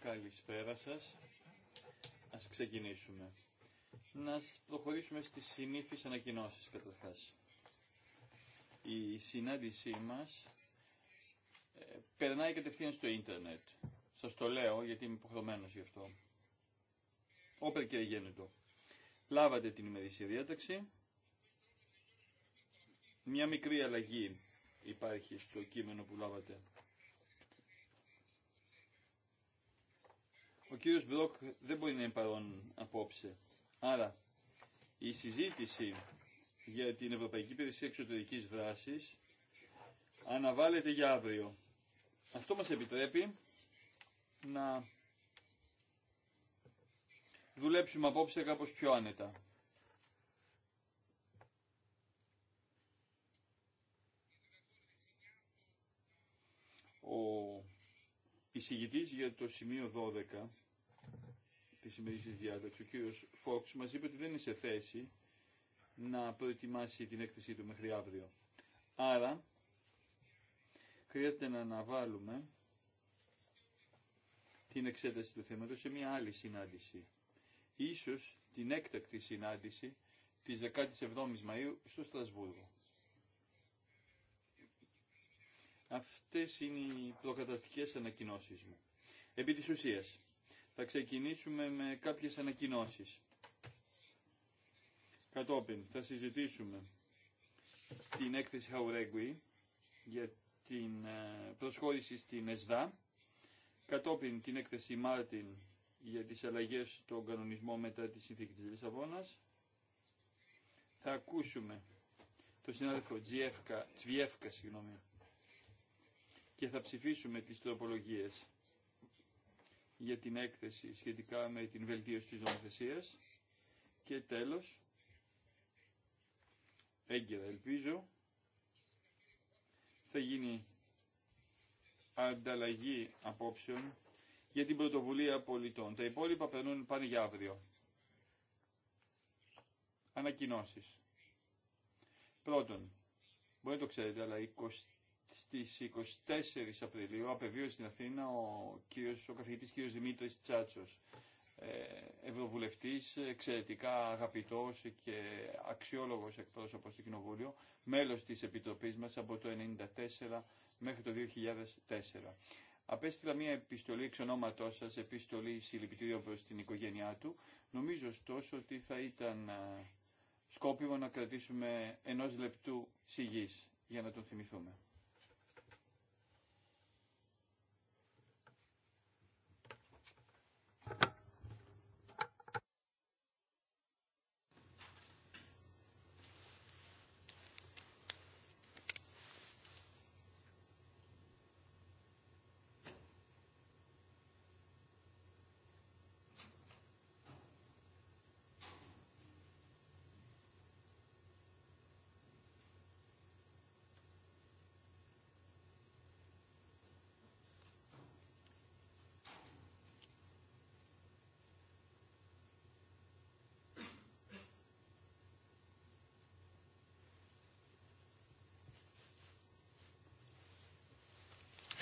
Καλησπέρα σας. Ας ξεκινήσουμε. Να προχωρήσουμε στις συνήθεις ανακοινώσεις καταρχάς. Η συνάντησή μας ε, περνάει κατευθείαν στο ίντερνετ. Σας το λέω γιατί είμαι υποχρεωμένος γι' αυτό. Όπερ και γέννητο. Λάβατε την ημερήσια διάταξη. Μια μικρή αλλαγή υπάρχει στο κείμενο που λάβατε. Ο κύριος Μπροκ δεν μπορεί να είναι παρόν απόψε. Άρα, η συζήτηση για την Ευρωπαϊκή Υπηρεσία Εξωτερικής Δράσης αναβάλλεται για αύριο. Αυτό μας επιτρέπει να δουλέψουμε απόψε κάπως πιο άνετα. Ο εισηγητής για το σημείο 12 τη σημερινή διάταξη, ο κύριο Φόξ, μα είπε ότι δεν είναι σε θέση να προετοιμάσει την έκθεσή του μέχρι αύριο. Άρα, χρειάζεται να αναβάλουμε την εξέταση του θέματος σε μια άλλη συνάντηση. Ίσως την έκτακτη συνάντηση της 17ης Μαΐου στο Στρασβούργο. Αυτές είναι οι προκαταρτικές ανακοινώσεις μου. Επί της ουσίας, θα ξεκινήσουμε με κάποιες ανακοινώσεις. Κατόπιν θα συζητήσουμε την έκθεση Χαουρέγκουι για την ε, προσχώρηση στην ΕΣΔΑ. Κατόπιν την έκθεση Μάρτιν για τις αλλαγές στον κανονισμό μετά τη συνθήκη της Λισαβόνας. Θα ακούσουμε το συνάδελφο Τσβιέφκα και θα ψηφίσουμε τις τροπολογίες για την έκθεση σχετικά με την βελτίωση της νομοθεσίας και τέλος, έγκαιρα ελπίζω, θα γίνει ανταλλαγή απόψεων για την πρωτοβουλία πολιτών. Τα υπόλοιπα περνούν πάνε για αύριο. Ανακοινώσεις. Πρώτον, μπορεί να το ξέρετε, αλλά στις 24 Απριλίου απεβίωσε στην Αθήνα ο, κύριος, ο καθηγητής κ. Δημήτρης Τσάτσος, ε, ευρωβουλευτής, εξαιρετικά αγαπητός και αξιόλογος εκπρόσωπος του Κοινοβούλιο, μέλος της Επιτροπής μας από το 1994 μέχρι το 2004. Απέστειλα μια επιστολή εξ ονόματός σας, επιστολή συλληπιτήριο προς την οικογένειά του. Νομίζω ωστόσο ότι θα ήταν ε, σκόπιμο να κρατήσουμε ενός λεπτού σιγής για να τον θυμηθούμε.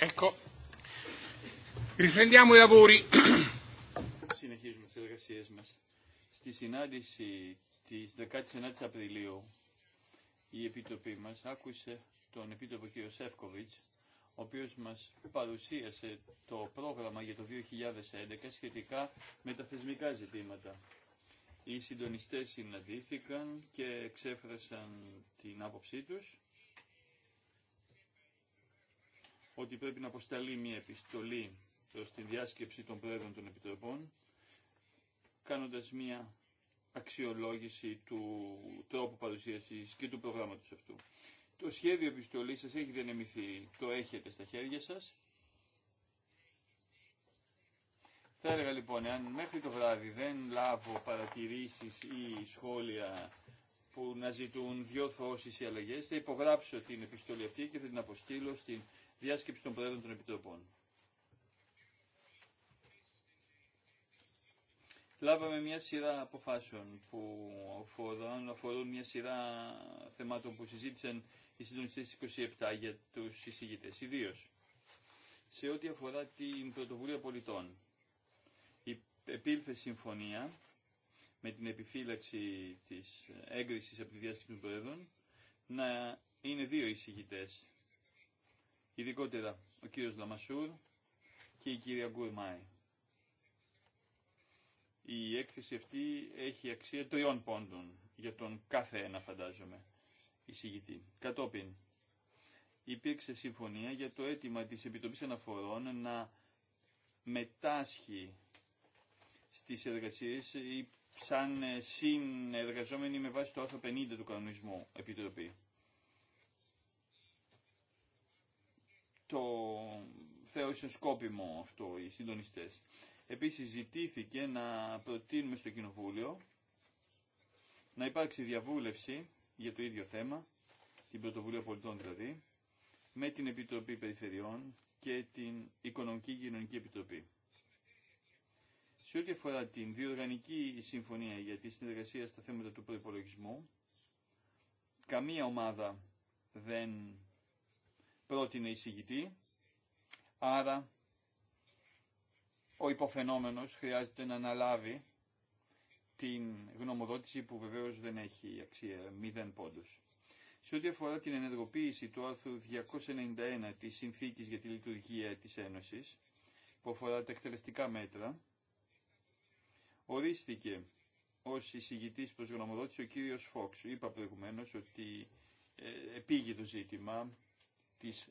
Ecco. Riprendiamo i lavori. Συνεχίζουμε τις εργασίες μας. Στη συνάντηση της 19ης Απριλίου η Επιτροπή μας άκουσε τον Επίτροπο κ. Σεύκοβιτς ο οποίος μας παρουσίασε το πρόγραμμα για το 2011 σχετικά με τα θεσμικά ζητήματα. Οι συντονιστές συναντήθηκαν και εξέφρασαν την άποψή τους ότι πρέπει να αποσταλεί μια επιστολή προς τη διάσκεψη των Πρόεδρων των Επιτροπών, κάνοντας μια αξιολόγηση του τρόπου παρουσίασης και του προγράμματος αυτού. Το σχέδιο επιστολής σας έχει διανεμηθεί, το έχετε στα χέρια σας. Θα έλεγα λοιπόν, αν μέχρι το βράδυ δεν λάβω παρατηρήσεις ή σχόλια που να ζητούν δυο θόσεις ή αλλαγές, θα υπογράψω την επιστολή αυτή και θα την αποστείλω στην διάσκεψη των Προέδρων των Επιτροπών. Λάβαμε μια σειρά αποφάσεων που αφορούν, αφορούν μια σειρά θεμάτων που συζήτησαν οι συντονιστές 27 για τους εισηγητές, ιδίω σε ό,τι αφορά την πρωτοβουλία πολιτών. Η επήλθε συμφωνία με την επιφύλαξη της έγκρισης από τη διάσκεψη των Προέδρων να είναι δύο εισηγητές ειδικότερα ο κύριος Λαμασούρ και η κυρία Γκουρμάη. Η έκθεση αυτή έχει αξία τριών πόντων για τον κάθε ένα φαντάζομαι εισηγητή. Κατόπιν υπήρξε συμφωνία για το αίτημα της Επιτροπής Αναφορών να μετάσχει στις εργασίες σαν συνεργαζόμενοι με βάση το άρθρο 50 του κανονισμού Επιτροπή. το θεώρησαν σκόπιμο αυτό οι συντονιστές. Επίσης ζητήθηκε να προτείνουμε στο Κοινοβούλιο να υπάρξει διαβούλευση για το ίδιο θέμα, την Πρωτοβουλία Πολιτών δηλαδή, με την Επιτροπή Περιφερειών και την Οικονομική Κοινωνική Επιτροπή. Σε ό,τι αφορά την διοργανική συμφωνία για τη συνεργασία στα θέματα του προπολογισμού, καμία ομάδα δεν πρότεινε εισηγητή. Άρα ο υποφαινόμενος χρειάζεται να αναλάβει την γνωμοδότηση που βεβαίως δεν έχει αξία μηδέν πόντους. Σε ό,τι αφορά την ενεργοποίηση του άρθρου 291 της Συνθήκης για τη Λειτουργία της Ένωσης, που αφορά τα εκτελεστικά μέτρα, ορίστηκε ως εισηγητής προς γνωμοδότηση ο κύριος Φόξ. Είπα προηγουμένως ότι ε, επήγει το ζήτημα της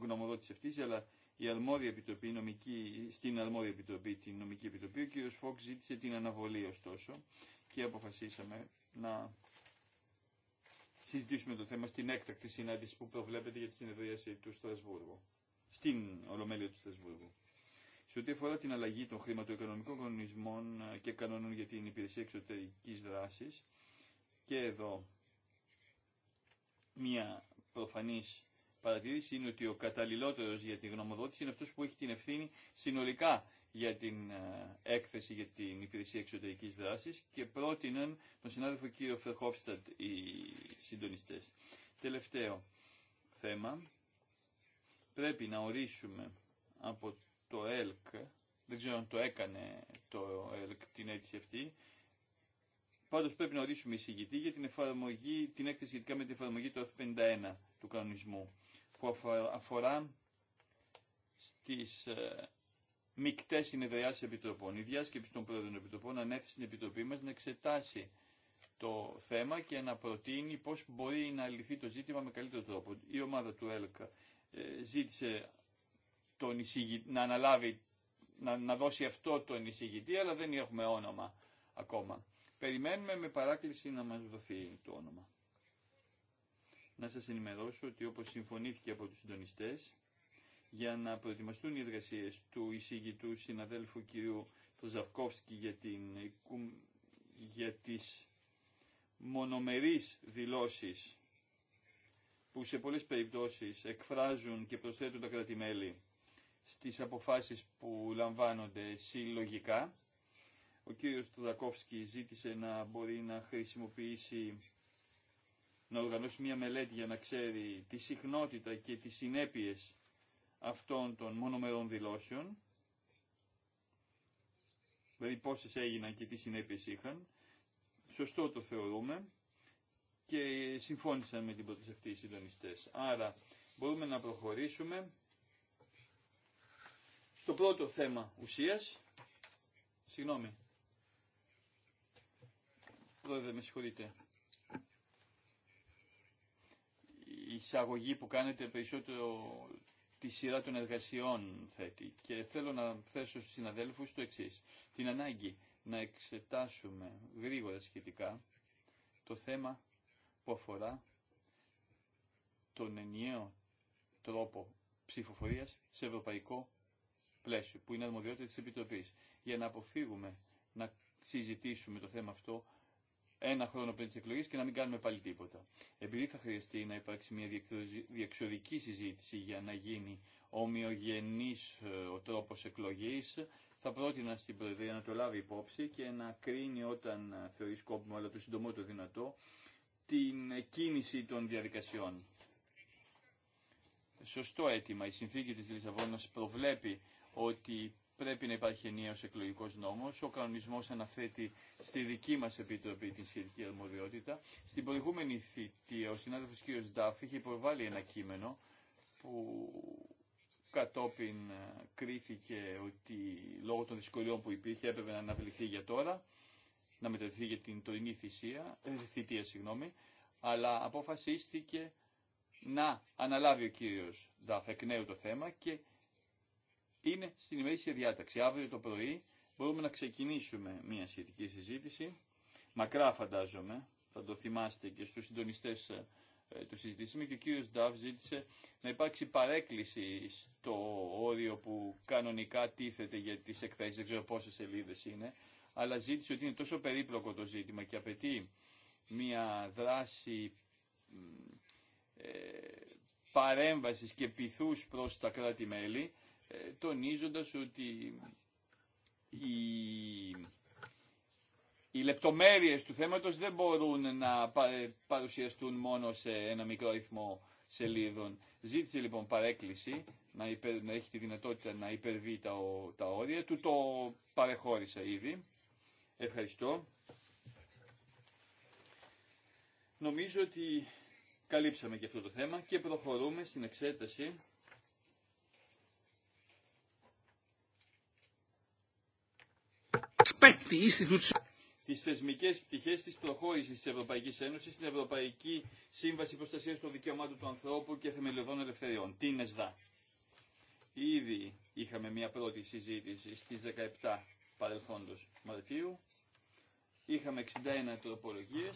γνωμοδότηση αυτή, αλλά η αρμόδια επιτροπή, νομική, στην αρμόδια επιτροπή, την νομική επιτροπή, ο κύριος Φόξ ζήτησε την αναβολή ωστόσο και αποφασίσαμε να συζητήσουμε το θέμα στην έκτακτη συνάντηση που προβλέπεται για τη συνεδρίαση του Στρασβούργου, στην Ολομέλεια του Στρασβούργου. Σε ό,τι αφορά την αλλαγή των χρηματοοικονομικών κανονισμών και κανόνων για την υπηρεσία εξωτερική δράση και εδώ μια προφανής παρατηρήσει είναι ότι ο καταλληλότερος για τη γνωμοδότηση είναι αυτός που έχει την ευθύνη συνολικά για την ε, έκθεση για την υπηρεσία εξωτερικής δράσης και πρότειναν τον συνάδελφο κύριο Φερχόφστατ οι συντονιστές. Τελευταίο θέμα, πρέπει να ορίσουμε από το ΕΛΚ, δεν ξέρω αν το έκανε το ΕΛΚ την αίτηση αυτή, πάντως πρέπει να ορίσουμε εισηγητή για την, εφαρμογή, την έκθεση σχετικά με την εφαρμογή του 51 του κανονισμού που αφορά στις ε, μικτές συνεδριάσεις επιτροπών. Η διάσκεψη των πρόεδρων επιτροπών ανέφερε στην Επιτροπή μας να εξετάσει το θέμα και να προτείνει πώς μπορεί να λυθεί το ζήτημα με καλύτερο τρόπο. Η ομάδα του ΕΛΚ ε, ζήτησε τον να αναλάβει, να, να δώσει αυτό τον εισηγητή, αλλά δεν έχουμε όνομα ακόμα. Περιμένουμε με παράκληση να μας δοθεί το όνομα να σας ενημερώσω ότι όπως συμφωνήθηκε από τους συντονιστές, για να προετοιμαστούν οι εργασίες του εισηγητού συναδέλφου κ. Ζαυκόφσκη για, την, για τις μονομερείς δηλώσεις που σε πολλές περιπτώσεις εκφράζουν και προσθέτουν τα κρατη στις αποφάσεις που λαμβάνονται συλλογικά. Ο κύριος Τρακόφσκι ζήτησε να μπορεί να χρησιμοποιήσει να οργανώσει μια μελέτη για να ξέρει τη συχνότητα και τις συνέπειες αυτών των μονομερών δηλώσεων, δηλαδή πόσες έγιναν και τι συνέπειες είχαν. Σωστό το θεωρούμε και συμφώνησαν με την πρόταση αυτή οι συντονιστές. Άρα μπορούμε να προχωρήσουμε στο πρώτο θέμα ουσίας. Συγγνώμη. Πρόεδρε, με συγχωρείτε. εισαγωγή που κάνετε περισσότερο τη σειρά των εργασιών θέτει. Και θέλω να θέσω στους συναδέλφους το εξής. Την ανάγκη να εξετάσουμε γρήγορα σχετικά το θέμα που αφορά τον ενιαίο τρόπο ψηφοφορίας σε ευρωπαϊκό πλαίσιο, που είναι αρμοδιότητα της Επιτροπής, για να αποφύγουμε να συζητήσουμε το θέμα αυτό ένα χρόνο πριν τι εκλογέ και να μην κάνουμε πάλι τίποτα. Επειδή θα χρειαστεί να υπάρξει μια διεξοδική συζήτηση για να γίνει ομοιογενής ε, ο τρόπο εκλογής, θα πρότεινα στην Προεδρία να το λάβει υπόψη και να κρίνει όταν ε, θεωρεί σκόπιμο, αλλά το συντομότερο δυνατό, την ε, κίνηση των διαδικασιών. Σωστό αίτημα. Η συνθήκη της Λισαβόνας προβλέπει ότι πρέπει να υπάρχει ενιαίος εκλογικός νόμος. Ο κανονισμός αναθέτει στη δική μας Επιτροπή την σχετική αρμοδιότητα. Στην προηγούμενη θητεία ο συνάδελφος κ. Ντάφ είχε υποβάλει ένα κείμενο που κατόπιν ε, κρίθηκε ότι λόγω των δυσκολιών που υπήρχε έπρεπε να αναβληθεί για τώρα, να μεταρρυθεί για την τωρινή θυσία, ε, θητεία, αλλά αποφασίστηκε να αναλάβει ο κύριος Ντάφ εκ νέου το θέμα και είναι στην ημερήσια διάταξη. Αύριο το πρωί μπορούμε να ξεκινήσουμε μια σχετική συζήτηση. Μακρά φαντάζομαι, θα το θυμάστε και στους συντονιστές ε, του συζητήσαμε και ο κύριος Ντάβ ζήτησε να υπάρξει παρέκκληση στο όριο που κανονικά τίθεται για τις εκθέσεις, δεν ξέρω πόσες σελίδες είναι, αλλά ζήτησε ότι είναι τόσο περίπλοκο το ζήτημα και απαιτεί μια δράση ε, παρέμβασης και πειθούς προς τα κράτη-μέλη, ε, τονίζοντας ότι οι, οι λεπτομέρειες του θέματος δεν μπορούν να ε, παρουσιαστούν μόνο σε ένα μικρό αριθμό σελίδων. Ζήτησε λοιπόν παρέκκληση να, έχει τη δυνατότητα να υπερβεί τα, τα όρια. Του το παρεχώρησα ήδη. Ευχαριστώ. Νομίζω ότι καλύψαμε και αυτό το θέμα και προχωρούμε στην εξέταση τι θεσμικέ πτυχέ τη προχώρηση τη Ευρωπαϊκή Ένωση στην Ευρωπαϊκή Σύμβαση Προστασία των Δικαιωμάτων του Ανθρώπου και Θεμελιωδών Ελευθεριών, την ΕΣΔΑ. Ήδη είχαμε μια πρώτη συζήτηση στις 17 παρελθόντο Μαρτίου. Είχαμε 61 τροπολογίε,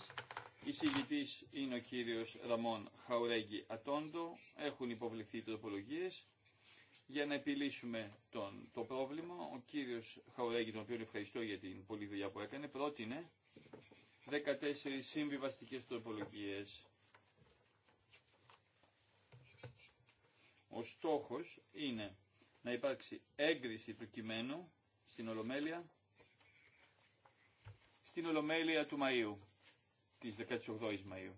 Η συγητής είναι ο κύριος Ραμόν Χαουρέγγι Ατόντο. Έχουν υποβληθεί τροπολογίε για να επιλύσουμε τον, το πρόβλημα. Ο κύριος Χαουρέγγι, τον οποίο ευχαριστώ για την πολλή δουλειά που έκανε, πρότεινε 14 συμβιβαστικές τροπολογίες. Ο στόχος είναι να υπάρξει έγκριση του κειμένου στην Ολομέλεια στην Ολομέλεια του Μαΐου, της 18ης Μαΐου.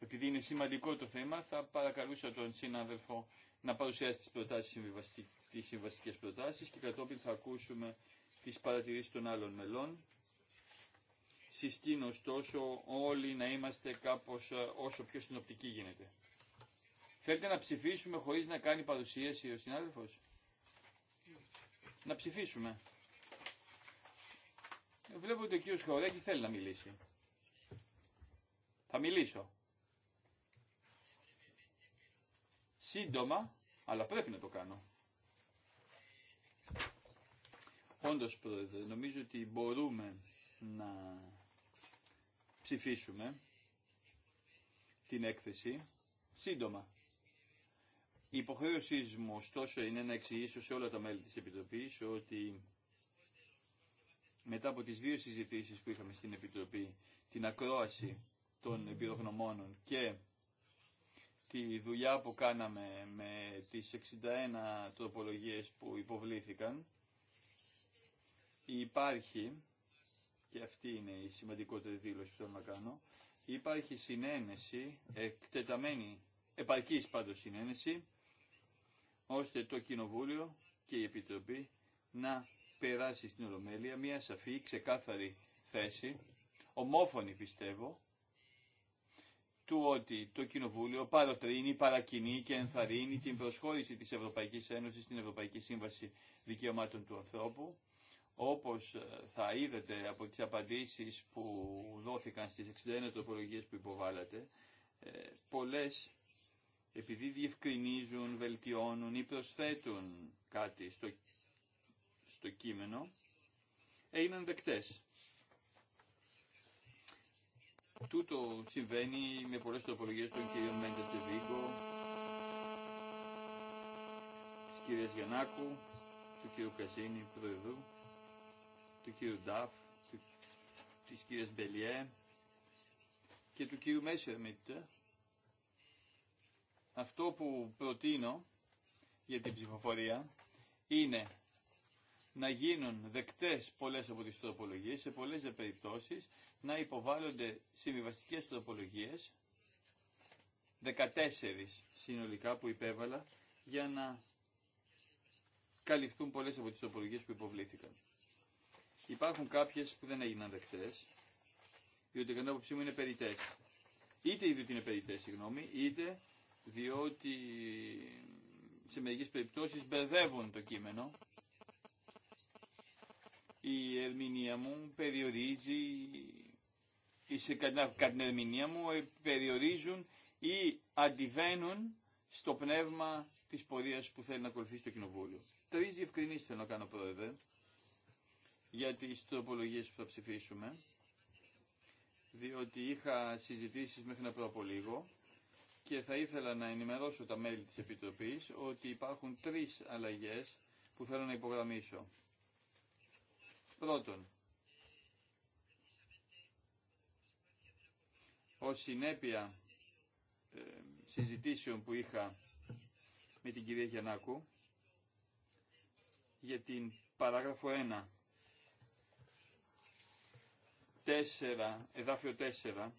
Επειδή είναι σημαντικό το θέμα, θα παρακαλούσα τον συνάδελφο να παρουσιάσει τις, προτάσεις, τις συμβαστικές προτάσεις και κατόπιν θα ακούσουμε τις παρατηρήσεις των άλλων μελών. Συστήνω ωστόσο όλοι να είμαστε κάπως ε, όσο πιο συνοπτικοί γίνεται. Θέλετε να ψηφίσουμε χωρίς να κάνει παρουσίαση ο συνάδελφος. Να ψηφίσουμε. Βλέπω ότι ο κύριος Χωρέκη θέλει να μιλήσει. Θα μιλήσω. σύντομα, αλλά πρέπει να το κάνω. Όντως, Πρόεδρε, νομίζω ότι μπορούμε να ψηφίσουμε την έκθεση σύντομα. Η υποχρέωσή μου, ωστόσο, είναι να εξηγήσω σε όλα τα μέλη της Επιτροπής ότι μετά από τις δύο συζητήσεις που είχαμε στην Επιτροπή, την ακρόαση των εμπειρογνωμόνων και τη δουλειά που κάναμε με τις 61 τροπολογίες που υποβλήθηκαν. Υπάρχει, και αυτή είναι η σημαντικότερη δήλωση που θέλω να κάνω, υπάρχει συνένεση, εκτεταμένη, επαρκής πάντως συνένεση, ώστε το Κοινοβούλιο και η Επιτροπή να περάσει στην Ολομέλεια μια σαφή, ξεκάθαρη θέση, ομόφωνη πιστεύω, του ότι το Κοινοβούλιο παροτρύνει, παρακινεί και ενθαρρύνει την προσχώρηση της Ευρωπαϊκής Ένωσης στην Ευρωπαϊκή Σύμβαση Δικαιωμάτων του Ανθρώπου, όπως ε, θα είδατε από τις απαντήσεις που δόθηκαν στις 61 τροπολογίες που υποβάλλατε, ε, πολλές επειδή διευκρινίζουν, βελτιώνουν ή προσθέτουν κάτι στο, στο κείμενο, έγιναν δεκτές. Τούτο συμβαίνει με πολλές τροπολογίες των κυρίων Μέντες Βίγκο, της κυρίας Γιαννάκου, του κύριου Κασίνη, Προεδρού, του κύριου Νταφ, της κυρίας Μπελιέ και του κύριου Μέσερμιτ. Αυτό που προτείνω για την ψηφοφορία είναι να γίνουν δεκτές πολλές από τις τροπολογίες, σε πολλές περιπτώσεις να υποβάλλονται συμβιβαστικές τροπολογίες, 14 συνολικά που υπέβαλα, για να καλυφθούν πολλές από τις τροπολογίες που υποβλήθηκαν. Υπάρχουν κάποιες που δεν έγιναν δεκτές, διότι κατά άποψή μου είναι περιττές. Είτε διότι είναι περιττές, συγγνώμη, είτε διότι σε μερικές περιπτώσεις μπερδεύουν το κείμενο η ερμηνεία μου περιορίζει, η κατά, την ερμηνεία μου ε, περιορίζουν ή αντιβαίνουν στο πνεύμα της πορείας που θέλει να ακολουθήσει το Κοινοβούλιο. Τρεις διευκρινήσεις θέλω να κάνω πρόεδρε για τις τροπολογίες που θα ψηφίσουμε διότι είχα συζητήσεις μέχρι να πω και θα ήθελα να ενημερώσω τα μέλη της Επιτροπής ότι υπάρχουν τρεις αλλαγές που θέλω να υπογραμμίσω. Πρώτον, ως συνέπεια ε, συζητήσεων που είχα με την κυρία Γιαννάκου για την παράγραφο 1, 4, εδάφιο 4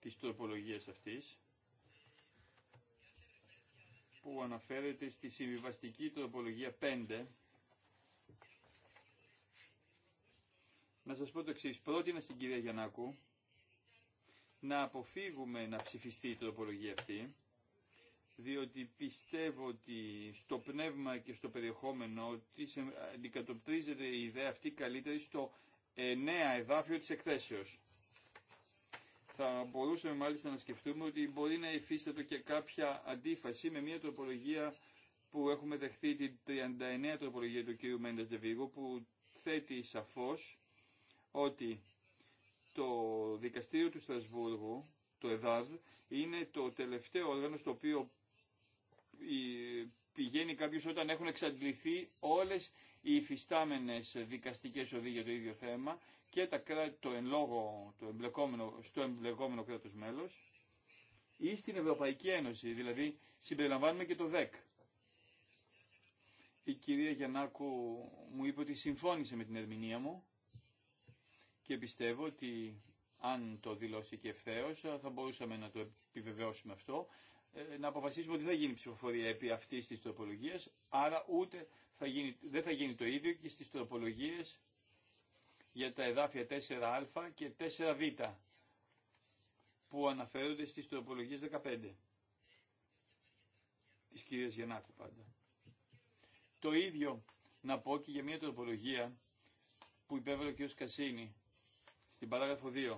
της τροπολογίας αυτής, που αναφέρεται στη συμβιβαστική τροπολογία 5, να σας πω το εξής. Πρότεινα στην κυρία Γιαννάκου να αποφύγουμε να ψηφιστεί η τροπολογία αυτή, διότι πιστεύω ότι στο πνεύμα και στο περιεχόμενο σε, αντικατοπτρίζεται η ιδέα αυτή καλύτερη στο νέα εδάφιο της εκθέσεως. Θα μπορούσαμε μάλιστα να σκεφτούμε ότι μπορεί να υφίστατο και κάποια αντίφαση με μια τροπολογία που έχουμε δεχθεί την 39 τροπολογία του κ. Μέντες Δεβίγου που θέτει σαφώς ότι το δικαστήριο του Στρασβούργου, το ΕΔΑΔ, είναι το τελευταίο όργανο στο οποίο πηγαίνει κάποιο όταν έχουν εξαντληθεί όλες οι υφιστάμενες δικαστικές οδοί για το ίδιο θέμα και τα, το, εν λόγω, το εμπλεκόμενο, στο εμπλεκόμενο κράτος μέλος ή στην Ευρωπαϊκή Ένωση, δηλαδή συμπεριλαμβάνουμε και το ΔΕΚ. Η κυρία Γιαννάκου μου είπε ότι συμφώνησε με την ερμηνεία μου και πιστεύω ότι αν το δηλώσει και ευθέω, θα μπορούσαμε να το επιβεβαιώσουμε αυτό, ε, να αποφασίσουμε ότι δεν θα γίνει ψηφοφορία επί αυτή τη τροπολογία, άρα ούτε θα γίνει, δεν θα γίνει το ίδιο και στι τροπολογίε για τα εδάφια 4α και 4β που αναφέρονται στις τροπολογίες 15 της κυρίας Γεννάκου πάντα. Το ίδιο να πω και για μια τροπολογία που υπέβαλε ο κ. Κασίνη στην παράγραφο 2.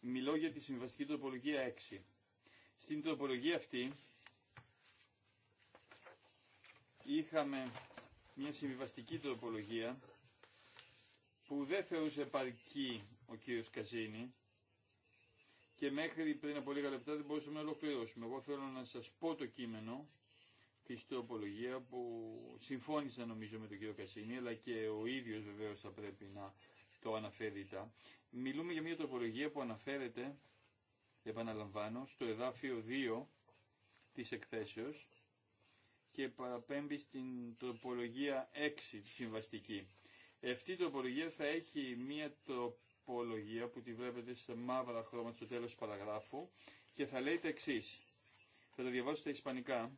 Μιλώ για τη συμβαστική τροπολογία 6. Στην τροπολογία αυτή είχαμε μια συμβιβαστική τροπολογία που δεν θεωρούσε επαρκή ο κύριος Καζίνη και μέχρι πριν από λίγα λεπτά δεν μπορούσαμε να ολοκληρώσουμε. Εγώ θέλω να σας πω το κείμενο τη τροπολογία που συμφώνησα νομίζω με τον κύριο Κασίνη αλλά και ο ίδιος βεβαίως θα πρέπει να το αναφέρει Μιλούμε για μια τροπολογία που αναφέρεται, επαναλαμβάνω, στο εδάφιο 2 της εκθέσεως και παραπέμπει στην τροπολογία 6 τη συμβαστική. Αυτή η τροπολογία θα έχει μια τροπολογία που τη βλέπετε σε μαύρα χρώματα στο τέλος παραγράφου και θα λέει τα εξή. Θα τα διαβάσω στα ισπανικά,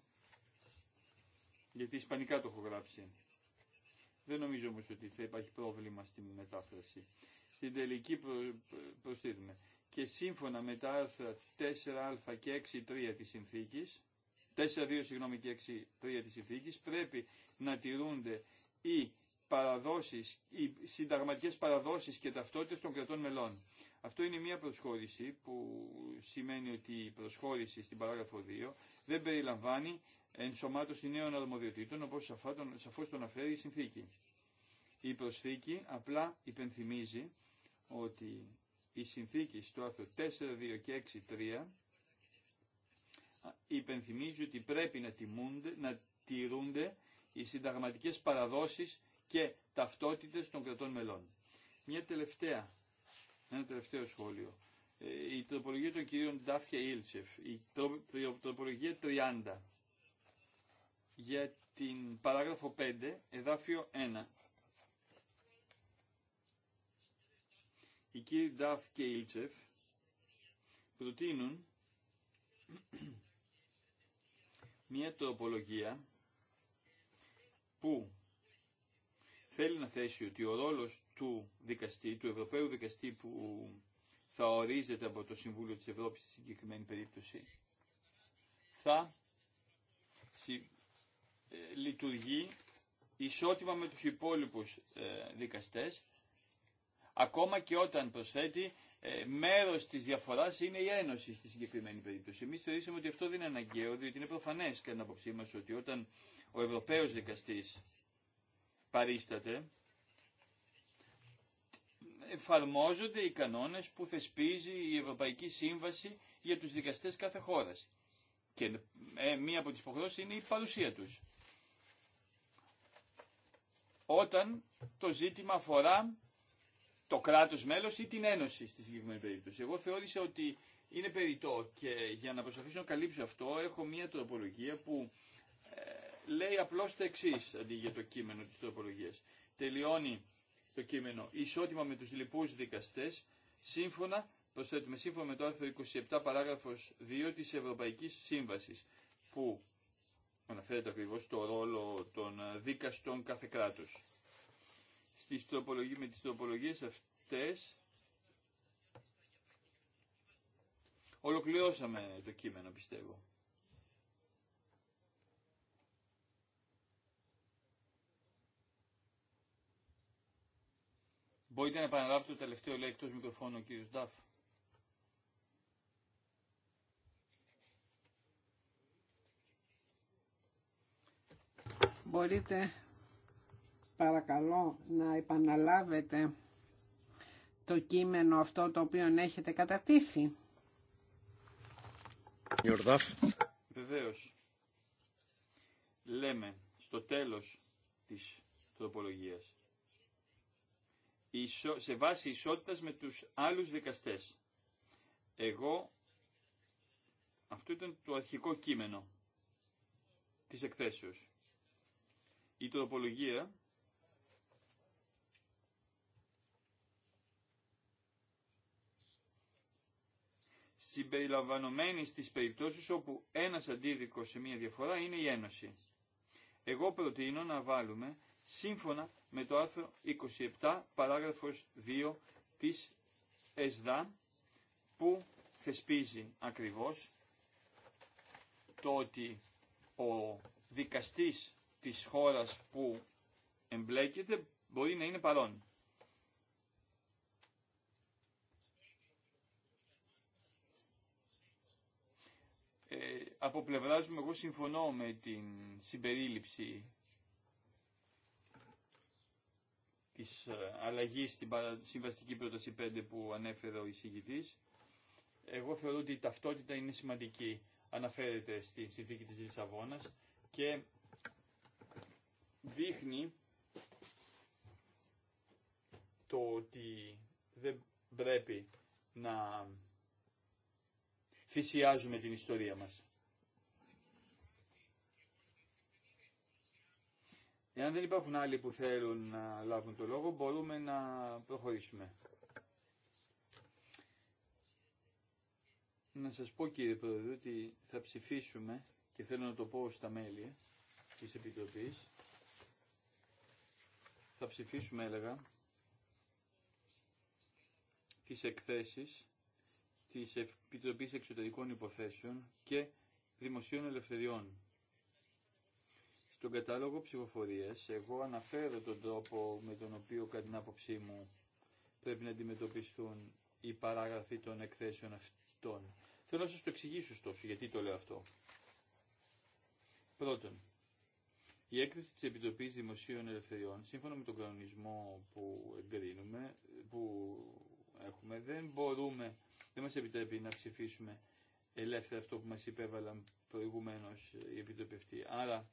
γιατί ισπανικά το έχω γράψει. Δεν νομίζω όμως ότι θα υπάρχει πρόβλημα στη μετάφραση. Στην τελική προ, Και σύμφωνα με τα άρθρα 4α και τη της 4 4.2 συγγνώμη και 6.3 της συνθήκης, πρέπει να τηρούνται οι παραδόσεις, οι συνταγματικές παραδόσεις και ταυτότητες των κρατών μελών. Αυτό είναι μια προσχώρηση που σημαίνει ότι η προσχώρηση στην παράγραφο 2 δεν περιλαμβάνει ενσωμάτωση νέων αρμοδιοτήτων όπως σαφώς το αναφέρει η συνθήκη. Η προσθήκη απλά υπενθυμίζει ότι η συνθήκη στο άρθρο 4, 2 και 6, 3 υπενθυμίζει ότι πρέπει να, τιμούνται, να τηρούνται οι συνταγματικές παραδόσεις και ταυτότητες των κρατών μελών. Μια τελευταία ένα τελευταίο σχόλιο. Ε, η τροπολογία των κυρίων Ντάφ και Ήλτσεφ. Η τροπολογία 30. Για την παράγραφο 5, εδάφιο 1. Οι κύριοι Ντάφ και Ήλτσεφ προτείνουν μια τροπολογία που θέλει να θέσει ότι ο ρόλος του δικαστή, του Ευρωπαίου δικαστή που θα ορίζεται από το Συμβούλιο της Ευρώπης στη συγκεκριμένη περίπτωση, θα ε, λειτουργεί ισότιμα με τους υπόλοιπους ε, δικαστές, ακόμα και όταν προσθέτει ε, μέρος μέρο τη είναι η ένωση στη συγκεκριμένη περίπτωση. Εμείς θεωρήσαμε ότι αυτό δεν είναι αναγκαίο, διότι είναι προφανές κατά την άποψή μα ότι όταν ο Ευρωπαίος δικαστής παρίσταται, εφαρμόζονται οι κανόνες που θεσπίζει η Ευρωπαϊκή Σύμβαση για τους δικαστές κάθε χώρας. Και ε, μία από τις υποχρεώσεις είναι η παρουσία τους. Όταν το ζήτημα αφορά το κράτος μέλος ή την Ένωση στη συγκεκριμένη περίπτωση. Εγώ θεώρησα ότι είναι περιττό και για να προσπαθήσω να καλύψω αυτό έχω μία τροπολογία που λέει απλώς τα εξή αντί για το κείμενο της τροπολογίας. Τελειώνει το κείμενο ισότιμα με τους λοιπούς δικαστές, σύμφωνα, προσθέτουμε με το άρθρο 27 παράγραφος 2 της Ευρωπαϊκής Σύμβασης, που αναφέρεται ακριβώ το ρόλο των δίκαστων κάθε κράτους. Στις με τις τροπολογίες αυτές ολοκληρώσαμε το κείμενο πιστεύω. Μπορείτε να επαναλάβετε το τελευταίο λέει εκτός μικροφώνου ο κύριος Μπορείτε παρακαλώ να επαναλάβετε το κείμενο αυτό το οποίο έχετε κατατίσει. Βεβαίως. Λέμε στο τέλος της τροπολογίας σε βάση ισότητας με τους άλλους δικαστές. Εγώ, αυτό ήταν το αρχικό κείμενο της εκθέσεως. Η τροπολογία συμπεριλαμβανωμένη στις περιπτώσεις όπου ένας αντίδικος σε μία διαφορά είναι η ένωση. Εγώ προτείνω να βάλουμε σύμφωνα με το άρθρο 27 παράγραφος 2 της ΕΣΔΑ που θεσπίζει ακριβώς το ότι ο δικαστής της χώρας που εμπλέκεται μπορεί να είναι παρόν. Ε, από πλευράς μου εγώ συμφωνώ με την συμπερίληψη της ε, αλλαγής στην συμβαστική πρόταση 5 που ανέφερε ο εισηγητής. Εγώ θεωρώ ότι η ταυτότητα είναι σημαντική. Αναφέρεται στη συνθήκη της Λισαβόνας και δείχνει το ότι δεν πρέπει να θυσιάζουμε την ιστορία μας. Εάν δεν υπάρχουν άλλοι που θέλουν να λάβουν το λόγο, μπορούμε να προχωρήσουμε. Να σας πω κύριε Πρόεδρε ότι θα ψηφίσουμε και θέλω να το πω στα μέλη της Επιτροπής. Θα ψηφίσουμε έλεγα τις εκθέσεις της Επιτροπής Εξωτερικών Υποθέσεων και Δημοσίων Ελευθεριών στον κατάλογο ψηφοφορίες εγώ αναφέρω τον τρόπο με τον οποίο κατά την άποψή μου πρέπει να αντιμετωπιστούν οι παράγραφοι των εκθέσεων αυτών. Θέλω να σας το εξηγήσω ωστόσο γιατί το λέω αυτό. Πρώτον, η έκθεση της Επιτροπής Δημοσίων Ελευθεριών, σύμφωνα με τον κανονισμό που εγκρίνουμε, που έχουμε, δεν μπορούμε, δεν μας επιτρέπει να ψηφίσουμε ελεύθερα αυτό που μας υπέβαλαν προηγουμένως οι Επιτροπευτοί. Άρα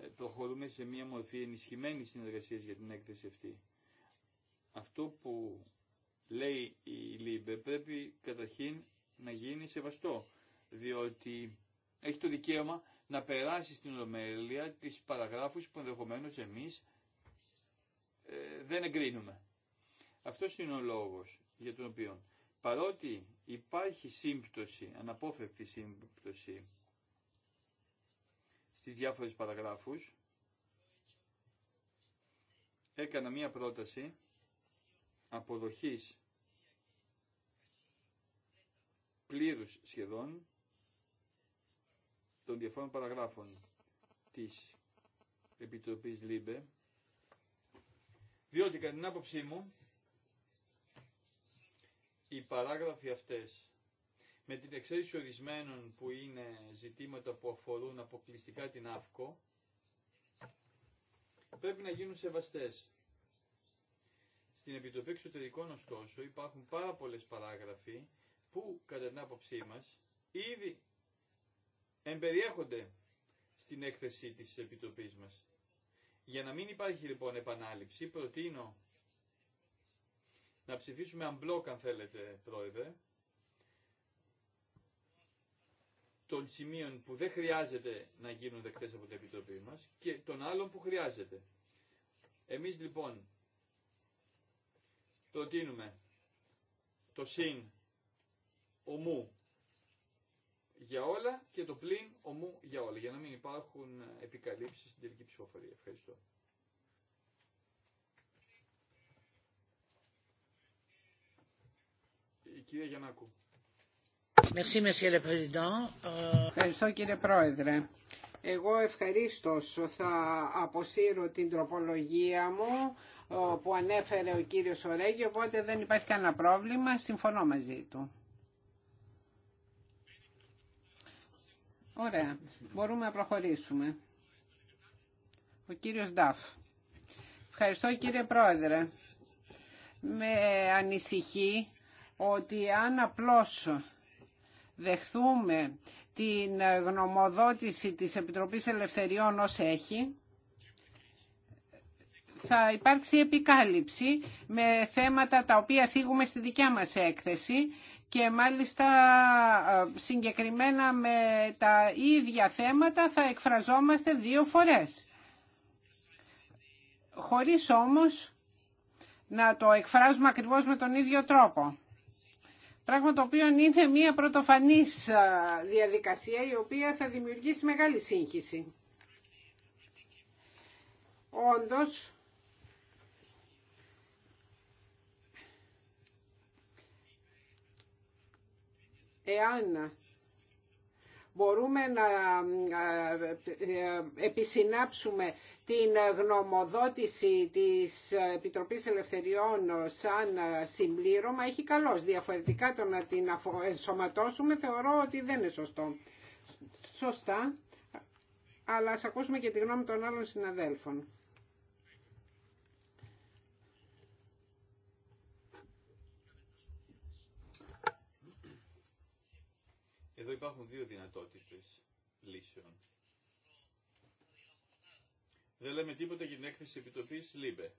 ε, προχωρούμε σε μια μορφή ενισχυμένη συνεργασία για την έκθεση αυτή. Αυτό που λέει η ΛΥΜΠΕ πρέπει καταρχήν να γίνει σεβαστό, διότι έχει το δικαίωμα να περάσει στην Ολομέλεια τις παραγράφους που ενδεχομένω εμείς ε, δεν εγκρίνουμε. Αυτό είναι ο λόγος για τον οποίο παρότι υπάρχει σύμπτωση, αναπόφευκτη σύμπτωση στις διάφορες παραγράφους έκανα μία πρόταση αποδοχής πλήρους σχεδόν των διαφόρων παραγράφων της Επιτροπής ΛΥΜΠΕ διότι κατά την άποψή μου οι παράγραφοι αυτές με την εξαίρεση ορισμένων που είναι ζητήματα που αφορούν αποκλειστικά την ΑΦΚΟ, πρέπει να γίνουν σεβαστές. Στην Επιτροπή Εξωτερικών, ωστόσο, υπάρχουν πάρα πολλές παράγραφοι που, κατά την άποψή μας, ήδη εμπεριέχονται στην έκθεση της Επιτροπής μας. Για να μην υπάρχει λοιπόν επανάληψη, προτείνω να ψηφίσουμε unblock αν θέλετε, Πρόεδρε, των σημείων που δεν χρειάζεται να γίνουν δεκτές από την Επιτροπή μας και των άλλων που χρειάζεται. Εμείς λοιπόν προτείνουμε το συν ομού για όλα και το πλήν ομού για όλα, για να μην υπάρχουν επικαλύψεις στην τελική ψηφοφορία. Ευχαριστώ. Η κυρία Γιαννάκου. Euh, Ευχαριστώ κύριε Πρόεδρε. Εγώ ευχαρίστως θα αποσύρω την τροπολογία μου που ανέφερε ο κύριος Σορέγγι, οπότε δεν υπάρχει κανένα πρόβλημα, συμφωνώ μαζί του. Ωραία, μπορούμε να προχωρήσουμε. Ο κύριος Νταφ. Ευχαριστώ κύριε Πρόεδρε. Με ανησυχεί ότι αν απλώς δεχθούμε την γνωμοδότηση της Επιτροπής Ελευθεριών ως έχει, θα υπάρξει επικάλυψη με θέματα τα οποία θίγουμε στη δικιά μας έκθεση και μάλιστα ε, συγκεκριμένα με τα ίδια θέματα θα εκφραζόμαστε δύο φορές. Χωρίς όμως να το εκφράζουμε ακριβώς με τον ίδιο τρόπο. Πράγμα το οποίο είναι μια πρωτοφανής διαδικασία η οποία θα δημιουργήσει μεγάλη σύγχυση. Όντως, εάν μπορούμε να ε, ε, επισυνάψουμε την γνωμοδότηση της Επιτροπής Ελευθεριών σαν συμπλήρωμα έχει καλώς. Διαφορετικά το να την ενσωματώσουμε θεωρώ ότι δεν είναι σωστό. Σωστά, αλλά ας ακούσουμε και τη γνώμη των άλλων συναδέλφων. Εδώ υπάρχουν δύο δυνατότητες λύσεων. Δεν λέμε τίποτα για την έκθεση επιτροπής ΛΥΜΠΕ.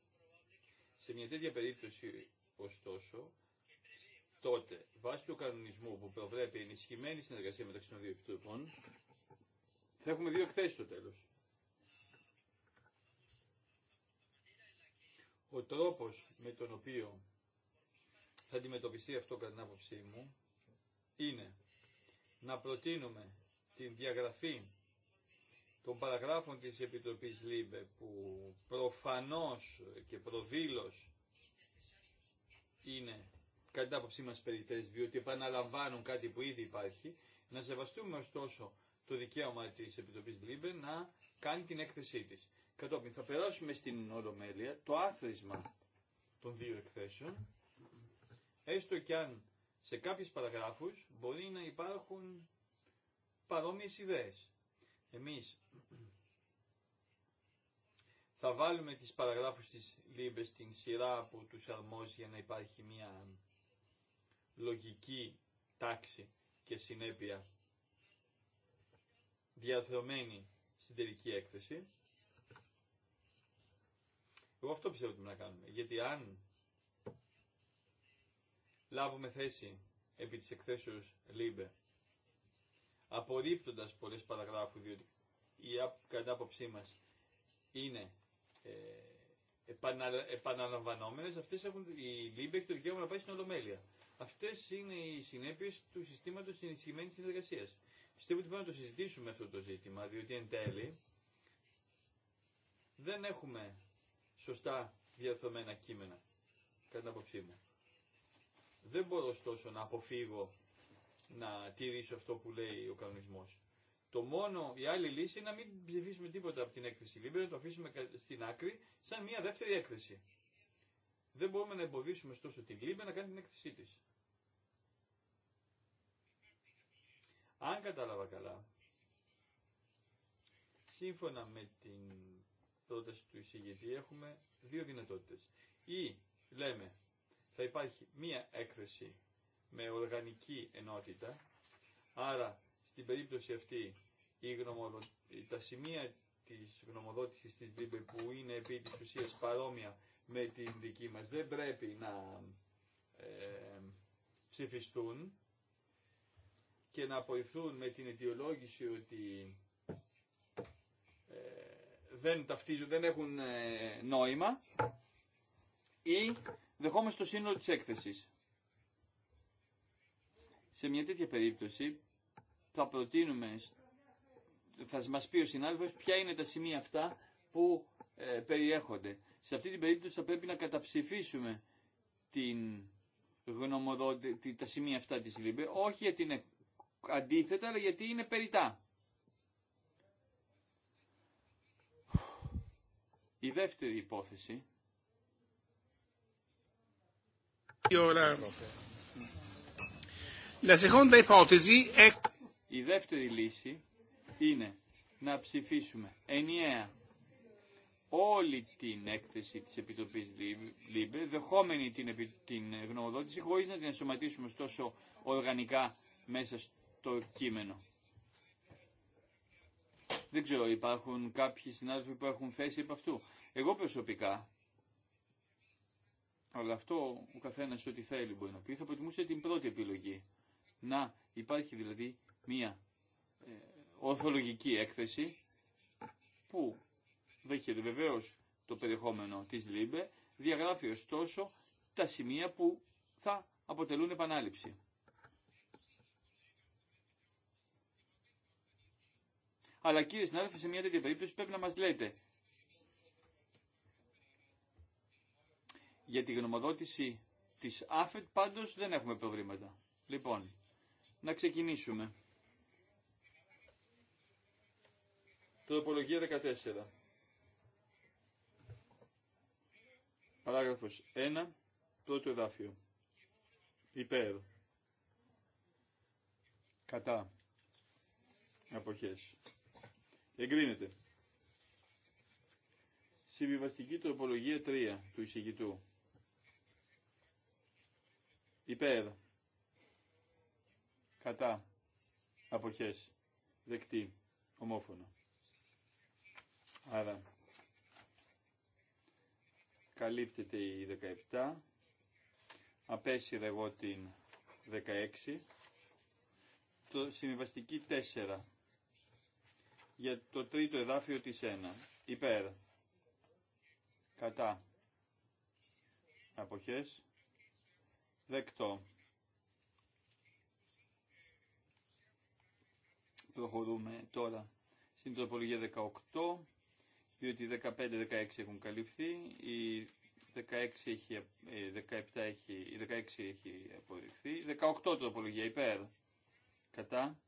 Σε μια τέτοια περίπτωση, ωστόσο, τότε, βάσει του κανονισμού που προβλέπει ενισχυμένη συνεργασία μεταξύ των δύο επιτροπών, θα έχουμε δύο εκθέσεις στο τέλος. Ο τρόπος με τον οποίο θα αντιμετωπιστεί αυτό κατά την άποψή μου είναι να προτείνουμε την διαγραφή των παραγράφων της Επιτροπής ΛΥΜΠΕ που προφανώς και προδήλως είναι κατά την άποψή μας περιττές διότι επαναλαμβάνουν κάτι που ήδη υπάρχει να σεβαστούμε ωστόσο το δικαίωμα της Επιτροπής ΛΥΜΠΕ να κάνει την έκθεσή της. Κατόπιν θα περάσουμε στην Ολομέλεια το άθροισμα των δύο εκθέσεων έστω και αν σε κάποιους παραγράφους μπορεί να υπάρχουν παρόμοιες ιδέες. Εμείς θα βάλουμε τις παραγράφους της Λίμπε στην σειρά που τους αρμόζει για να υπάρχει μια λογική τάξη και συνέπεια διαδρομένη στην τελική έκθεση. Εγώ αυτό πιστεύω ότι να κάνουμε. Γιατί αν λάβουμε θέση επί της εκθέσεως ΛΥΜΠΕ, απορρίπτοντας πολλές παραγράφου, διότι η κατάποψή μας είναι ε, επανα, επαναλαμβανόμενες, αυτές έχουν, η ΛΥΜΠΕ έχει το δικαίωμα να πάει στην Ολομέλεια. Αυτές είναι οι συνέπειες του συστήματος ενισχυμένης συνεργασίας. Πιστεύω ότι πρέπει να το συζητήσουμε αυτό το ζήτημα, διότι εν τέλει δεν έχουμε σωστά διαρθωμένα κείμενα, κατά την άποψή μου. Δεν μπορώ ωστόσο να αποφύγω να τηρήσω αυτό που λέει ο κανονισμό. Το μόνο, η άλλη λύση είναι να μην ψηφίσουμε τίποτα από την έκθεση Λίμπερ, να το αφήσουμε στην άκρη σαν μια δεύτερη έκθεση. Δεν μπορούμε να εμποδίσουμε ωστόσο την Λίμπερ να κάνει την έκθεσή τη. Αν κατάλαβα καλά, σύμφωνα με την πρόταση του εισηγητή έχουμε δύο δυνατότητες. Ή λέμε θα υπάρχει μία έκθεση με οργανική ενότητα, άρα στην περίπτωση αυτή η τα σημεία της γνωμοδότησης της ΔΥΠΕ που είναι επί της ουσίας παρόμοια με την δική μας δεν πρέπει να ε, ψηφιστούν και να απορριφθούν με την αιτιολόγηση ότι ε, δεν ταυτίζουν, δεν έχουν ε, νόημα ή Δεχόμαστε το σύνολο της έκθεσης. Σε μια τέτοια περίπτωση θα προτείνουμε, θα μας πει ο συνάδελφος ποια είναι τα σημεία αυτά που ε, περιέχονται. Σε αυτή την περίπτωση θα πρέπει να καταψηφίσουμε την γνωμοδότη, τα σημεία αυτά της ΛΥΜΠΕ, όχι γιατί είναι αντίθετα, αλλά γιατί είναι περιτά. Η δεύτερη υπόθεση Η δεύτερη λύση είναι να ψηφίσουμε ενιαία όλη την έκθεση της Επιτροπής ΛΥΜΠΕ, δεχόμενη την, την γνωμοδότηση, χωρίς να την ενσωματίσουμε τόσο οργανικά μέσα στο κείμενο. Δεν ξέρω, υπάρχουν κάποιοι συνάδελφοι που έχουν θέση επ' αυτού. Εγώ προσωπικά αλλά αυτό ο καθένα ό,τι θέλει μπορεί να πει. Θα προτιμούσε την πρώτη επιλογή. Να υπάρχει δηλαδή μία ε, ορθολογική έκθεση που δέχεται βεβαίως το περιεχόμενο της ΛΥΜΠΕ, διαγράφει ωστόσο τα σημεία που θα αποτελούν επανάληψη. Αλλά κύριε συνάδελφε, σε μια τέτοια περίπτωση πρέπει να μα λέτε Για τη γνωμοδότηση της ΑΦΕΤ πάντως δεν έχουμε προβλήματα. Λοιπόν, να ξεκινήσουμε. Τροπολογία 14. Παράγραφος 1, πρώτο εδάφιο. Υπέρ. Κατά. Αποχές. Εγκρίνεται. Συμβιβαστική τροπολογία 3 του εισηγητού. Υπέρ. Κατά. Αποχές. Δεκτή. Ομόφωνα. Άρα. Καλύπτεται η 17. απέσυρε εγώ την 16. Το συμβιβαστική 4. Για το τρίτο εδάφιο της 1. Υπέρ. Κατά. Αποχές. Δεκτό. Προχωρούμε τώρα στην τροπολογία 18, διότι 15-16 έχουν καλυφθεί, η 16 έχει, 17 ε, έχει, η 16 έχει απορριφθεί, 18 τροπολογία υπέρ, κατά,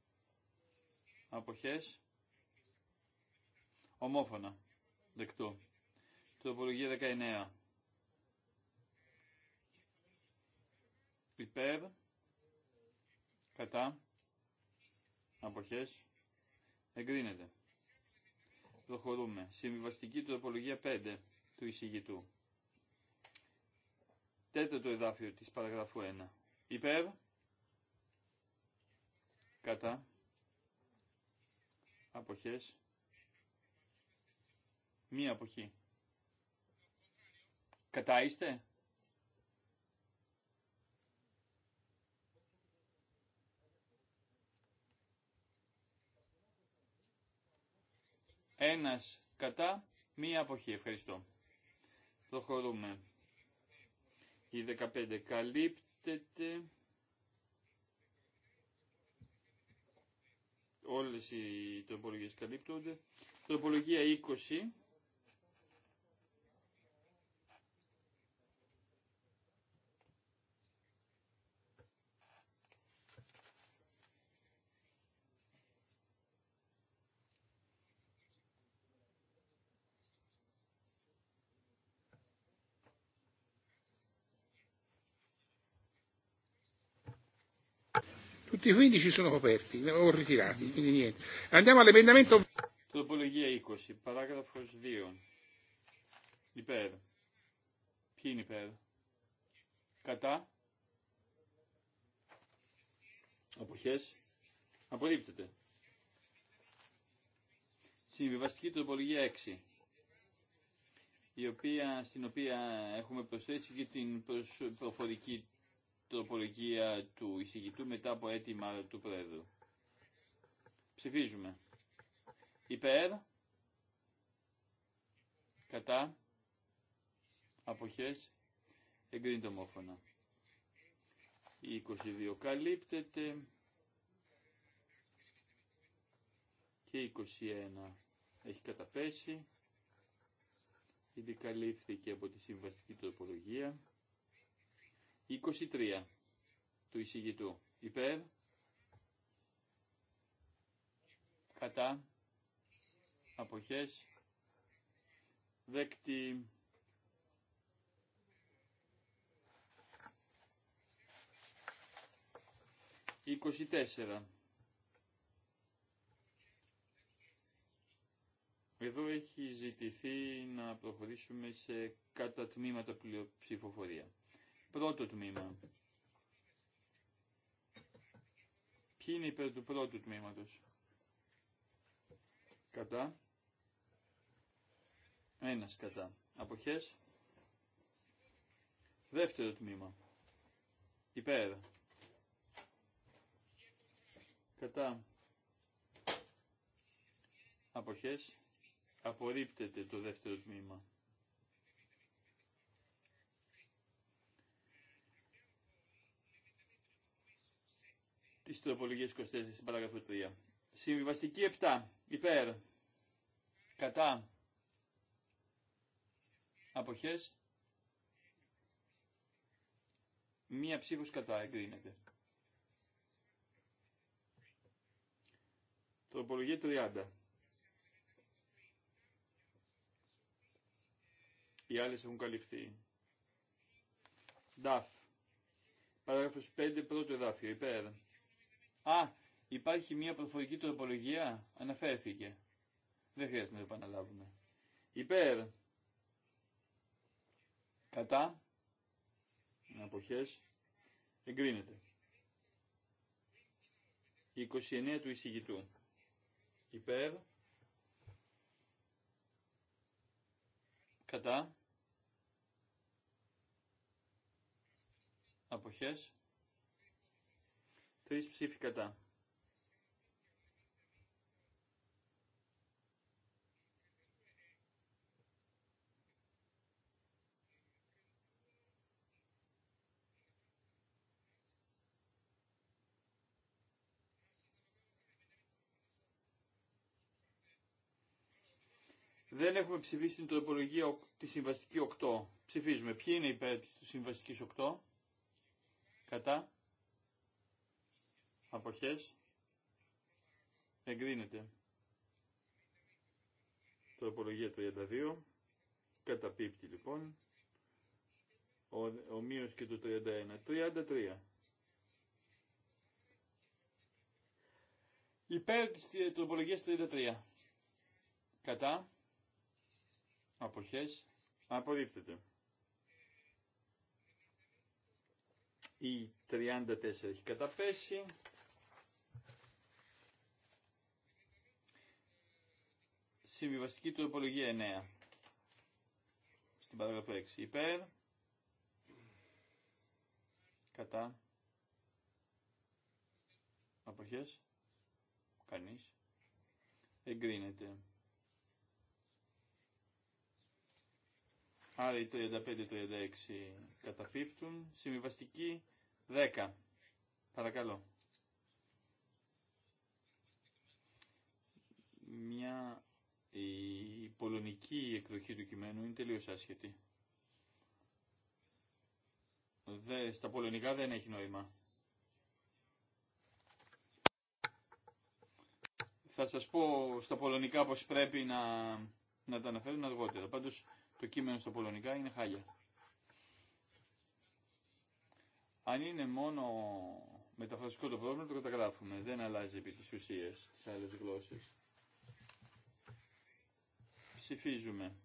αποχές, ομόφωνα, δεκτό. Τροπολογία 19 υπέρ, κατά, αποχές, εγκρίνεται. Προχωρούμε. Συμβιβαστική τροπολογία 5 του εισηγητού. Τέταρτο εδάφιο της παραγράφου 1. Υπέρ, κατά, αποχές, μία αποχή. Κατά είστε, Ένας κατά, μία αποχή. Ευχαριστώ. Προχωρούμε. Η 15 καλύπτεται. Όλες οι τροπολογίες καλύπτονται. Τροπολογία 20 tutti i 15 sono coperti o ritirati, quindi niente. Andiamo all'emendamento. Τροπολογία 20, παράγραφος 2. Υπέρ. Ποιοι είναι υπέρ. Κατά. Αποχές. Απορρίπτεται. Συμβιβαστική τροπολογία 6 η οποία, στην οποία έχουμε προσθέσει και την προσ, προφορική τροπολογία του εισηγητού μετά από αίτημα του Πρόεδρου. Ψηφίζουμε. Υπέρ. Κατά. Αποχές. Εγκρίνεται ομόφωνα. Η 22 καλύπτεται. Και η 21 έχει καταπέσει. Ήδη καλύφθηκε από τη συμβαστική τροπολογία. 23 του εισηγητού. Υπέρ. Κατά. Αποχές. Δέκτη. Είκοσι τέσσερα. Εδώ έχει ζητηθεί να προχωρήσουμε σε κατά τμήματα ψηφοφορία. Πρώτο τμήμα. Ποιοι είναι υπέρ του πρώτου τμήματος. Κατά. Ένας κατά. Αποχές. Δεύτερο τμήμα. Υπέρ. Κατά. Αποχές. Απορρίπτεται το δεύτερο τμήμα. της τροπολογίες 24 στην παράγραφο 3. Συμβιβαστική 7. Υπέρ. Κατά. Αποχές. Μία ψήφος κατά εγκρίνεται. Τροπολογία 30. Οι άλλες έχουν καλυφθεί. Δαφ. Παράγραφος 5, πρώτο εδάφιο. Υπέρ. Α, υπάρχει μια προφορική τροπολογία. Αναφέρθηκε. Δεν χρειάζεται να το επαναλάβουμε. Υπέρ. Κατά. Αποχές. Εγκρίνεται. 29 του εισηγητού. Υπέρ. Κατά. Αποχές. Τρει ψήφοι κατά. Δεν έχουμε ψηφίσει την τροπολογία τη συμβαστική 8. Ψηφίζουμε. Ποιοι είναι υπέρ τη συμβαστική 8. Κατά αποχές εγκρίνεται. Τροπολογία 32 καταπίπτει λοιπόν ο, ο και το 31. 33. Υπέρ της τροπολογίας 33. Κατά. Αποχές. Απορρίπτεται. Η 34 έχει καταπέσει. Συμβιβαστική τροπολογία 9. Στην παράγραφο 6. Υπέρ. Κατά. Αποχές. Κανείς. Εγκρίνεται. Άρα οι 35-36 καταπίπτουν. Συμβιβαστική 10. Παρακαλώ. Μια η πολωνική εκδοχή του κειμένου είναι τελείως άσχετη. Δε, στα πολωνικά δεν έχει νόημα. Θα σας πω στα πολωνικά πως πρέπει να, να τα αναφέρουν αργότερα. Πάντως το κείμενο στα πολωνικά είναι χάλια. Αν είναι μόνο μεταφραστικό το πρόβλημα, το καταγράφουμε. Δεν αλλάζει επί της ουσίας τις άλλες γλώσσες. Ψηφίζουμε.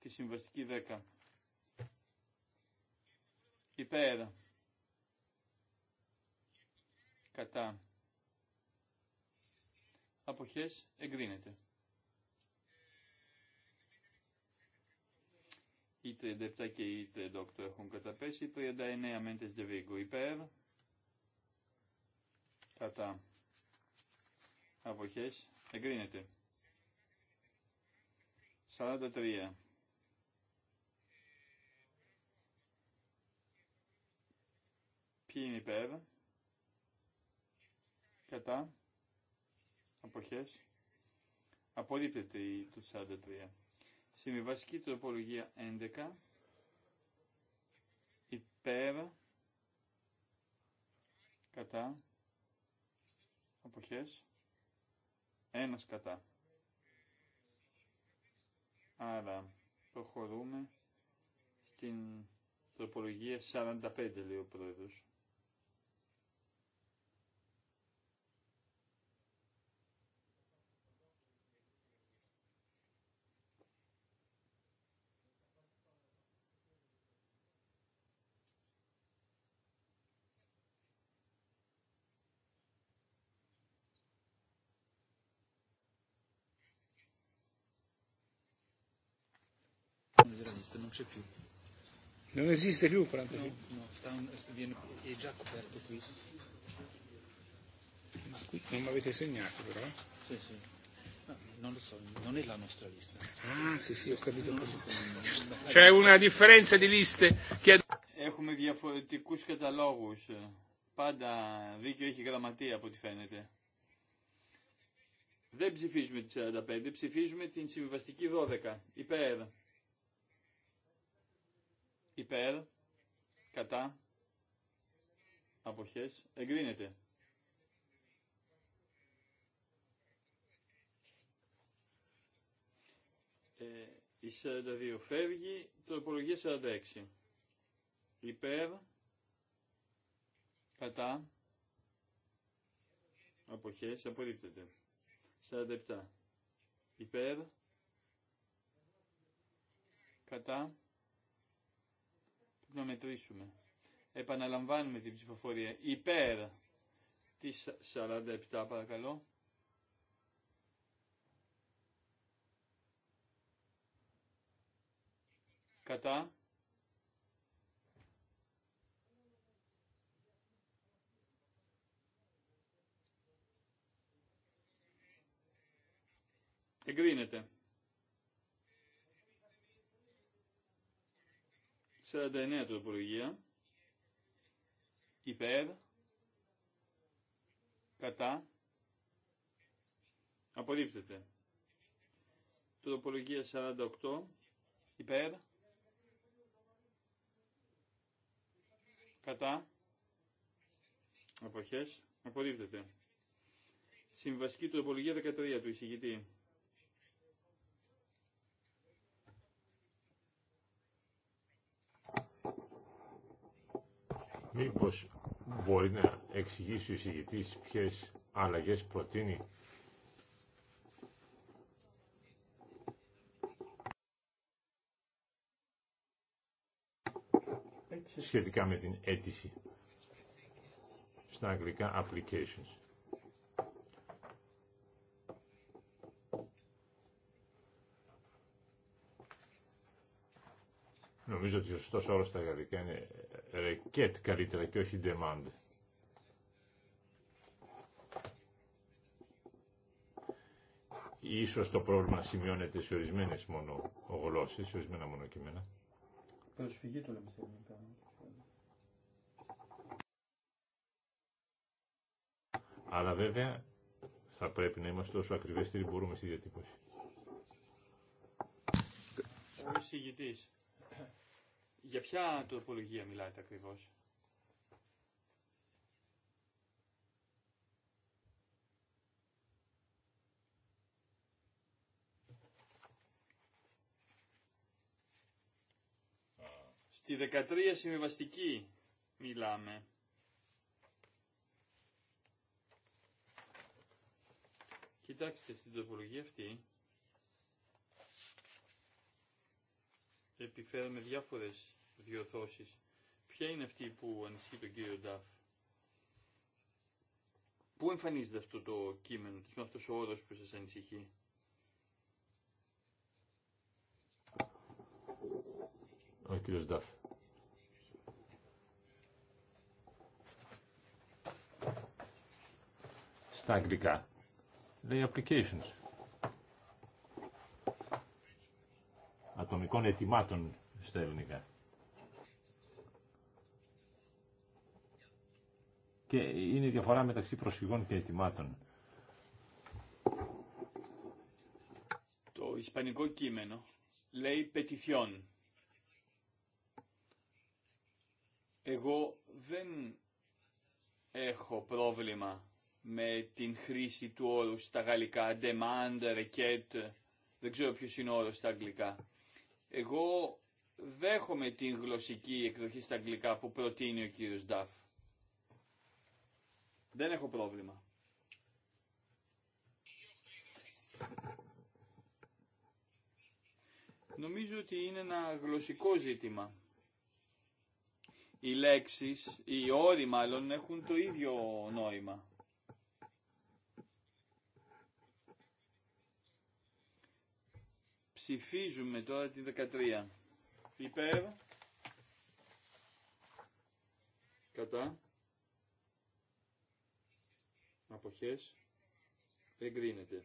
Τη συμβαστική 10. Υπέρ. Κατά. Αποχές εγκρίνεται. Οι 37 και οι 38 έχουν καταπέσει. 39 39 μέντες βίγκο υπέρ. Κατά. Αποχές Εγκρίνεται. 43. Ποιοι είναι υπέρ. Κατά. Αποχές. Απορρίπτεται η του 43. Συμβιβασική τροπολογία 11. Υπέρ. Κατά. Αποχές. Ένα κατά. Άρα προχωρούμε στην τροπολογία 45 λέει ο πρόεδρος. federalista non c'è più. Non esiste più 45? No, no viene, è già coperto qui. Ma qui non mi avete segnato però? Sì, sì. Non lo so, non è la nostra lista. Ah, sì, sì, ho capito. C'è una differenza di liste che... Έχουμε διαφορετικούς καταλόγους. Πάντα δίκιο έχει γραμματεία από ό,τι φαίνεται. Δεν ψηφίζουμε τη 45, ψηφίζουμε την συμβιβαστική 12. Υπέρ υπέρ, κατά, αποχές, εγκρίνεται. Ε, η 42 φεύγει, το τροπολογία 46. Υπέρ, κατά, αποχές, απορρίπτεται. 47. Υπέρ, κατά, να μετρήσουμε. Επαναλαμβάνουμε την ψηφοφορία υπέρ της 47 παρακαλώ. Κατά. Εγκρίνεται. 49 τροπολογία. Υπέρ. Κατά. Απορρίπτεται. Τροπολογία 48. Υπέρ. Κατά. Αποχές. Απορρίπτεται. Συμβασική τροπολογία 13 του εισηγητή. Μήπως μπορεί να εξηγήσει ο εισηγητής ποιες αλλαγές προτείνει σχετικά με την αίτηση στα αγγλικά applications. νομίζω ότι ο σωστό όρο στα γαλλικά είναι ρεκέτ καλύτερα και όχι demand. Ίσως το πρόβλημα σημειώνεται σε ορισμένε μόνο γλώσσε, σε ορισμένα μόνο κείμενα. Αλλά βέβαια θα πρέπει να είμαστε όσο ακριβέστεροι μπορούμε στη διατύπωση. Ο εισηγητής για ποια τροπολογία μιλάτε ακριβώς. Στη 13 συμβιβαστική μιλάμε. Κοιτάξτε στην τροπολογία αυτή επιφέραμε διάφορες διορθώσεις. Ποια είναι αυτή που ανησυχεί τον κύριο Νταφ. Πού εμφανίζεται αυτό το κείμενο, με αυτός ο όρος που σας ανησυχεί. Ο κύριος Νταφ. Στα αγγλικά. applications. ατομικών ετοιμάτων στα ελληνικά. Και είναι η διαφορά μεταξύ προσφυγών και ετοιμάτων. Το ισπανικό κείμενο λέει petición. Εγώ δεν έχω πρόβλημα με την χρήση του όρου στα γαλλικά, demand, requête, δεν ξέρω ποιος είναι ο όρος στα αγγλικά. Εγώ δέχομαι την γλωσσική εκδοχή στα αγγλικά που προτείνει ο κύριος Νταφ. Δεν έχω πρόβλημα. Νομίζω ότι είναι ένα γλωσσικό ζήτημα. Οι λέξεις, οι όροι μάλλον έχουν το ίδιο νόημα. Ψηφίζουμε τώρα τη 13. Υπέρ. Κατά. Αποχές. Εγκρίνεται.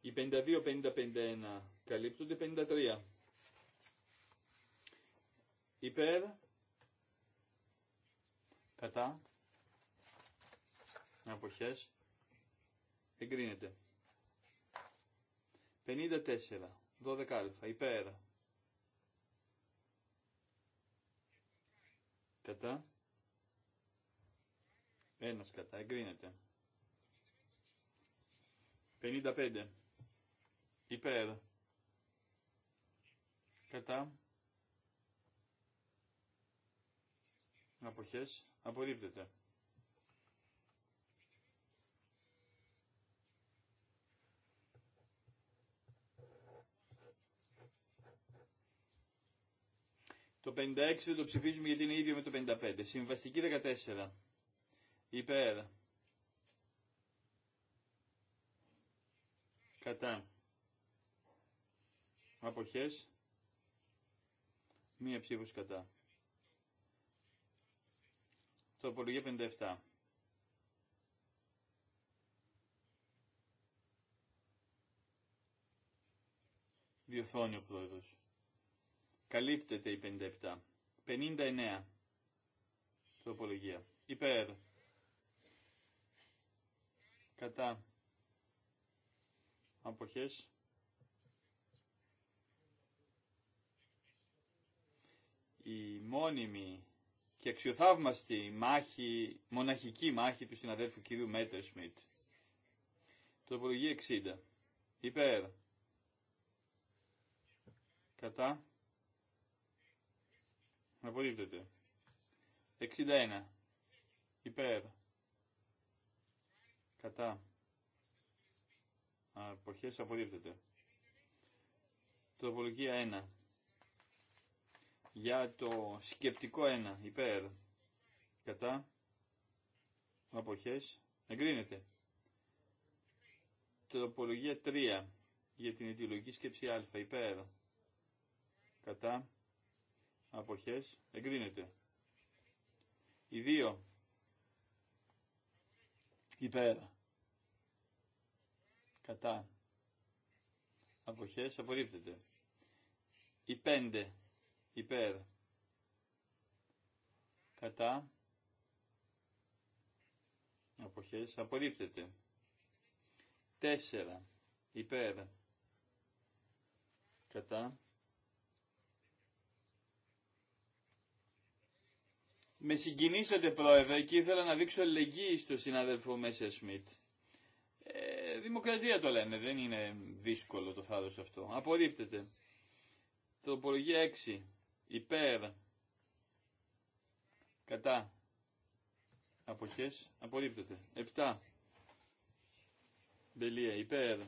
Οι 52 καλύπτονται 53. Υπέρ. Κατά αποχές εγκρίνεται. 54, 12α, υπέρ. Κατά. Ένας κατά, εγκρίνεται. 55, υπέρ. Κατά. Αποχές, απορρίπτεται. Το 56 δεν το ψηφίζουμε γιατί είναι ίδιο με το 55. Συμβαστική 14. Υπέρ. Κατά. Αποχές. Μία ψήφος κατά. Το απολογία 57. Διορθώνει ο πρόεδρος. Καλύπτεται η 57. 59. Τροπολογία. Υπέρ. Κατά. Αποχές. Η μόνιμη και αξιοθαύμαστη μάχη, μοναχική μάχη του συναδέλφου κύριου Μέτερ Σμιτ. Τροπολογία 60. Υπέρ. Κατά. Απορρίπτεται. 61. Υπέρ. Κατά. Αποχές απορρίπτεται. Τροπολογία 1. Για το σκεπτικό 1. Υπέρ. Κατά. Αποχές. Εγκρίνεται. Τροπολογία 3. Για την αιτιολογική σκέψη α. Υπέρ. Κατά αποχές εγκρίνεται. Οι δύο υπέρ κατά αποχές απορρίπτεται. Οι πέντε υπέρ κατά αποχές απορρίπτεται. Τέσσερα υπέρ κατά Με συγκινήσατε πρόεδρε και ήθελα να δείξω ελεγγύη στο συνάδελφο μέσα Σμιτ. Ε, δημοκρατία το λένε. δεν είναι δύσκολο το θάρρο αυτό. Απορρίπτεται. Τροπολογία 6. Υπέρ. Κατά. Αποχές. Απορρίπτεται. 7. Μπελία. Υπέρ.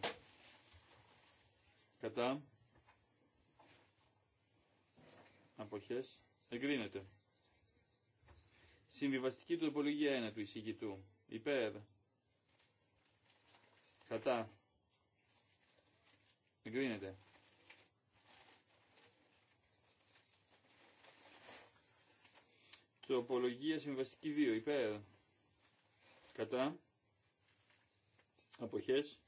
Κατά. Αποχές. Εγκρίνεται. Συμβιβαστική τροπολογία 1 του εισηγητού. Υπέρ. Κατά. Εγκρίνεται. Τροπολογία συμβαστική 2. Υπέρ. Κατά. Αποχές.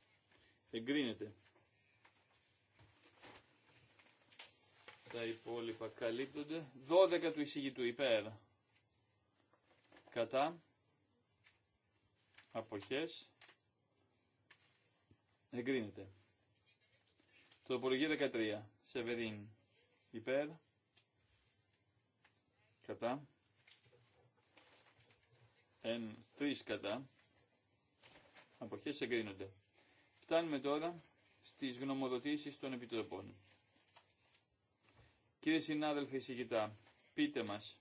Εγκρίνεται. Τα υπόλοιπα καλύπτονται. 12 του εισηγητού υπέρ κατά αποχές εγκρίνεται. Τροπολογία 13. Σεβερίν υπέρ κατά εν τρεις κατά αποχές εγκρίνονται. Φτάνουμε τώρα στις γνωμοδοτήσεις των επιτροπών. Κύριε συνάδελφοι, εισηγητά, πείτε μας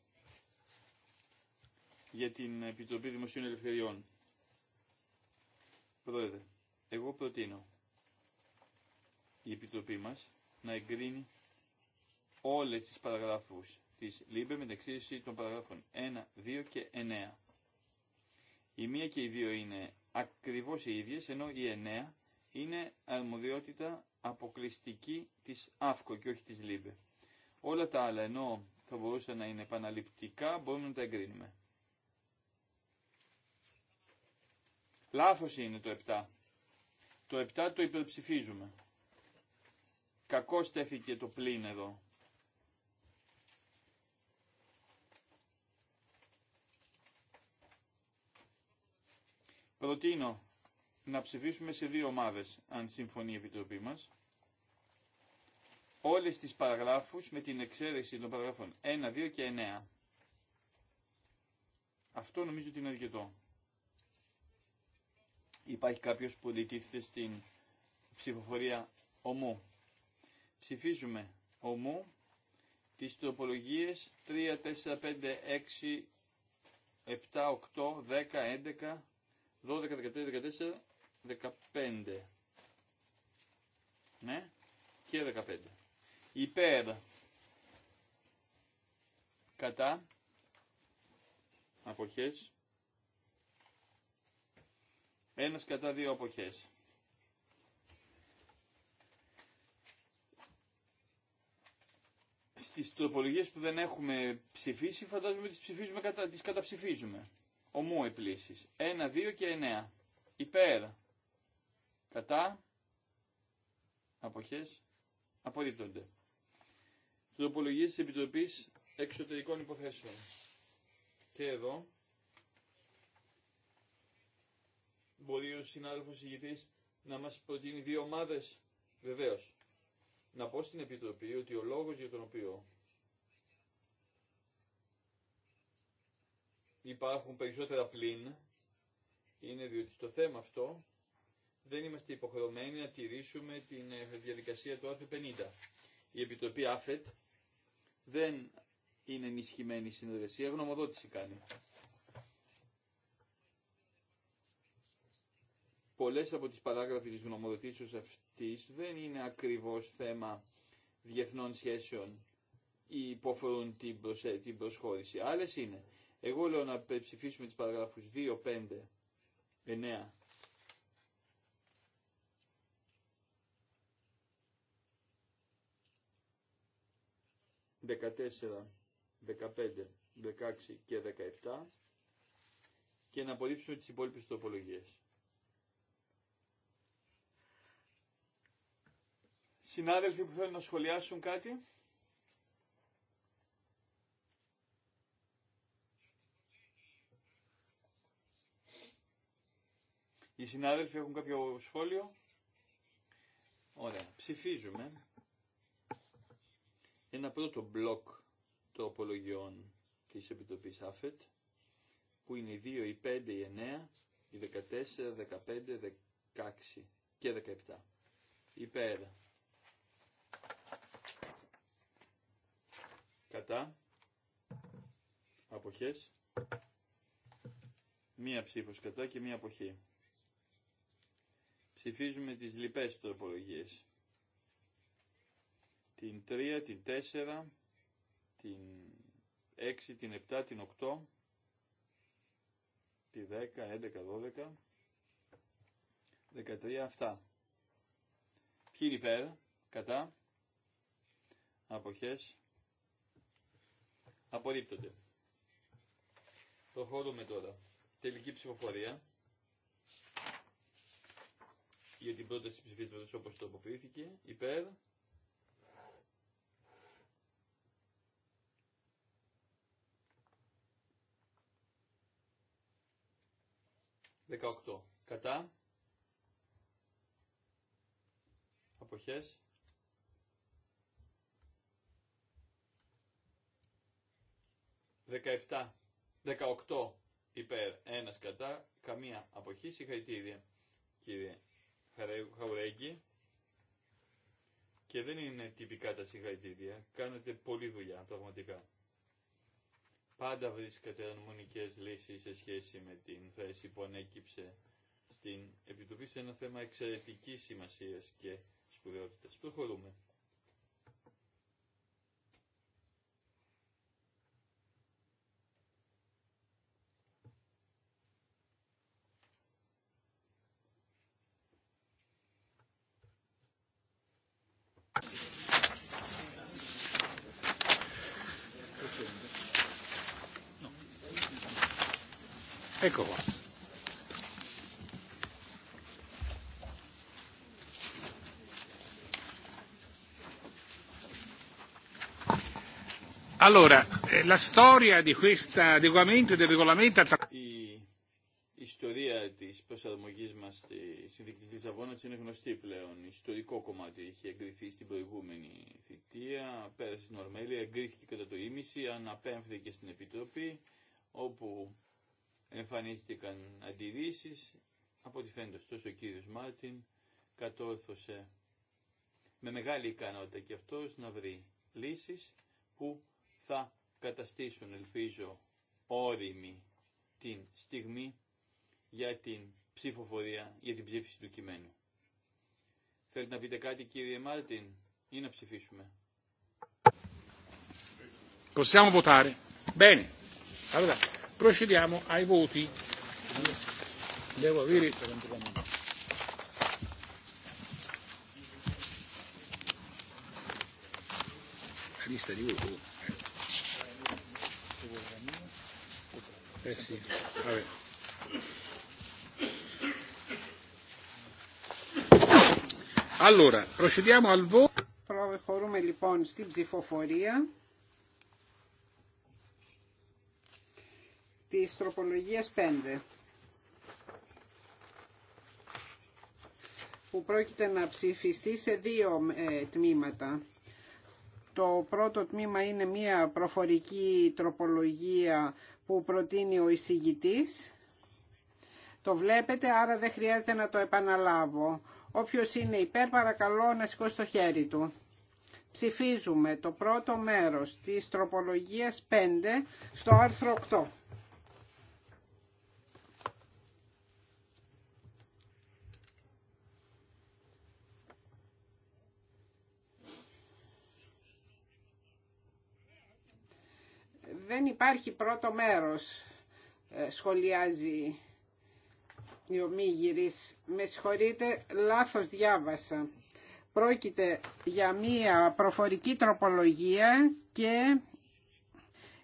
για την Επιτροπή Δημοσίων Ελευθεριών. Πρόεδρε, εγώ προτείνω η Επιτροπή μας να εγκρίνει όλες τις παραγράφους της ΛΥΜΠΕ με την των παραγράφων 1, 2 και 9. Η μία και οι δύο είναι ακριβώς οι ίδιες, ενώ η 9 είναι αρμοδιότητα αποκλειστική της ΑΦΚΟ και όχι της ΛΥΜΠΕ. Όλα τα άλλα, ενώ θα μπορούσαν να είναι επαναληπτικά, μπορούμε να τα εγκρίνουμε. Λάθος είναι το 7. Το 7 το υπερψηφίζουμε. Κακό στέθηκε το πλήν εδώ. Προτείνω να ψηφίσουμε σε δύο ομάδες, αν συμφωνεί η Επιτροπή μας, όλες τις παραγράφους με την εξαίρεση των παραγράφων 1, 2 και 9. Αυτό νομίζω ότι είναι αρκετό. Υπάρχει κάποιος που αντιτίθεται στην ψηφοφορία ομού. Ψηφίζουμε ομού τις τοπολογίες 3, 4, 5, 6, 7, 8, 10, 11, 12, 13, 14, 15. Ναι, και 15. Υπέρ. Κατά. Αποχές. Ένας κατά δύο αποχές. Στις τροπολογίες που δεν έχουμε ψηφίσει φαντάζομαι τις, ψηφίζουμε, κατα... τις καταψηφίζουμε. Ομού επλήσεις. Ένα, δύο και 9. Υπέρ. Κατά. Αποχές. Απορρίπτονται. Τροπολογίες της Επιτροπής Εξωτερικών Υποθέσεων. Και εδώ Μπορεί ο συνάδελφος ηγητή να μας προτείνει δύο ομάδε βεβαίω. Να πω στην Επιτροπή ότι ο λόγος για τον οποίο υπάρχουν περισσότερα πλήν είναι διότι στο θέμα αυτό δεν είμαστε υποχρεωμένοι να τηρήσουμε τη ε, διαδικασία του άρθρου 50. Η Επιτροπή ΑΦΕΤ δεν είναι ενισχυμένη συνεργασία, γνωμοδότηση κάνει. πολλές από τις παράγραφοι της γνωμοδοτήσεως αυτής δεν είναι ακριβώς θέμα διεθνών σχέσεων ή υπόφορουν την, προσε... προσχώρηση. Άλλες είναι. Εγώ λέω να ψηφίσουμε τις παραγράφους 2, 5, 9, 14, 15, 16 και 17 και να απορρίψουμε τις υπόλοιπες τοπολογίες. Συνάδελφοι που θέλουν να σχολιάσουν κάτι. Οι συνάδελφοι έχουν κάποιο σχόλιο. Ωραία. Ψηφίζουμε ένα πρώτο μπλοκ των τροπολογιών της Επιτροπής ΑΦΕΤ που είναι οι 2, οι 5, οι 9, οι 14, 15, 16 και 17. Υπέρ κατά, αποχές, μία ψήφος κατά και μία αποχή. Ψηφίζουμε τις λοιπές τροπολογίες. Την 3, την 4, την 6, την 7, την 8, τη 10, 11, 12, 13 αυτά. Ποιοι είναι υπέρ, κατά, αποχές, Απορρίπτονται. Προχωρούμε τώρα. Τελική ψηφοφορία για την πρόταση ψηφίσματος όπως τροποποιήθηκε. Υπέρ. Δεκαοκτώ. Κατά. Αποχές. 17, 18 υπέρ, ένας κατά, καμία αποχή. Συγχαρητήρια κύριε Χαουρέγγι. Και δεν είναι τυπικά τα συγχαρητήρια, κάνετε πολλή δουλειά πραγματικά. Πάντα βρίσκατε αρμονικές λύσεις σε σχέση με την θέση που ανέκυψε στην Επιτροπή σε ένα θέμα εξαιρετικής σημασίας και σπουδαιότητας. Προχωρούμε. Allora, eh, la storia di questo adeguamento e del regolamento... Η ιστορία της προσαρμογής μας στη Συνδίκη της Λισαβόνας είναι γνωστή πλέον. Ιστορικό κομμάτι είχε εγκριθεί στην προηγούμενη θητεία, πέρασε στην Ορμέλεια, εγκρίθηκε κατά το ίμιση, αναπέμφθηκε στην Επιτροπή, όπου εμφανίστηκαν αντιρρήσεις, από ό,τι φαίνεται ωστόσο ο κύριος Μάρτιν κατόρθωσε με μεγάλη ικανότητα και αυτός να βρει λύσεις που θα καταστήσουν, ελπίζω, όριμη την στιγμή για την ψηφοφορία, για την ψήφιση του κειμένου. Θέλετε να πείτε κάτι κύριε Μάρτιν ή να ψηφίσουμε. Possiamo votare. Bene. Allora. Procediamo ai voti. Devo avere... La lista di voti. Eh sì, vabbè. Allora, procediamo al voto. e λοιπόν στην ψηφοφορία. της τροπολογίας 5 που πρόκειται να ψηφιστεί σε δύο ε, τμήματα. Το πρώτο τμήμα είναι μια προφορική τροπολογία που προτείνει ο εισηγητής. Το βλέπετε, άρα δεν χρειάζεται να το επαναλάβω. Όποιος είναι υπέρ, παρακαλώ να σηκώσει το χέρι του. Ψηφίζουμε το πρώτο μέρος της τροπολογίας 5 στο άρθρο 8. δεν υπάρχει πρώτο μέρος, ε, σχολιάζει η ομίγυρης. Με συγχωρείτε, λάθος διάβασα. Πρόκειται για μία προφορική τροπολογία και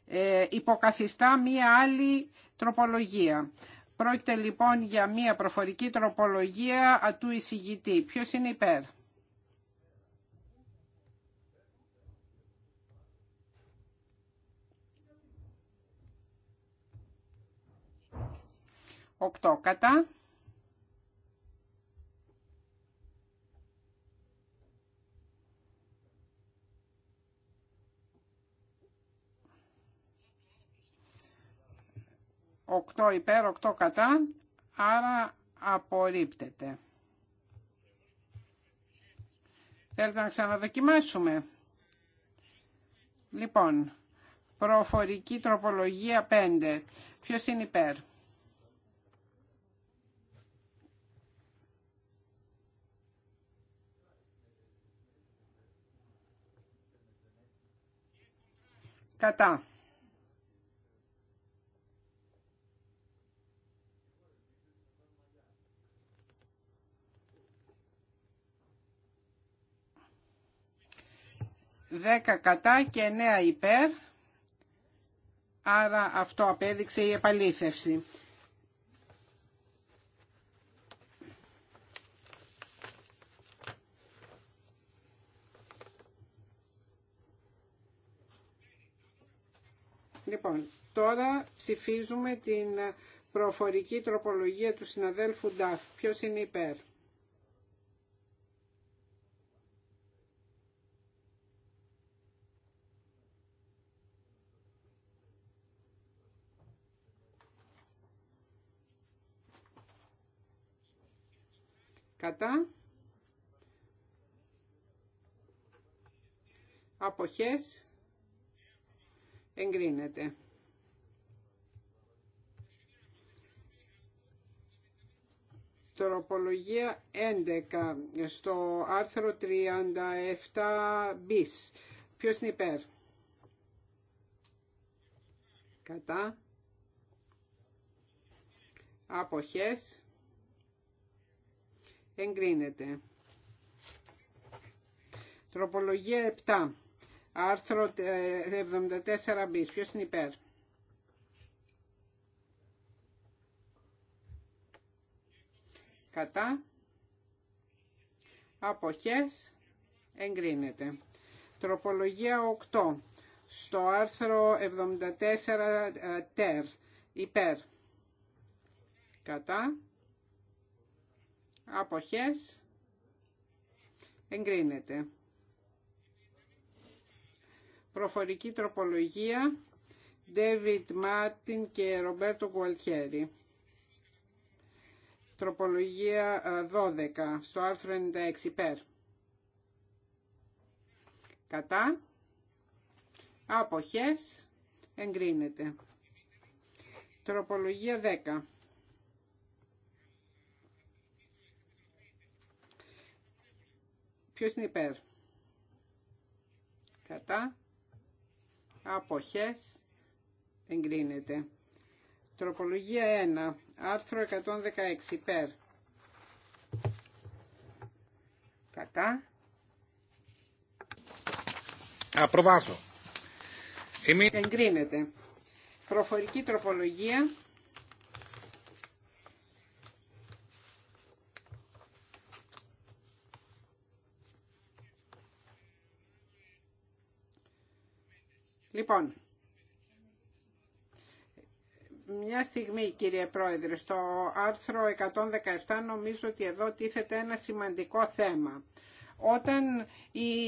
ε, υποκαθιστά μία άλλη τροπολογία. Πρόκειται λοιπόν για μία προφορική τροπολογία ατού εισηγητή. Ποιος είναι υπέρ. οκτώκατα, κατά. Οκτώ υπέρ, οκτώ κατά, άρα απορρίπτεται. Θέλετε να ξαναδοκιμάσουμε. Λοιπόν, προφορική τροπολογία 5. Ποιος είναι υπέρ. 10 κατά και νέα υπέρ, άρα αυτό απέδειξε η επαλήθευση. Λοιπόν, τώρα ψηφίζουμε την προφορική τροπολογία του συναδέλφου Νταφ. Ποιος είναι υπέρ. Κατά. Αποχές εγκρίνεται. Τροπολογία 11 στο άρθρο 37 bis. Ποιος είναι υπέρ. Κατά. Αποχές. Εγκρίνεται. Τροπολογία 7 Άρθρο 74 ε, μπις. Ποιος είναι υπέρ. Κατά. Αποχές. Εγκρίνεται. Τροπολογία 8. Στο άρθρο 74 τερ. Ε, υπέρ. Κατά. Αποχές. Εγκρίνεται. Προφορική τροπολογία David Μάτιν και Ρομπέρτο Gualtieri. Τροπολογία 12 ε, στο άρθρο 96 υπέρ. Κατά. Άποχες. Εγκρίνεται. Τροπολογία 10. Ποιος είναι υπέρ. Κατά αποχές εγκρίνεται. Τροπολογία 1, άρθρο 116 υπέρ. Κατά. Απροβάζω. Εγκρίνεται. Προφορική τροπολογία Λοιπόν, μια στιγμή κύριε Πρόεδρε, στο άρθρο 117 νομίζω ότι εδώ τίθεται ένα σημαντικό θέμα. Όταν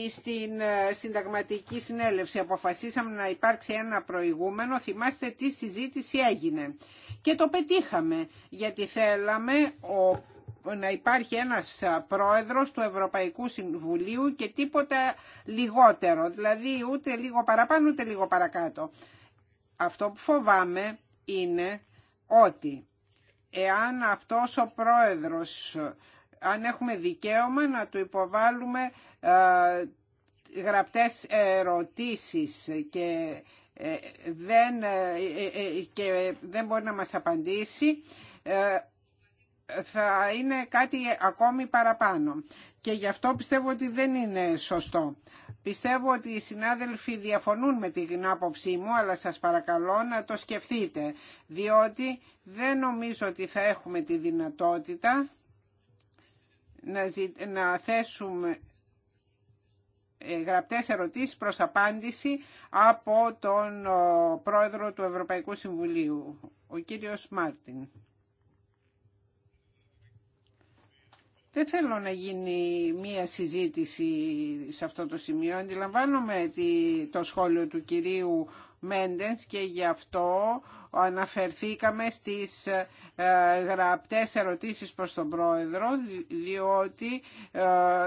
στην ε, συνταγματική συνέλευση αποφασίσαμε να υπάρξει ένα προηγούμενο, θυμάστε τι συζήτηση έγινε. Και το πετύχαμε, γιατί θέλαμε ο να υπάρχει ένας πρόεδρος του Ευρωπαϊκού Συμβουλίου και τίποτα λιγότερο, δηλαδή ούτε λίγο παραπάνω ούτε λίγο παρακάτω. Αυτό που φοβάμαι είναι ότι εάν αυτός ο πρόεδρος, αν έχουμε δικαίωμα να του υποβάλουμε γραπτές ερωτήσεις και, ε, δεν, ε, ε, και δεν μπορεί να μας απαντήσει, θα είναι κάτι ακόμη παραπάνω. Και γι' αυτό πιστεύω ότι δεν είναι σωστό. Πιστεύω ότι οι συνάδελφοι διαφωνούν με την άποψή μου, αλλά σας παρακαλώ να το σκεφτείτε, διότι δεν νομίζω ότι θα έχουμε τη δυνατότητα να, θέσουμε ε, γραπτές ερωτήσεις προς απάντηση από τον πρόεδρο του Ευρωπαϊκού Συμβουλίου, ο κύριος Μάρτιν. Δεν θέλω να γίνει μία συζήτηση σε αυτό το σημείο. Αντιλαμβάνομαι το σχόλιο του κυρίου Μέντενς και γι' αυτό αναφερθήκαμε στις ε, γραπτές ερωτήσεις προς τον Πρόεδρο διότι ε,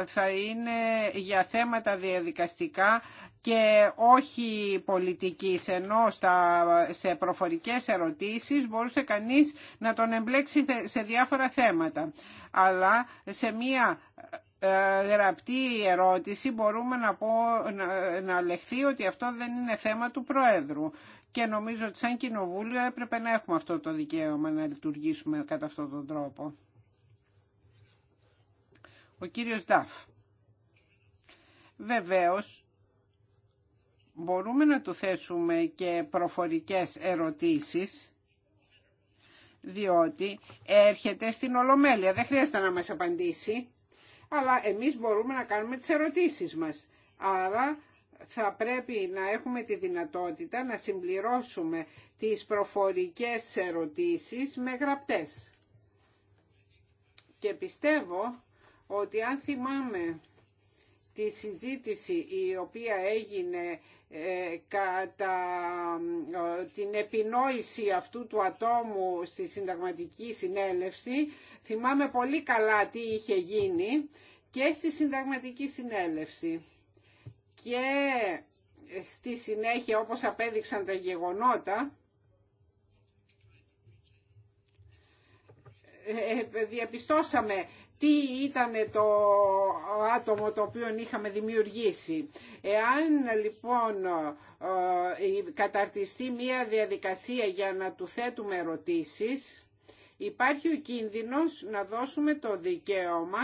θα είναι για θέματα διαδικαστικά και όχι πολιτικής ενώ στα, σε προφορικές ερωτήσεις μπορούσε κανείς να τον εμπλέξει σε διάφορα θέματα αλλά σε μία ε, γραπτή ερώτηση μπορούμε να, πω, να, να λεχθεί ότι αυτό δεν είναι θέμα του Προέδρου και νομίζω ότι σαν Κοινοβούλιο έπρεπε να έχουμε αυτό το δικαίωμα να λειτουργήσουμε κατά αυτόν τον τρόπο. Ο κύριος Νταφ. Βεβαίως, μπορούμε να του θέσουμε και προφορικές ερωτήσεις διότι έρχεται στην Ολομέλεια. Δεν χρειάζεται να μας απαντήσει, αλλά εμείς μπορούμε να κάνουμε τις ερωτήσεις μας. Άρα θα πρέπει να έχουμε τη δυνατότητα να συμπληρώσουμε τις προφορικές ερωτήσεις με γραπτές. Και πιστεύω ότι αν θυμάμαι τη συζήτηση η οποία έγινε ε, κατά ε, την επινόηση αυτού του ατόμου στη συνταγματική συνέλευση. Θυμάμαι πολύ καλά τι είχε γίνει και στη συνταγματική συνέλευση. Και στη συνέχεια όπως απέδειξαν τα γεγονότα, ε, διαπιστώσαμε τι ήταν το άτομο το οποίο είχαμε δημιουργήσει. Εάν λοιπόν ε, καταρτιστεί μία διαδικασία για να του θέτουμε ερωτήσεις, υπάρχει ο κίνδυνος να δώσουμε το δικαίωμα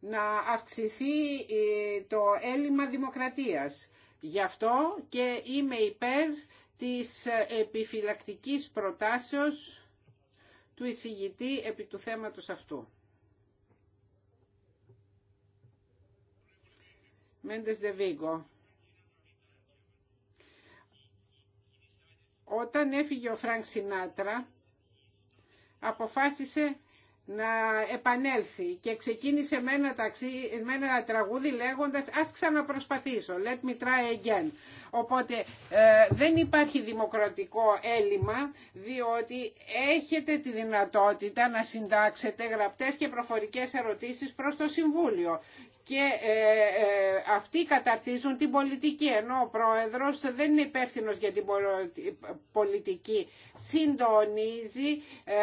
να αυξηθεί ε, το έλλειμμα δημοκρατίας. Γι' αυτό και είμαι υπέρ της επιφυλακτικής προτάσεως του εισηγητή επί του θέματος αυτού. Μέντες Δεβίγκο. Όταν έφυγε ο Φρανκ Σινάτρα, αποφάσισε να επανέλθει και ξεκίνησε με ένα, ταξί, με ένα τραγούδι λέγοντας «Ας ξαναπροσπαθήσω, let me try again». Οπότε ε, δεν υπάρχει δημοκρατικό έλλειμμα διότι έχετε τη δυνατότητα να συντάξετε γραπτές και προφορικές ερωτήσεις προς το Συμβούλιο και ε, ε, αυτοί καταρτίζουν την πολιτική ενώ ο πρόεδρος δεν είναι υπεύθυνο για την πολιτική συντονίζει, ε,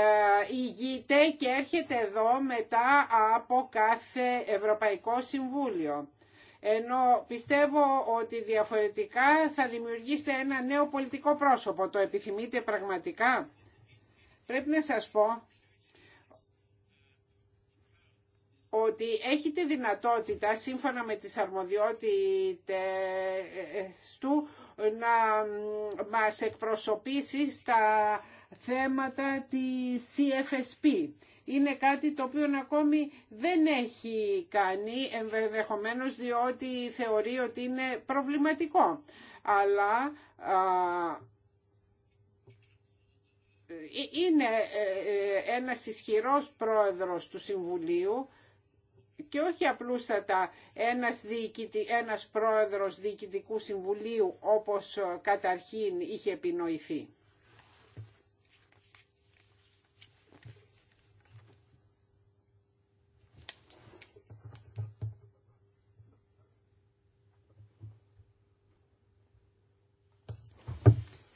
ηγείται και έρχεται εδώ μετά από κάθε Ευρωπαϊκό Συμβούλιο ενώ πιστεύω ότι διαφορετικά θα δημιουργήσετε ένα νέο πολιτικό πρόσωπο. Το επιθυμείτε πραγματικά. Πρέπει να σας πω ότι έχετε δυνατότητα σύμφωνα με τις αρμοδιότητες του να μας εκπροσωπήσει στα θέματα της CFSP. Είναι κάτι το οποίο ακόμη δεν έχει κάνει, ενδεχομένως διότι θεωρεί ότι είναι προβληματικό. Αλλά ε, ε, είναι ε, ένας ισχυρός πρόεδρος του Συμβουλίου και όχι απλούστατα ένας, διοικητη, ένας πρόεδρος διοικητικού συμβουλίου όπως ε, καταρχήν είχε επινοηθεί.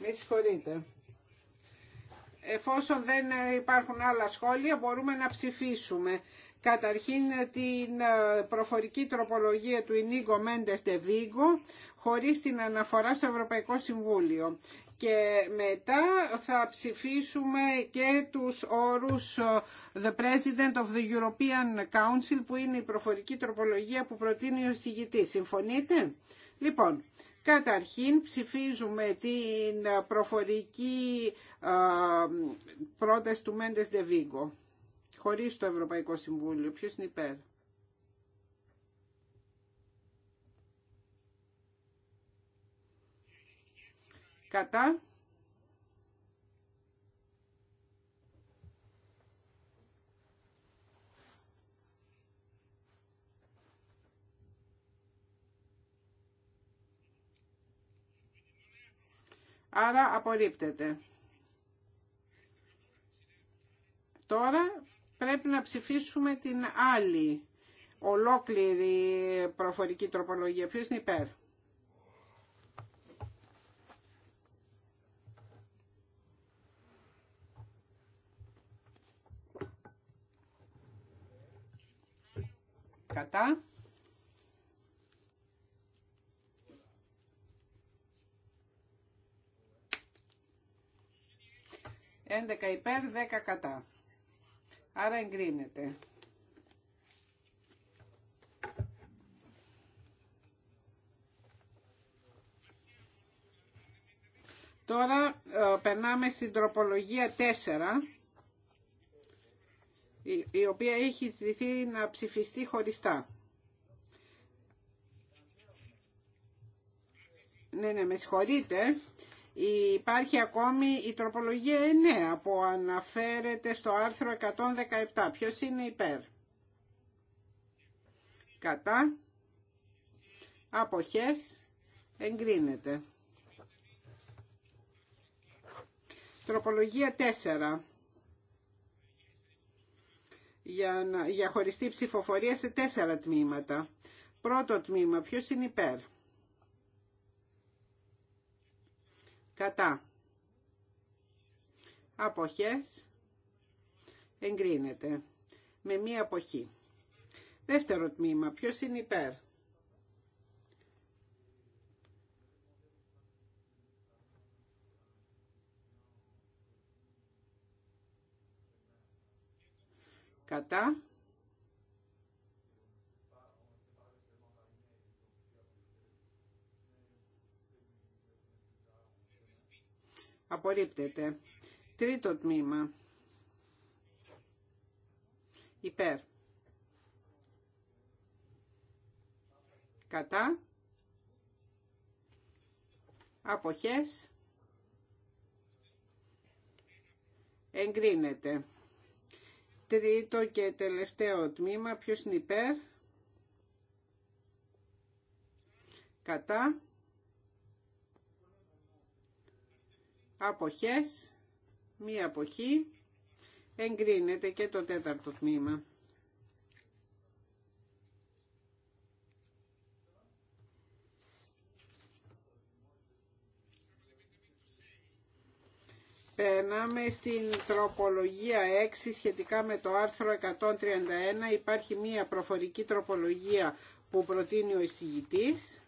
Με συγχωρείτε. Εφόσον δεν ε, υπάρχουν άλλα σχόλια μπορούμε να ψηφίσουμε. Καταρχήν την ε, προφορική τροπολογία του Ινίγκο Μέντες Vigo χωρίς την αναφορά στο Ευρωπαϊκό Συμβούλιο. Και μετά θα ψηφίσουμε και τους όρους ε, The President of the European Council που είναι η προφορική τροπολογία που προτείνει ο συγητής. Συμφωνείτε? Λοιπόν, Καταρχήν ψηφίζουμε την προφορική ε, πρόταση του Μέντες Vigo χωρίς το Ευρωπαϊκό Συμβούλιο. Ποιος είναι υπέρ. Κατά. Άρα απορρίπτεται. Τώρα πρέπει να ψηφίσουμε την άλλη ολόκληρη προφορική τροπολογία. Ποιος είναι υπέρ. Κατά. Έντεκα υπέρ, δέκα κατά. Άρα εγκρίνεται. Τώρα ε, περνάμε στην τροπολογία 4, η οποία έχει ζητηθεί να ψηφιστεί χωριστά. Ναι, ναι, με συγχωρείτε. Υπάρχει ακόμη η τροπολογία 9 που αναφέρεται στο άρθρο 117. Ποιος είναι υπέρ. Κατά. Αποχές. Εγκρίνεται. Τροπολογία 4. Για, να, για χωριστή ψηφοφορία σε τέσσερα τμήματα. Πρώτο τμήμα, ποιος είναι υπέρ. κατά αποχές εγκρίνεται με μία αποχή. Δεύτερο τμήμα, ποιος είναι υπέρ. Κατά Απορρίπτεται. Τρίτο τμήμα. Υπέρ. Κατά. Αποχές. Εγκρίνεται. Τρίτο και τελευταίο τμήμα. Ποιος είναι υπέρ. Κατά. αποχές, μία αποχή, εγκρίνεται και το τέταρτο τμήμα. Περνάμε στην τροπολογία 6 σχετικά με το άρθρο 131. Υπάρχει μία προφορική τροπολογία που προτείνει ο εισηγητής.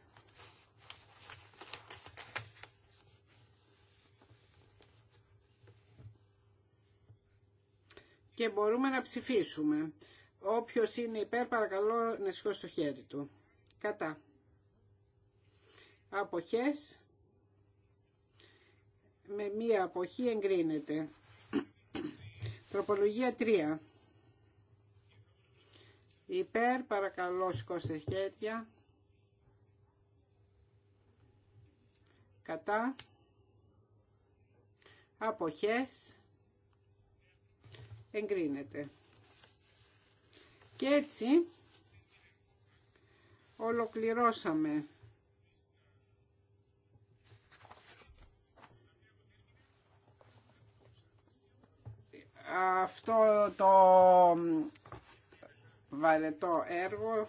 και μπορούμε να ψηφίσουμε. Όποιο είναι υπέρ παρακαλώ να σηκώσει το χέρι του. Κατά. Αποχές. Με μία αποχή εγκρίνεται. Τροπολογία 3. Υπέρ παρακαλώ σηκώστε χέρια. Κατά. Αποχές εγκρίνεται. Και έτσι ολοκληρώσαμε αυτό το βαρετό έργο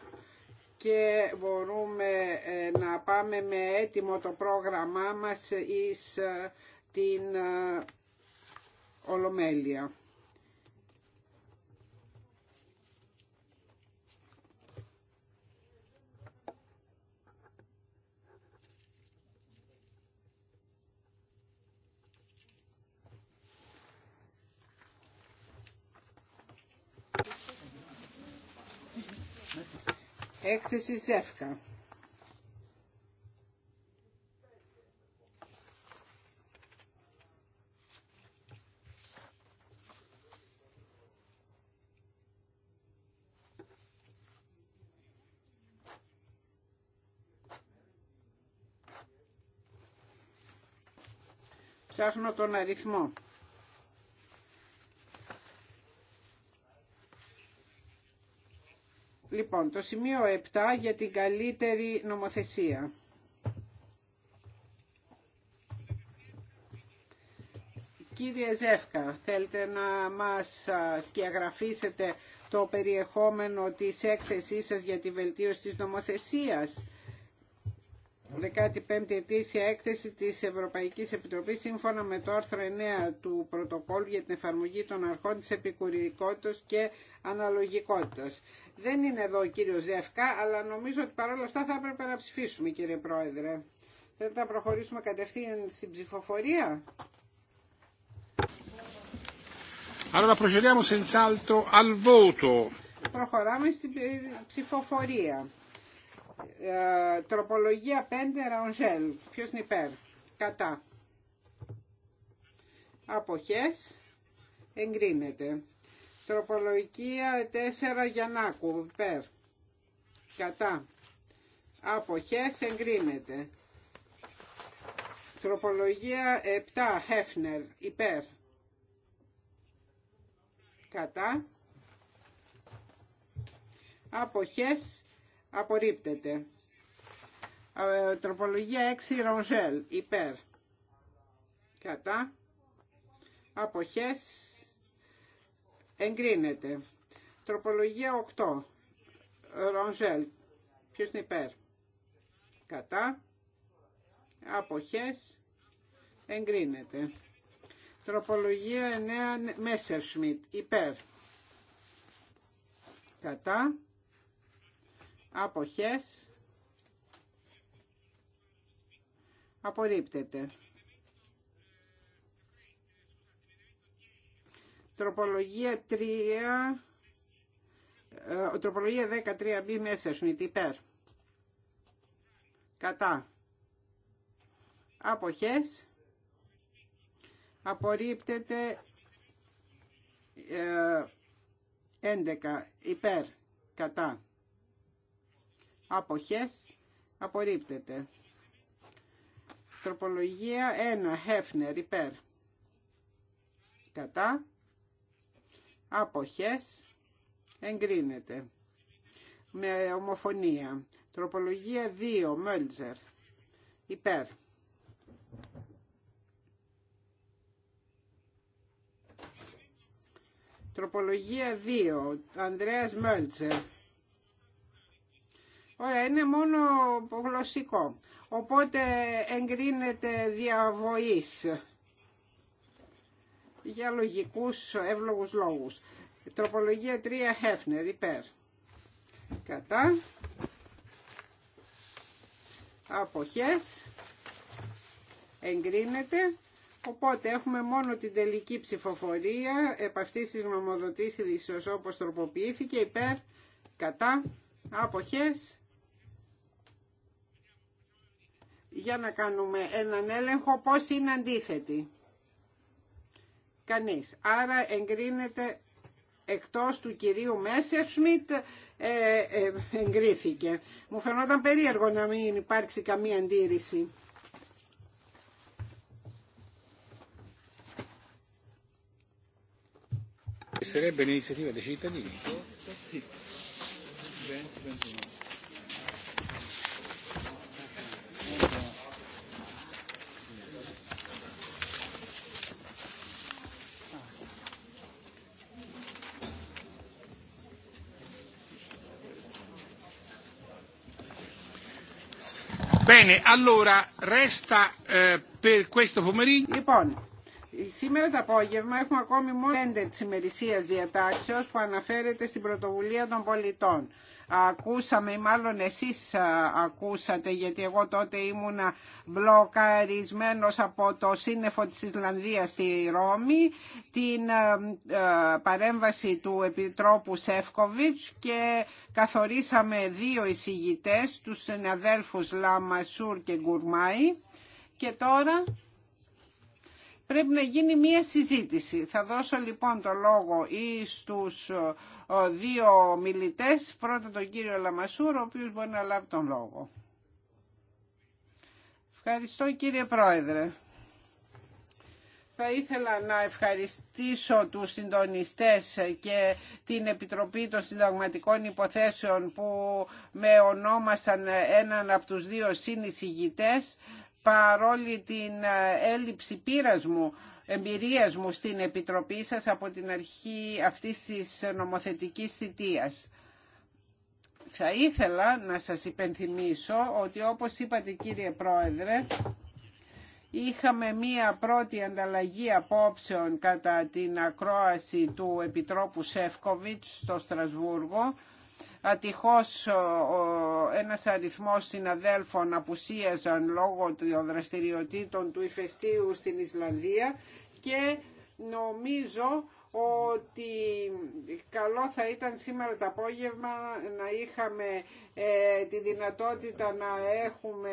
και μπορούμε ε, να πάμε με έτοιμο το πρόγραμμά μας εις ε, την ε, Ολομέλεια. Έκθεση Ζεύκα. Ψάχνω τον αριθμό. Λοιπόν, το σημείο 7 για την καλύτερη νομοθεσία. Κύριε Ζεύκα, θέλετε να μας σκιαγραφίσετε το περιεχόμενο της έκθεσής σας για τη βελτίωση της νομοθεσίας 15η ετήσια έκθεση της Ευρωπαϊκής Επιτροπής σύμφωνα με το άρθρο 9 του πρωτοκόλλου για την εφαρμογή των αρχών της επικουρικότητας και αναλογικότητας. Δεν είναι εδώ ο κύριος Ζεύκα, αλλά νομίζω ότι παρόλα αυτά θα έπρεπε να ψηφίσουμε κύριε Πρόεδρε. δεν να προχωρήσουμε κατευθείαν στην ψηφοφορία. Allora procediamo senz'altro al voto. Προχωράμε στην ψηφοφορία. Ε, τροπολογία 5 ραονζέλ. Ποιος είναι υπέρ. Κατά. Αποχές. Εγκρίνεται. Τροπολογία 4 Γιαννάκου. Υπέρ. Κατά. Αποχές. Εγκρίνεται. Τροπολογία 7 Χέφνερ. Υπέρ. Κατά. Αποχές απορρίπτεται. Ε, τροπολογία 6 Ρονζέλ. υπέρ κατά αποχές εγκρίνεται. Τροπολογία 8 Ρονζέλ. ποιος είναι υπέρ κατά αποχές εγκρίνεται. Τροπολογία 9 Μέσερ Σμιτ υπέρ κατά αποχές απορρίπτεται. Τροπολογία 3, ε, τροπολογία μέσα, υπέρ. Κατά. Αποχές. Απορρίπτεται ε, 11 υπέρ. Κατά αποχές απορρίπτεται. Τροπολογία 1. Χέφνερ υπέρ. Κατά. Αποχές. Εγκρίνεται. Με ομοφωνία. Τροπολογία 2. Μέλτζερ. Υπέρ. Τροπολογία 2. Ανδρέας Μέλτζερ. Ωραία, είναι μόνο γλωσσικό. Οπότε εγκρίνεται διαβοής για λογικούς εύλογους λόγους. Τροπολογία 3 Hefner, υπέρ. Κατά. Αποχές. Εγκρίνεται. Οπότε έχουμε μόνο την τελική ψηφοφορία επ' αυτής της νομοδοτήσης όπως τροποποιήθηκε υπέρ, κατά, αποχές για να κάνουμε έναν έλεγχο πώς είναι αντίθετη. Κανείς. Άρα εγκρίνεται εκτός του κυρίου Μέσερσμιτ ε, εγκρίθηκε. Μου φαινόταν περίεργο να μην υπάρξει καμία αντίρρηση. Sarebbe un'iniziativa dei cittadini. Eh, λοιπόν, σήμερα το απόγευμα έχουμε ακόμη μόνο 5 της ημερησίας διατάξεως που αναφέρεται στην πρωτοβουλία των πολιτών ακούσαμε, μάλλον εσείς ακούσατε, γιατί εγώ τότε ήμουνα μπλοκαρισμένος από το σύννεφο της Ισλανδίας στη Ρώμη, την παρέμβαση του Επιτρόπου Σεύκοβιτς και καθορίσαμε δύο εισηγητές, τους συναδέλφους Λαμασούρ και Γκουρμάη. Και τώρα πρέπει να γίνει μία συζήτηση. Θα δώσω λοιπόν το λόγο ή στους ε, δύο μιλητές, πρώτα τον κύριο Λαμασούρ, ο οποίος μπορεί να λάβει τον λόγο. Ευχαριστώ κύριε Πρόεδρε. Θα ήθελα να ευχαριστήσω τους συντονιστές και την Επιτροπή των Συνταγματικών Υποθέσεων που με ονόμασαν έναν από τους δύο συνεισηγητές παρόλη την ε, έλλειψη πείρας μου, εμπειρίας μου στην Επιτροπή σας από την αρχή αυτής της νομοθετικής θητείας. Θα ήθελα να σας υπενθυμίσω ότι όπως είπατε κύριε Πρόεδρε, είχαμε μία πρώτη ανταλλαγή απόψεων κατά την ακρόαση του Επιτρόπου Σεύκοβιτς στο Στρασβούργο Ατυχώς ένας αριθμός συναδέλφων απουσίαζαν λόγω των δραστηριοτήτων του ηφαιστείου στην Ισλανδία και νομίζω ότι καλό θα ήταν σήμερα το απόγευμα να είχαμε ε, τη δυνατότητα να έχουμε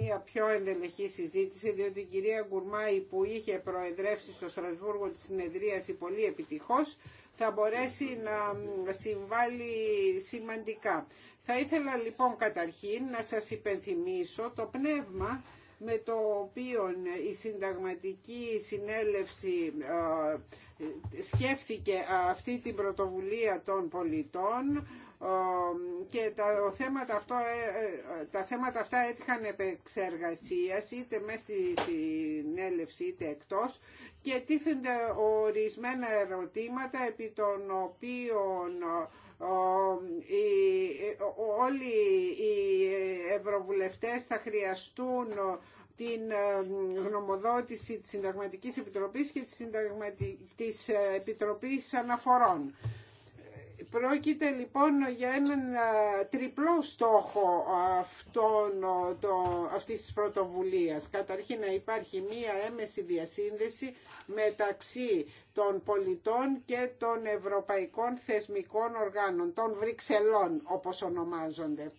μία πιο ενδελεχή συζήτηση διότι η κυρία Γκουρμάη που είχε προεδρεύσει στο Στρασβούργο τη συνεδρίαση πολύ επιτυχώς θα μπορέσει να συμβάλλει σημαντικά. Θα ήθελα λοιπόν καταρχήν να σας υπενθυμίσω το πνεύμα με το οποίο η συνταγματική συνέλευση ε, σκέφτηκε αυτή την πρωτοβουλία των πολιτών και τα, θέματα ε, ε, τα θέματα αυτά έτυχαν επεξεργασίας είτε μέσα στη συνέλευση είτε εκτός και τίθενται ορισμένα ερωτήματα επί των οποίων όλοι οι ευρωβουλευτές θα χρειαστούν την γνωμοδότηση της Συνταγματικής Επιτροπής και της, της ε, Επιτροπής Αναφορών. Πρόκειται λοιπόν για έναν τριπλό στόχο αυτών, το, αυτής της πρωτοβουλίας. Καταρχήν να υπάρχει μία έμεση διασύνδεση μεταξύ των πολιτών και των ευρωπαϊκών θεσμικών οργάνων, των Βρυξελών όπως ονομάζονται.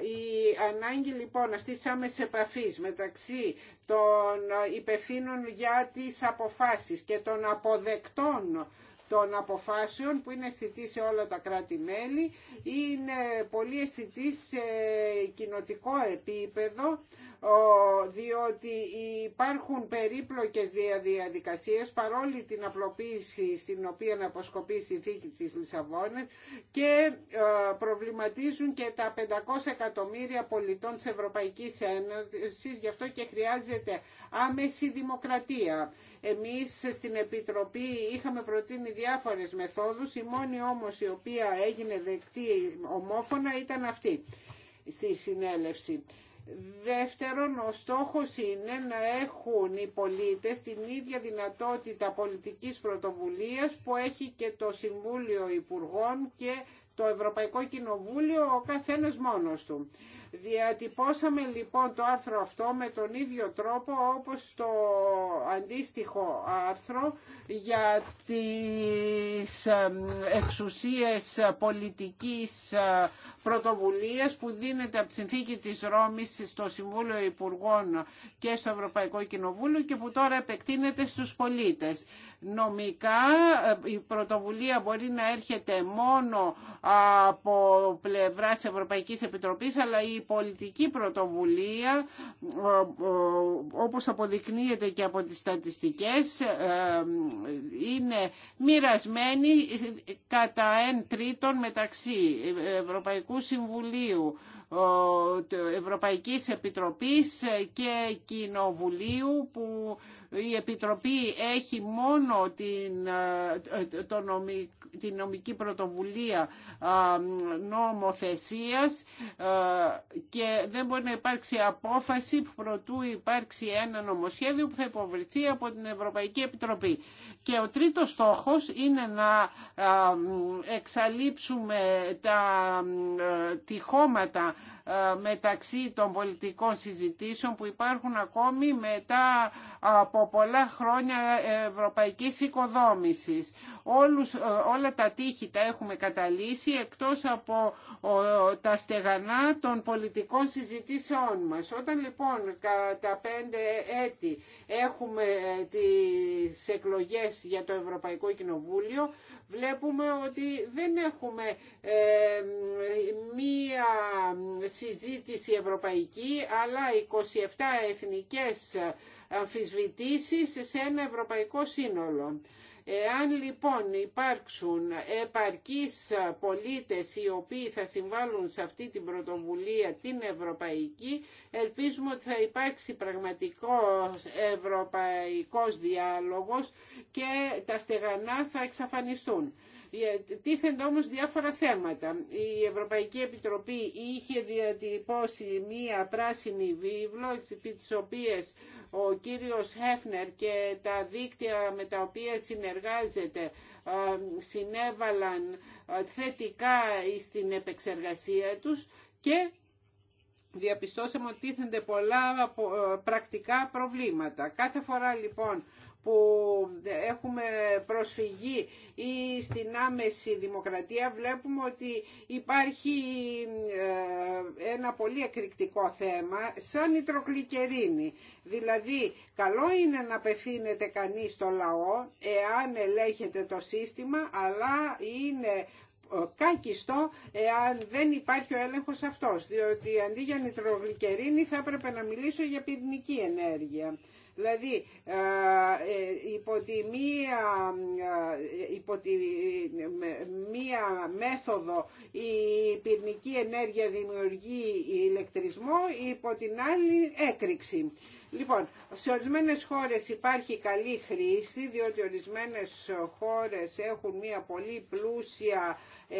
Η ανάγκη λοιπόν αυτής της άμεσης επαφής μεταξύ των υπευθύνων για τις αποφάσεις και των αποδεκτών των αποφάσεων που είναι αισθητή σε όλα τα κράτη-μέλη, είναι πολύ αισθητή σε κοινοτικό επίπεδο διότι υπάρχουν περίπλοκες διαδικασίες παρόλη την απλοποίηση στην οποία αποσκοπεί η συνθήκη της Λισαβόνα και ε, προβληματίζουν και τα 500 εκατομμύρια πολιτών της Ευρωπαϊκής Ένωσης γι' αυτό και χρειάζεται άμεση δημοκρατία. Εμείς στην Επιτροπή είχαμε προτείνει διάφορες μεθόδους, η μόνη όμως η οποία έγινε δεκτή ομόφωνα ήταν αυτή στη συνέλευση. Δεύτερον, ο στόχος είναι να έχουν οι πολίτες την ίδια δυνατότητα πολιτικής πρωτοβουλίας που έχει και το Συμβούλιο Υπουργών και το Ευρωπαϊκό Κοινοβούλιο ο καθένας μόνος του. Διατυπώσαμε λοιπόν το άρθρο αυτό με τον ίδιο τρόπο όπως το αντίστοιχο άρθρο για τις εξουσίες πολιτικής ε, πρωτοβουλίας που δίνεται από τη συνθήκη της Ρώμης στο Συμβούλιο Υπουργών και στο Ευρωπαϊκό Κοινοβούλιο και που τώρα επεκτείνεται στους πολίτες. Νομικά ε, η πρωτοβουλία μπορεί να έρχεται μόνο από πλευράς Ευρωπαϊκής Επιτροπής αλλά η πολιτική πρωτοβουλία ε, ε, όπως αποδεικνύεται και από τις στατιστικές ε, είναι μοιρασμένη κατά εν τρίτον μεταξύ Ευρωπαϊκού Συμβουλίου Ευρωπαϊκής Επιτροπής και Κοινοβουλίου που η Επιτροπή έχει μόνο την, ε, το την νομική πρωτοβουλία ε, νομοθεσίας ε, και δεν μπορεί να υπάρξει απόφαση προτού υπάρξει ένα νομοσχέδιο που θα υποβληθεί από την Ευρωπαϊκή Επιτροπή. Και ο τρίτος στόχος είναι να εξαλείψουμε τα τυχώματα ε, μεταξύ των πολιτικών συζητήσεων που υπάρχουν ακόμη μετά από πολλά χρόνια ευρωπαϊκής οικοδόμησης. Όλους, ε, όλα τα τείχη τα έχουμε καταλύσει εκτός από τα στεγανά των πολιτικών συζητήσεών μας. Όταν λοιπόν κατά πέντε έτη έχουμε ε, τις εκλογές για το Ευρωπαϊκό Κοινοβούλιο βλέπουμε ότι δεν έχουμε ε, μία συζήτηση ευρωπαϊκή αλλά 27 εθνικές αμφισβητήσεις σε ένα ευρωπαϊκό σύνολο. Εάν λοιπόν υπάρξουν επαρκείς πολίτες οι οποίοι θα συμβάλλουν σε αυτή την πρωτοβουλία την ευρωπαϊκή, ελπίζουμε ότι θα υπάρξει πραγματικός ευρωπαϊκός διάλογος και τα στεγανά θα εξαφανιστούν. Ε, τίθενται όμως διάφορα θέματα. Η Ευρωπαϊκή Επιτροπή είχε διατυπώσει μία πράσινη βίβλο, τις οποίες ο κύριος Χέφνερ και τα δίκτυα με τα οποία συνεργάζεται ε, συνέβαλαν ε, θετικά στην επεξεργασία τους και διαπιστώσαμε ότι τίθενται πολλά πρακτικά προβλήματα. Κάθε φορά λοιπόν που έχουμε προσφυγή ή στην άμεση δημοκρατία βλέπουμε ότι υπάρχει ε, ένα πολύ εκρηκτικό θέμα σαν η τροκλικερίνη. Δηλαδή καλό είναι να απευθύνεται κανείς στο λαό εάν ελέγχεται το σύστημα αλλά είναι ε, κάκιστο εάν δεν υπάρχει ο έλεγχος αυτός διότι αντί για νητρογλυκερίνη θα έπρεπε να μιλήσω για πυρηνική ενέργεια. Δηλαδή, ε, ε, υπό τη μία, ε, υπό τη μία μέθοδο η πυρηνική ενέργεια δημιουργεί ηλεκτρισμό, υπό την άλλη έκρηξη. Λοιπόν, σε ορισμένε χώρες υπάρχει καλή χρήση, διότι ορισμένες χώρες έχουν μια δημοκρατίας όπως η πυρνική ενέργεια δημιουργεί ηλεκτρισμό ή υπό ενεργεια δημιουργει ηλεκτρισμο υπο την αλλη εκρηξη λοιπον σε ορισμενες χωρες υπαρχει καλη χρηση διοτι ορισμενες χωρες εχουν μια πολυ πλουσια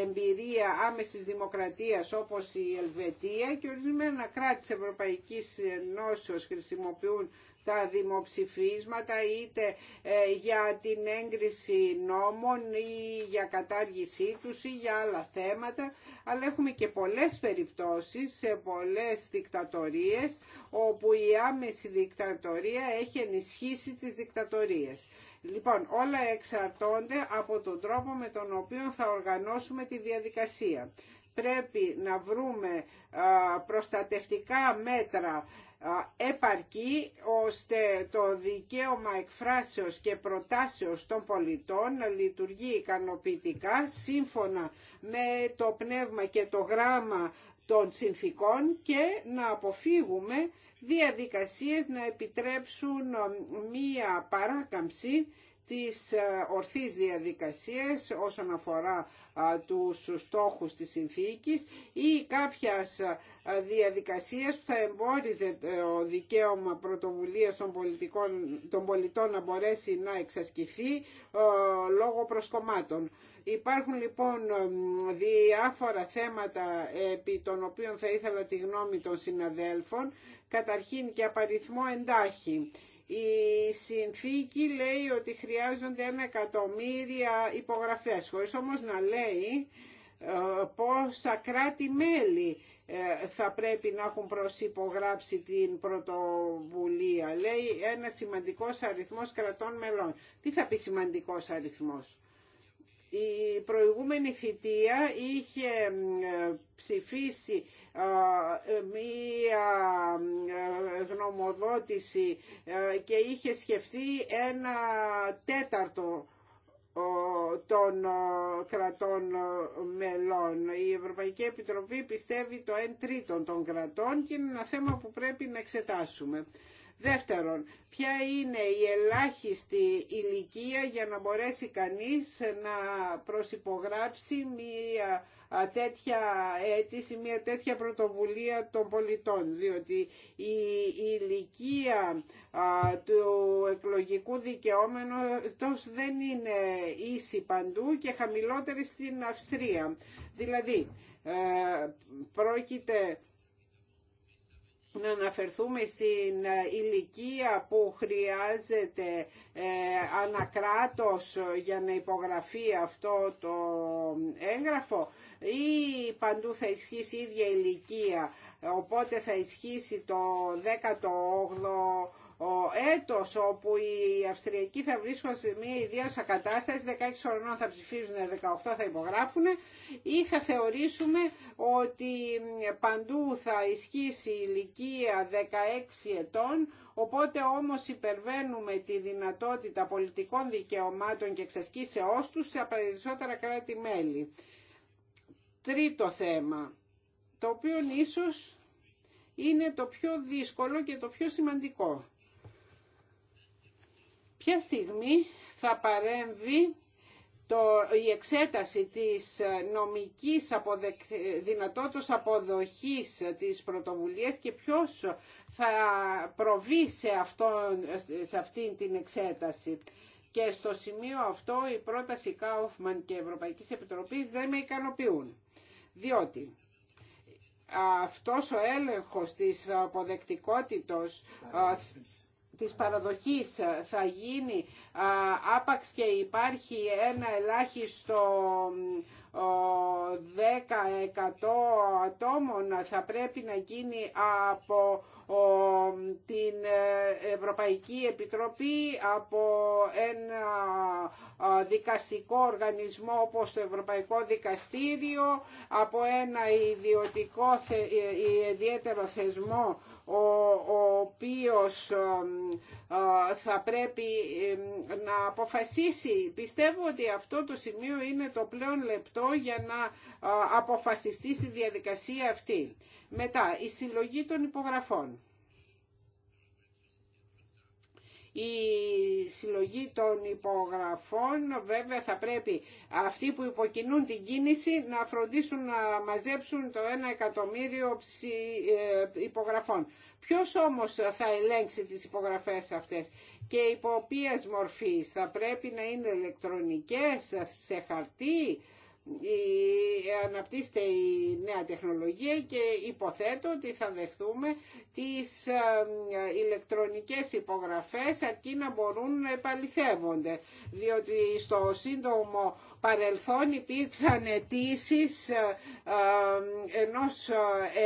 εμπειρια αμεσης δημοκρατιας οπως η ελβετια και ορισμένα κράτη της Ευρωπαϊκής Ενώσεως χρησιμοποιούν τα δημοψηφίσματα είτε ε, για την έγκριση νόμων ή για κατάργησή τους ή για άλλα θέματα αλλά έχουμε και πολλές περιπτώσεις σε πολλές δικτατορίες όπου η άμεση δικτατορία έχει ενισχύσει τις δικτατορίες. Λοιπόν, όλα εξαρτώνται από τον τρόπο με τον οποίο θα οργανώσουμε τη διαδικασία πρέπει να βρούμε προστατευτικά μέτρα επαρκή ώστε το δικαίωμα εκφράσεως και προτάσεως των πολιτών να λειτουργεί ικανοποιητικά σύμφωνα με το πνεύμα και το γράμμα των συνθήκων και να αποφύγουμε διαδικασίες να επιτρέψουν μία παράκαμψη της ε, ορθής διαδικασίας όσον αφορά του στόχους της συνθήκης ή κάποιας διαδικασίας που θα εμπόριζε το ε, δικαίωμα πρωτοβουλίας των, πολιτικών, των πολιτών να μπορέσει να εξασκηθεί ε, λόγω προσκομμάτων. Υπάρχουν λοιπόν διάφορα θέματα επί των οποίων θα ήθελα τη γνώμη των συναδέλφων, καταρχήν και απαριθμό εντάχει. Η συνθήκη λέει ότι χρειάζονται ένα εκατομμύρια υπογραφές, χωρίς όμως να λέει ε, πόσα κράτη-μέλη ε, θα πρέπει να έχουν προσυπογράψει την πρωτοβουλία. Λέει ένα σημαντικός αριθμός κρατών μελών. Τι θα πει σημαντικός αριθμός. Η προηγούμενη θητεία είχε ψηφίσει μία γνωμοδότηση και είχε σκεφτεί ένα τέταρτο των κρατών μελών. Η Ευρωπαϊκή Επιτροπή πιστεύει το 1 τρίτο των κρατών και είναι ένα θέμα που πρέπει να εξετάσουμε. Δεύτερον, ποια είναι η ελάχιστη ηλικία για να μπορέσει κανείς να προσυπογράψει μία τέτοια αίτηση, μια τέτοια πρωτοβουλία των πολιτών, διότι η, ηλικία του εκλογικού δικαιώματος δεν είναι ίση παντού και χαμηλότερη στην Αυστρία. Δηλαδή, ε, πρόκειται να αναφερθούμε στην ε, ηλικία που χρειάζεται ε, ανακράτος για να υπογραφεί αυτό το έγγραφο ή παντού θα ισχύσει η ίδια ηλικία, οπότε θα ισχύσει το 18ο ο έτος όπου οι Αυστριακοί θα βρίσκονται σε μια ιδιαίτερη κατάσταση, 16 χρονών θα ψηφίζουν, 18 θα υπογράφουν ή θα θεωρήσουμε ότι παντού θα ισχύσει η ηλικία 16 ετών Οπότε όμως υπερβαίνουμε τη δυνατότητα πολιτικών δικαιωμάτων και εξασκήσεώς τους σε περισσότερα κράτη-μέλη. Τρίτο θέμα, το οποίο ίσως είναι το πιο δύσκολο και το πιο σημαντικό ποια στιγμή θα παρέμβει το, η εξέταση της νομικής αποδεκ, δυνατότητας αποδοχής της πρωτοβουλίας και ποιος θα προβεί σε, αυτό, σε αυτή την εξέταση. Και στο σημείο αυτό η πρόταση Κάουφμαν και Ευρωπαϊκής Επιτροπής δεν με ικανοποιούν. Διότι αυτός ο έλεγχος της αποδεκτικότητος της παραδοχής θα γίνει άπαξ και υπάρχει ένα ελάχιστο 10% ατόμων θα πρέπει να γίνει από την ε, Ευρωπαϊκή Επιτροπή, από ένα δικαστικό οργανισμό όπως το Ευρωπαϊκό Δικαστήριο, από ένα ιδιωτικό ε, ιδιαίτερο θεσμό ο οποίος θα πρέπει να αποφασίσει. Πιστεύω ότι αυτό το σημείο είναι το πλέον λεπτό για να αποφασιστεί στη διαδικασία αυτή. Μετά, η συλλογή των υπογραφών η συλλογή των υπογραφών βέβαια θα πρέπει αυτοί που υποκινούν την κίνηση να φροντίσουν να μαζέψουν το ένα εκατομμύριο ε, υπογραφών. Ποιος όμως θα ελέγξει τις υπογραφές αυτές και υπό ποιες μορφής θα πρέπει να είναι ηλεκτρονικές σε χαρτί αναπτύσσεται η νέα τεχνολογία και υποθέτω ότι θα δεχθούμε τις ε, ηλεκτρονικές υπογραφές αρκεί να μπορούν να επαληθεύονται διότι στο σύντομο παρελθόν υπήρξαν αιτήσει ε, ε, ενός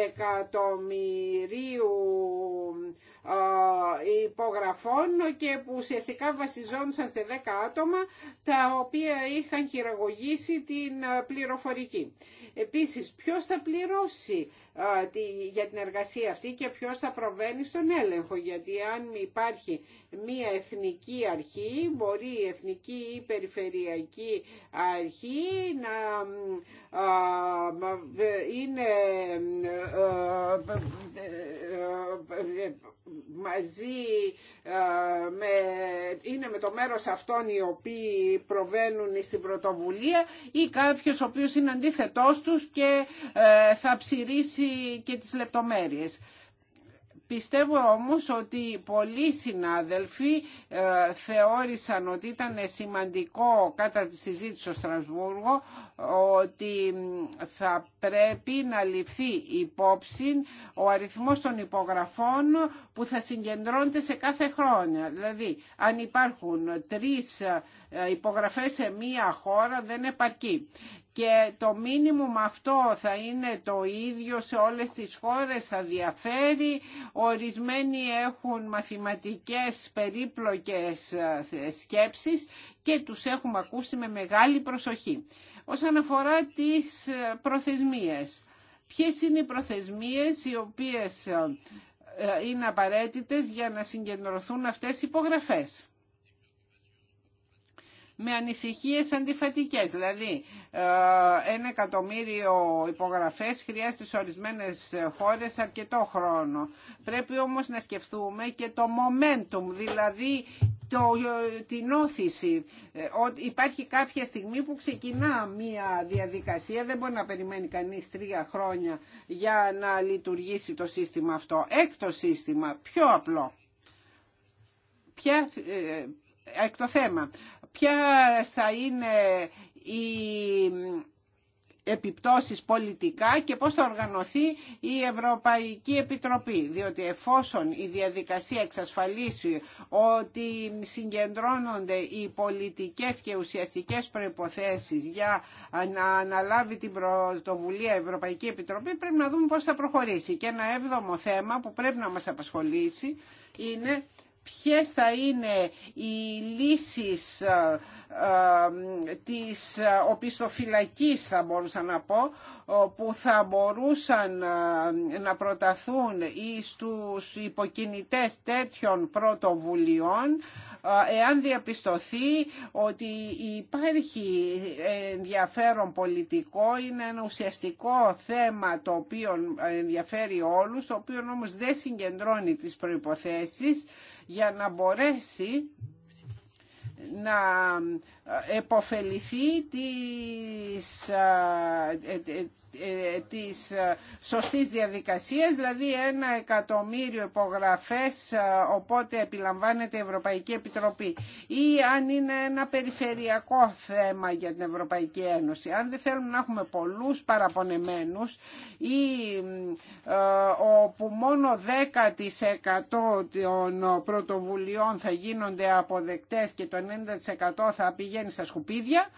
εκατομμυρίου υπογραφών και που ουσιαστικά βασιζόντουσαν σε 10 άτομα τα οποία είχαν χειραγωγήσει την ε, πληροφορική. Επίσης, ποιος θα πληρώσει ε, για την εργασία αυτή και ποιος θα προβαίνει στον έλεγχο, γιατί αν υπάρχει μία εθνική αρχή, μπορεί η εθνική ή περιφερειακή αρχή να είναι μαζί με, είναι με το μέρος αυτών οι οποίοι προβαίνουν στην πρωτοβουλία ή κάποιος ο οποίος είναι αντίθετός τους και θα ψηρήσει και τις λεπτομέρειες. Πιστεύω όμως ότι πολλοί συνάδελφοι ε, θεώρησαν ότι ήταν σημαντικό κατά τη συζήτηση στο Στρασβούργο ότι θα πρέπει να ληφθεί υπόψη ο αριθμός των υπογραφών που θα συγκεντρώνεται σε κάθε χρόνια. Δηλαδή, αν υπάρχουν τρεις ε, υπογραφές σε μία χώρα δεν επαρκεί και το μήνυμα αυτό θα είναι το ίδιο σε όλες τις χώρες, θα διαφέρει. Ορισμένοι έχουν μαθηματικές περίπλοκες ε, σκέψεις και τους έχουμε ακούσει με μεγάλη προσοχή. Όσον αφορά τις ε, προθεσμίες, ποιες είναι οι προθεσμίες οι οποίες ε, είναι απαραίτητες για να συγκεντρωθούν αυτές οι υπογραφές με ανησυχίες αντιφατικές. Δηλαδή, ε, ένα εκατομμύριο υπογραφές χρειάζεται σε ορισμένες χώρες αρκετό χρόνο. Πρέπει όμως να σκεφτούμε και το momentum, δηλαδή το, ε, την όθηση. Ε, Ότι υπάρχει κάποια στιγμή που ξεκινά μία διαδικασία, δεν μπορεί να περιμένει κανείς τρία χρόνια για να λειτουργήσει το σύστημα αυτό. Έκτο σύστημα, πιο απλό. Ποια, το θέμα ποια θα είναι η επιπτώσεις πολιτικά και πώς θα οργανωθεί η Ευρωπαϊκή Επιτροπή. Διότι εφόσον η διαδικασία εξασφαλίσει ότι συγκεντρώνονται οι πολιτικές και ουσιαστικές προϋποθέσεις για να αναλάβει την πρωτοβουλία Ευρωπαϊκή Επιτροπή πρέπει να δούμε πώς θα προχωρήσει. Και ένα έβδομο θέμα που πρέπει να μας απασχολήσει είναι ποιες θα είναι οι λύσεις ε, ε, της οπισθοφυλακής θα μπορούσα να πω που θα μπορούσαν ε, να προταθούν ή στους υποκινητές τέτοιων πρωτοβουλειών εάν διαπιστωθεί ότι υπάρχει ενδιαφέρον πολιτικό είναι ένα ουσιαστικό θέμα το οποίο ενδιαφέρει όλους το οποίο όμως δεν συγκεντρώνει τις προϋποθέσεις για να μπορέσει να εποφεληθεί της, ε, ε, ε, της σωστής διαδικασίας, δηλαδή ένα εκατομμύριο υπογραφές οπότε επιλαμβάνεται η Ευρωπαϊκή Επιτροπή ή αν είναι ένα περιφερειακό θέμα για την Ευρωπαϊκή Ένωση. Αν δεν θέλουμε να έχουμε πολλούς παραπονεμένους ή όπου μόνο 10% των πρωτοβουλειών θα γίνονται αποδεκτές και το 90% θα πηγαίνει στα σκουπίδια,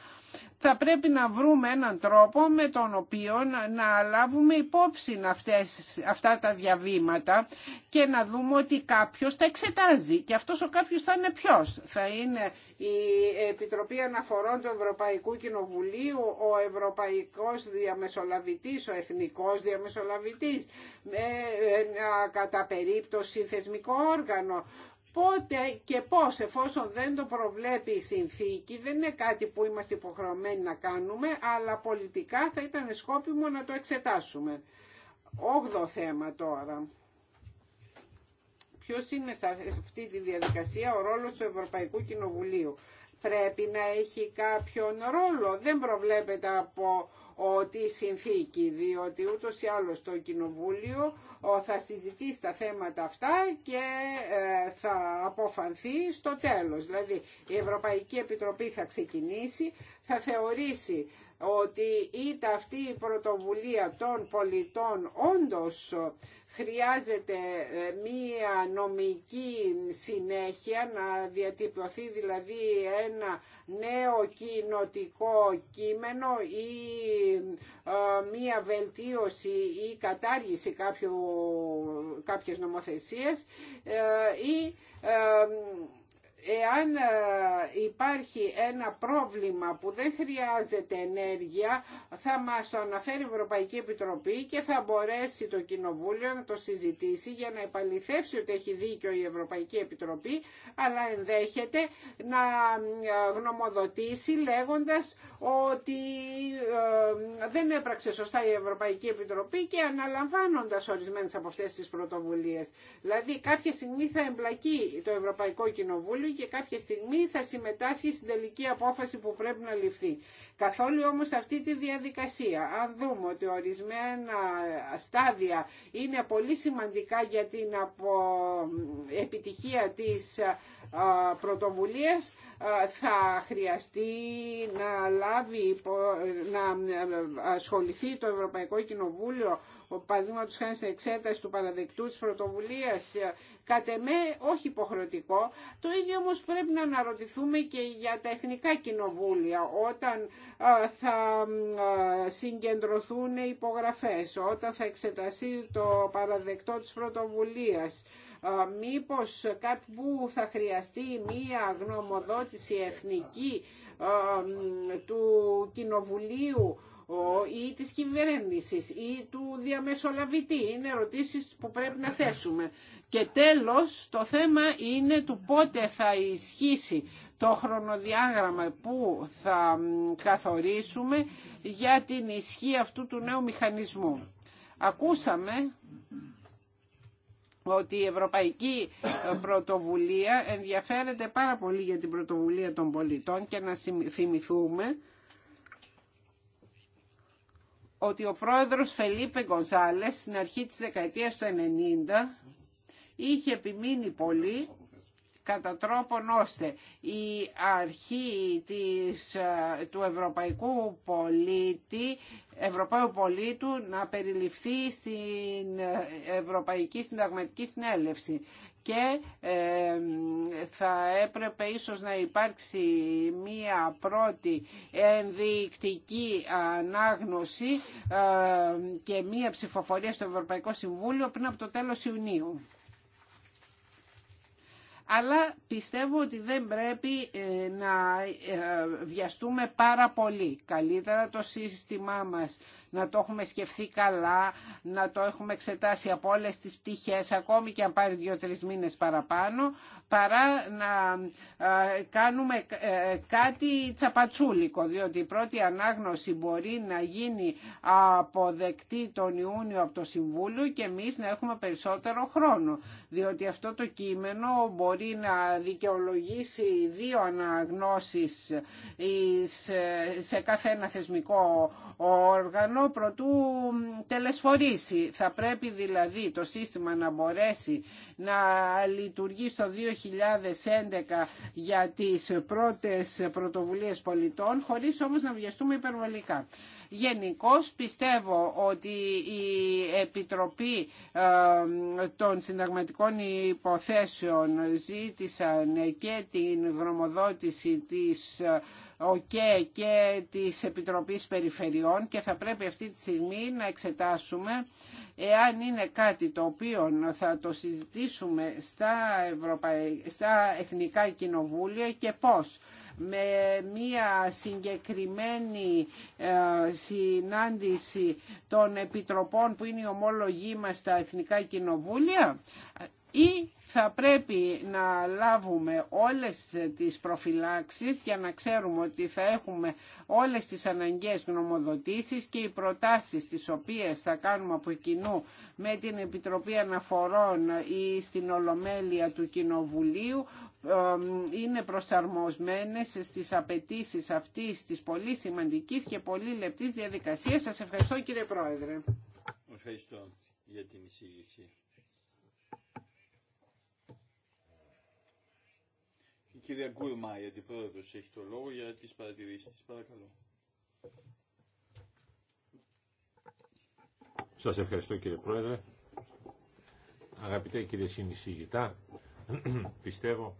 θα πρέπει να βρούμε έναν τρόπο με τον οποίο να λάβουμε υπόψη αυτές, αυτά τα διαβήματα και να δούμε ότι κάποιος τα εξετάζει. Και αυτός ο κάποιος θα είναι ποιος. Θα είναι η Επιτροπή Αναφορών του Ευρωπαϊκού Κοινοβουλίου, ο Ευρωπαϊκός Διαμεσολαβητής, ο Εθνικός Διαμεσολαβητής, με ένα ε, ε, κατά περίπτωση θεσμικό όργανο πότε και πώς εφόσον δεν το προβλέπει η συνθήκη δεν είναι κάτι που είμαστε υποχρεωμένοι να κάνουμε αλλά πολιτικά θα ήταν σκόπιμο να το εξετάσουμε. Όγδο θέμα τώρα. Ποιος είναι σε αυτή τη διαδικασία ο ρόλος του Ευρωπαϊκού Κοινοβουλίου. Πρέπει να έχει κάποιον ρόλο. Δεν προβλέπεται από ότι συνθήκη, διότι ούτως ή άλλως το Κοινοβούλιο θα συζητήσει τα θέματα αυτά και ε, θα αποφανθεί στο τέλος. Δηλαδή η Ευρωπαϊκή Επιτροπή θα ξεκινήσει, θα θεωρήσει ότι είτε αυτή η πρωτοβουλία των πολιτών όντως χρειάζεται ε, μία νομική συνέχεια, να διατυπωθεί δηλαδή ένα νέο κοινοτικό κείμενο ή ε, μία βελτίωση ή κατάργηση κάποιου, κάποιες νομοθεσίες ε, ή εάν ε, υπάρχει ένα πρόβλημα που δεν χρειάζεται ενέργεια θα μας το αναφέρει η Ευρωπαϊκή Επιτροπή και θα μπορέσει το Κοινοβούλιο να το συζητήσει για να επαληθεύσει ότι έχει δίκιο η Ευρωπαϊκή Επιτροπή αλλά ενδέχεται να ε, γνωμοδοτήσει λέγοντας ότι ε, δεν έπραξε σωστά η Ευρωπαϊκή Επιτροπή και αναλαμβάνοντας ορισμένες από αυτές τις πρωτοβουλίες. Δηλαδή κάποια στιγμή θα εμπλακεί το Ευρωπαϊκό Κοινοβούλιο και κάποια στιγμή θα συμμετάσχει στην τελική απόφαση που πρέπει να ληφθεί. Καθόλου όμως αυτή τη διαδικασία, αν δούμε ότι ορισμένα στάδια είναι πολύ σημαντικά για την επιτυχία της πρωτοβουλίας, θα χρειαστεί να λάβει, να ασχοληθεί το Ευρωπαϊκό Κοινοβούλιο παραδείγματο χάρη στην εξέταση του παραδεκτού της πρωτοβουλίας, ε, κατ' εμέ όχι υποχρεωτικό. Το ίδιο όμω πρέπει να αναρωτηθούμε και για τα εθνικά κοινοβούλια, όταν ε, θα ε, συγκεντρωθούν υπογραφέ, όταν θα εξεταστεί το παραδεκτό της πρωτοβουλίας μήπως κάπου θα χρειαστεί μία γνωμοδότηση εθνική του Κοινοβουλίου ή της κυβέρνηση ή του διαμεσολαβητή. Είναι ερωτήσεις που πρέπει να θέσουμε. Και τέλος το θέμα είναι του πότε θα ισχύσει το χρονοδιάγραμμα που θα καθορίσουμε για την ισχύ αυτού του νέου μηχανισμού. Ακούσαμε ότι η Ευρωπαϊκή ε, Πρωτοβουλία ενδιαφέρεται πάρα πολύ για την πρωτοβουλία των πολιτών και να θυμηθούμε ότι ο πρόεδρος Φελίπε Γκοζάλες στην αρχή της δεκαετίας του 90 είχε επιμείνει πολύ κατά τρόπον ώστε η αρχή της, ε, του ευρωπαϊκού πολίτη, ευρωπαίου πολίτου να περιληφθεί στην ε, Ευρωπαϊκή Συνταγματική Συνέλευση και θα έπρεπε ίσως να υπάρξει μία πρώτη ενδεικτική ανάγνωση και μία ψηφοφορία στο Ευρωπαϊκό Συμβούλιο πριν από το τέλος Ιουνίου αλλά πιστεύω ότι δεν πρέπει ε, να ε, βιαστούμε πάρα πολύ. Καλύτερα το σύστημά μας να το έχουμε σκεφτεί καλά, να το έχουμε εξετάσει από όλες τις πτυχές, ακόμη και αν πάρει δύο-τρεις μήνες παραπάνω, παρά να ε, κάνουμε κάτι τσαπατσούλικο, διότι η πρώτη ανάγνωση μπορεί να γίνει αποδεκτή τον Ιούνιο από το Συμβούλιο και εμείς να έχουμε περισσότερο χρόνο, διότι αυτό το κείμενο μπορεί μπορεί να δικαιολογήσει δύο αναγνώσεις σε κάθε ένα θεσμικό όργανο προτού τελεσφορήσει. Θα πρέπει δηλαδή το σύστημα να μπορέσει να λειτουργεί στο 2011 για τις πρώτες πρωτοβουλίες πολιτών χωρίς όμως να βιαστούμε υπερβολικά. Γενικώ πιστεύω ότι η Επιτροπή ε, των Συνταγματικών Υποθέσεων ζήτησαν και την γνωμοδότηση της ε, ΟΚΕ και της Επιτροπής Περιφερειών και θα πρέπει αυτή τη στιγμή να εξετάσουμε εάν είναι κάτι το οποίο θα το συζητήσουμε στα, Ευρωπαϊ... στα Εθνικά Κοινοβούλια και πώς με μία συγκεκριμένη ε, συνάντηση των επιτροπών που είναι οι ομόλογοι μας στα Εθνικά Κοινοβούλια ή θα πρέπει να λάβουμε όλες τις προφυλάξεις για να ξέρουμε ότι θα έχουμε όλες τις αναγκαίες γνωμοδοτήσεις και οι προτάσεις τις οποίες θα κάνουμε από κοινού με την Επιτροπή Αναφορών ή στην Ολομέλεια του Κοινοβουλίου είναι προσαρμοσμένες στις απαιτήσεις αυτής της πολύ σημαντικής και πολύ λεπτής διαδικασίας. Σας ευχαριστώ κύριε Πρόεδρε. Ευχαριστώ για την εισήγηση. Η κυρία Γκούρμα, η αντιπρόεδρος, έχει το λόγο για τις παρατηρήσεις της. Παρακαλώ. Σας ευχαριστώ κύριε Πρόεδρε. Αγαπητέ κύριε Συνεισηγητά, πιστεύω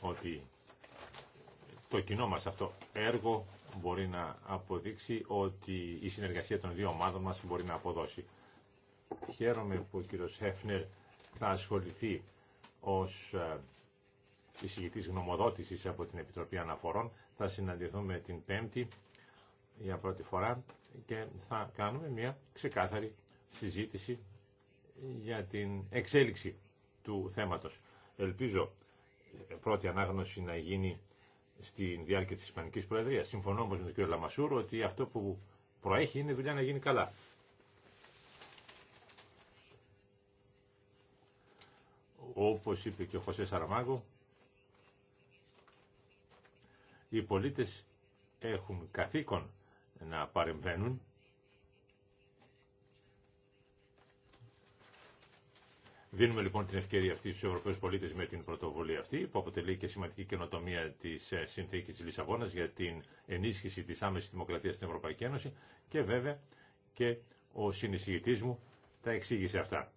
ότι το κοινό μας αυτό έργο μπορεί να αποδείξει ότι η συνεργασία των δύο ομάδων μας μπορεί να αποδώσει. Χαίρομαι που ο κύριος Χέφνερ θα ασχοληθεί ως ε, εισηγητής γνωμοδότησης από την Επιτροπή Αναφορών. Θα συναντηθούμε την Πέμπτη για πρώτη φορά και θα κάνουμε μια ξεκάθαρη συζήτηση για την εξέλιξη του θέματος. Ελπίζω πρώτη ανάγνωση να γίνει στη διάρκεια της Ισπανικής Προεδρίας. Συμφωνώ όμως με τον κύριο Λαμασούρο ότι αυτό που προέχει είναι δουλειά να γίνει καλά. Όπως είπε και ο Χωσέ Σαραμάγκο, οι πολίτες έχουν καθήκον να παρεμβαίνουν Δίνουμε λοιπόν την ευκαιρία αυτή στους Ευρωπαίους πολίτες με την πρωτοβουλία αυτή, που αποτελεί και σημαντική καινοτομία της ε, συνθήκης της Λισαβόνας για την ενίσχυση της άμεσης δημοκρατίας στην Ευρωπαϊκή Ένωση και βέβαια και ο συνεισηγητής μου τα εξήγησε αυτά.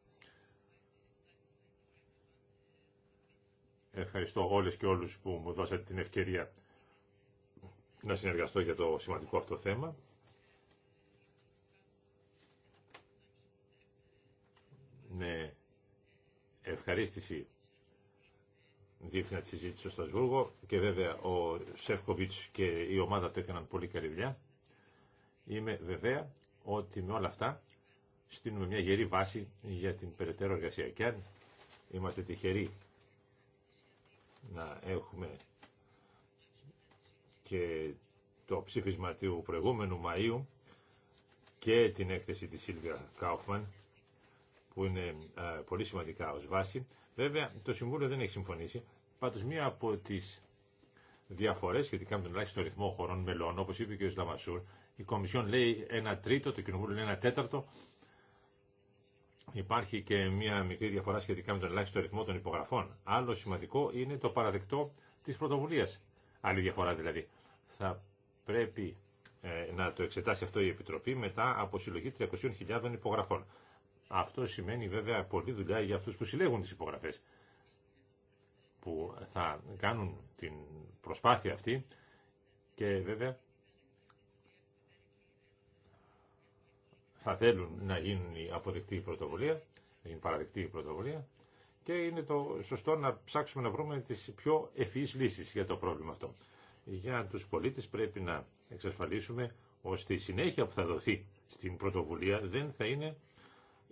Ευχαριστώ όλες και όλους που μου δώσατε την ευκαιρία να συνεργαστώ για το σημαντικό αυτό θέμα. Ναι, ευχαρίστηση διεύθυνα τη συζήτηση στο Στασβούργο και βέβαια ο Σεύκοβιτς και η ομάδα του έκαναν πολύ καλή δουλειά. Είμαι βεβαία ότι με όλα αυτά στείλουμε μια γερή βάση για την περαιτέρω εργασία. Και αν είμαστε τυχεροί να έχουμε και το ψήφισμα του προηγούμενου Μαΐου και την έκθεση της Σίλβια Κάουφμαν που είναι πολύ σημαντικά ως βάση. Βέβαια, το Συμβούλιο δεν έχει συμφωνήσει. Πάντως, μία από τις διαφορές σχετικά με τον ελάχιστο ρυθμό χωρών μελών, όπως είπε και ο Ισλαμασούρ, η Κομισιόν λέει ένα τρίτο, το Κοινοβούλιο λέει ένα τέταρτο. Υπάρχει και μία μικρή διαφορά σχετικά με τον ελάχιστο ρυθμό των υπογραφών. Άλλο σημαντικό είναι το παραδεκτό της πρωτοβουλίας. Άλλη διαφορά δηλαδή. Θα πρέπει ε, να το εξετάσει αυτό η Επιτροπή μετά από συλλογή 300.000 υπογραφών. Αυτό σημαίνει βέβαια πολλή δουλειά για αυτούς που συλλέγουν τις υπογραφές που θα κάνουν την προσπάθεια αυτή και βέβαια θα θέλουν να γίνει αποδεκτή πρωτοβουλία, να γίνει παραδεκτή η πρωτοβουλία και είναι το σωστό να ψάξουμε να βρούμε τις πιο ευφυείς λύσεις για το πρόβλημα αυτό. Για τους πολίτες πρέπει να εξασφαλίσουμε ώστε η συνέχεια που θα δοθεί στην πρωτοβουλία δεν θα είναι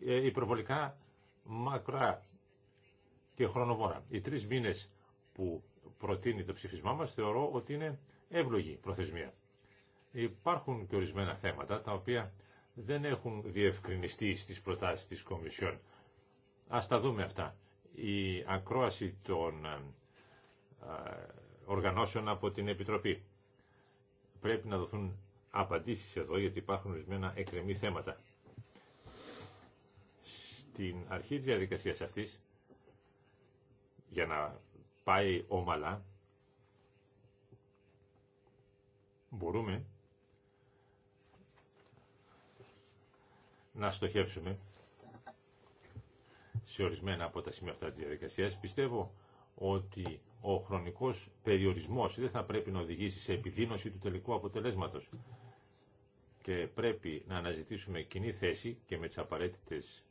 ε, υπερβολικά μακρά και χρονοβόρα. Οι τρεις μήνες που προτείνει το ψηφισμά μας θεωρώ ότι είναι εύλογη προθεσμία. Υπάρχουν και ορισμένα θέματα τα οποία δεν έχουν διευκρινιστεί στις προτάσεις της Κομισιόν. Ας τα δούμε αυτά. Η ακρόαση των ε, οργανώσεων από την Επιτροπή. Πρέπει να δοθούν απαντήσεις εδώ γιατί υπάρχουν ορισμένα εκκρεμή θέματα την αρχή της διαδικασίας αυτής, για να πάει όμαλα, μπορούμε να στοχεύσουμε σε ορισμένα από τα σημεία αυτά της διαδικασίας. Πιστεύω ότι ο χρονικός περιορισμός δεν θα πρέπει να οδηγήσει σε επιδείνωση του τελικού αποτελέσματος και πρέπει να αναζητήσουμε κοινή θέση και με τις απαραίτητες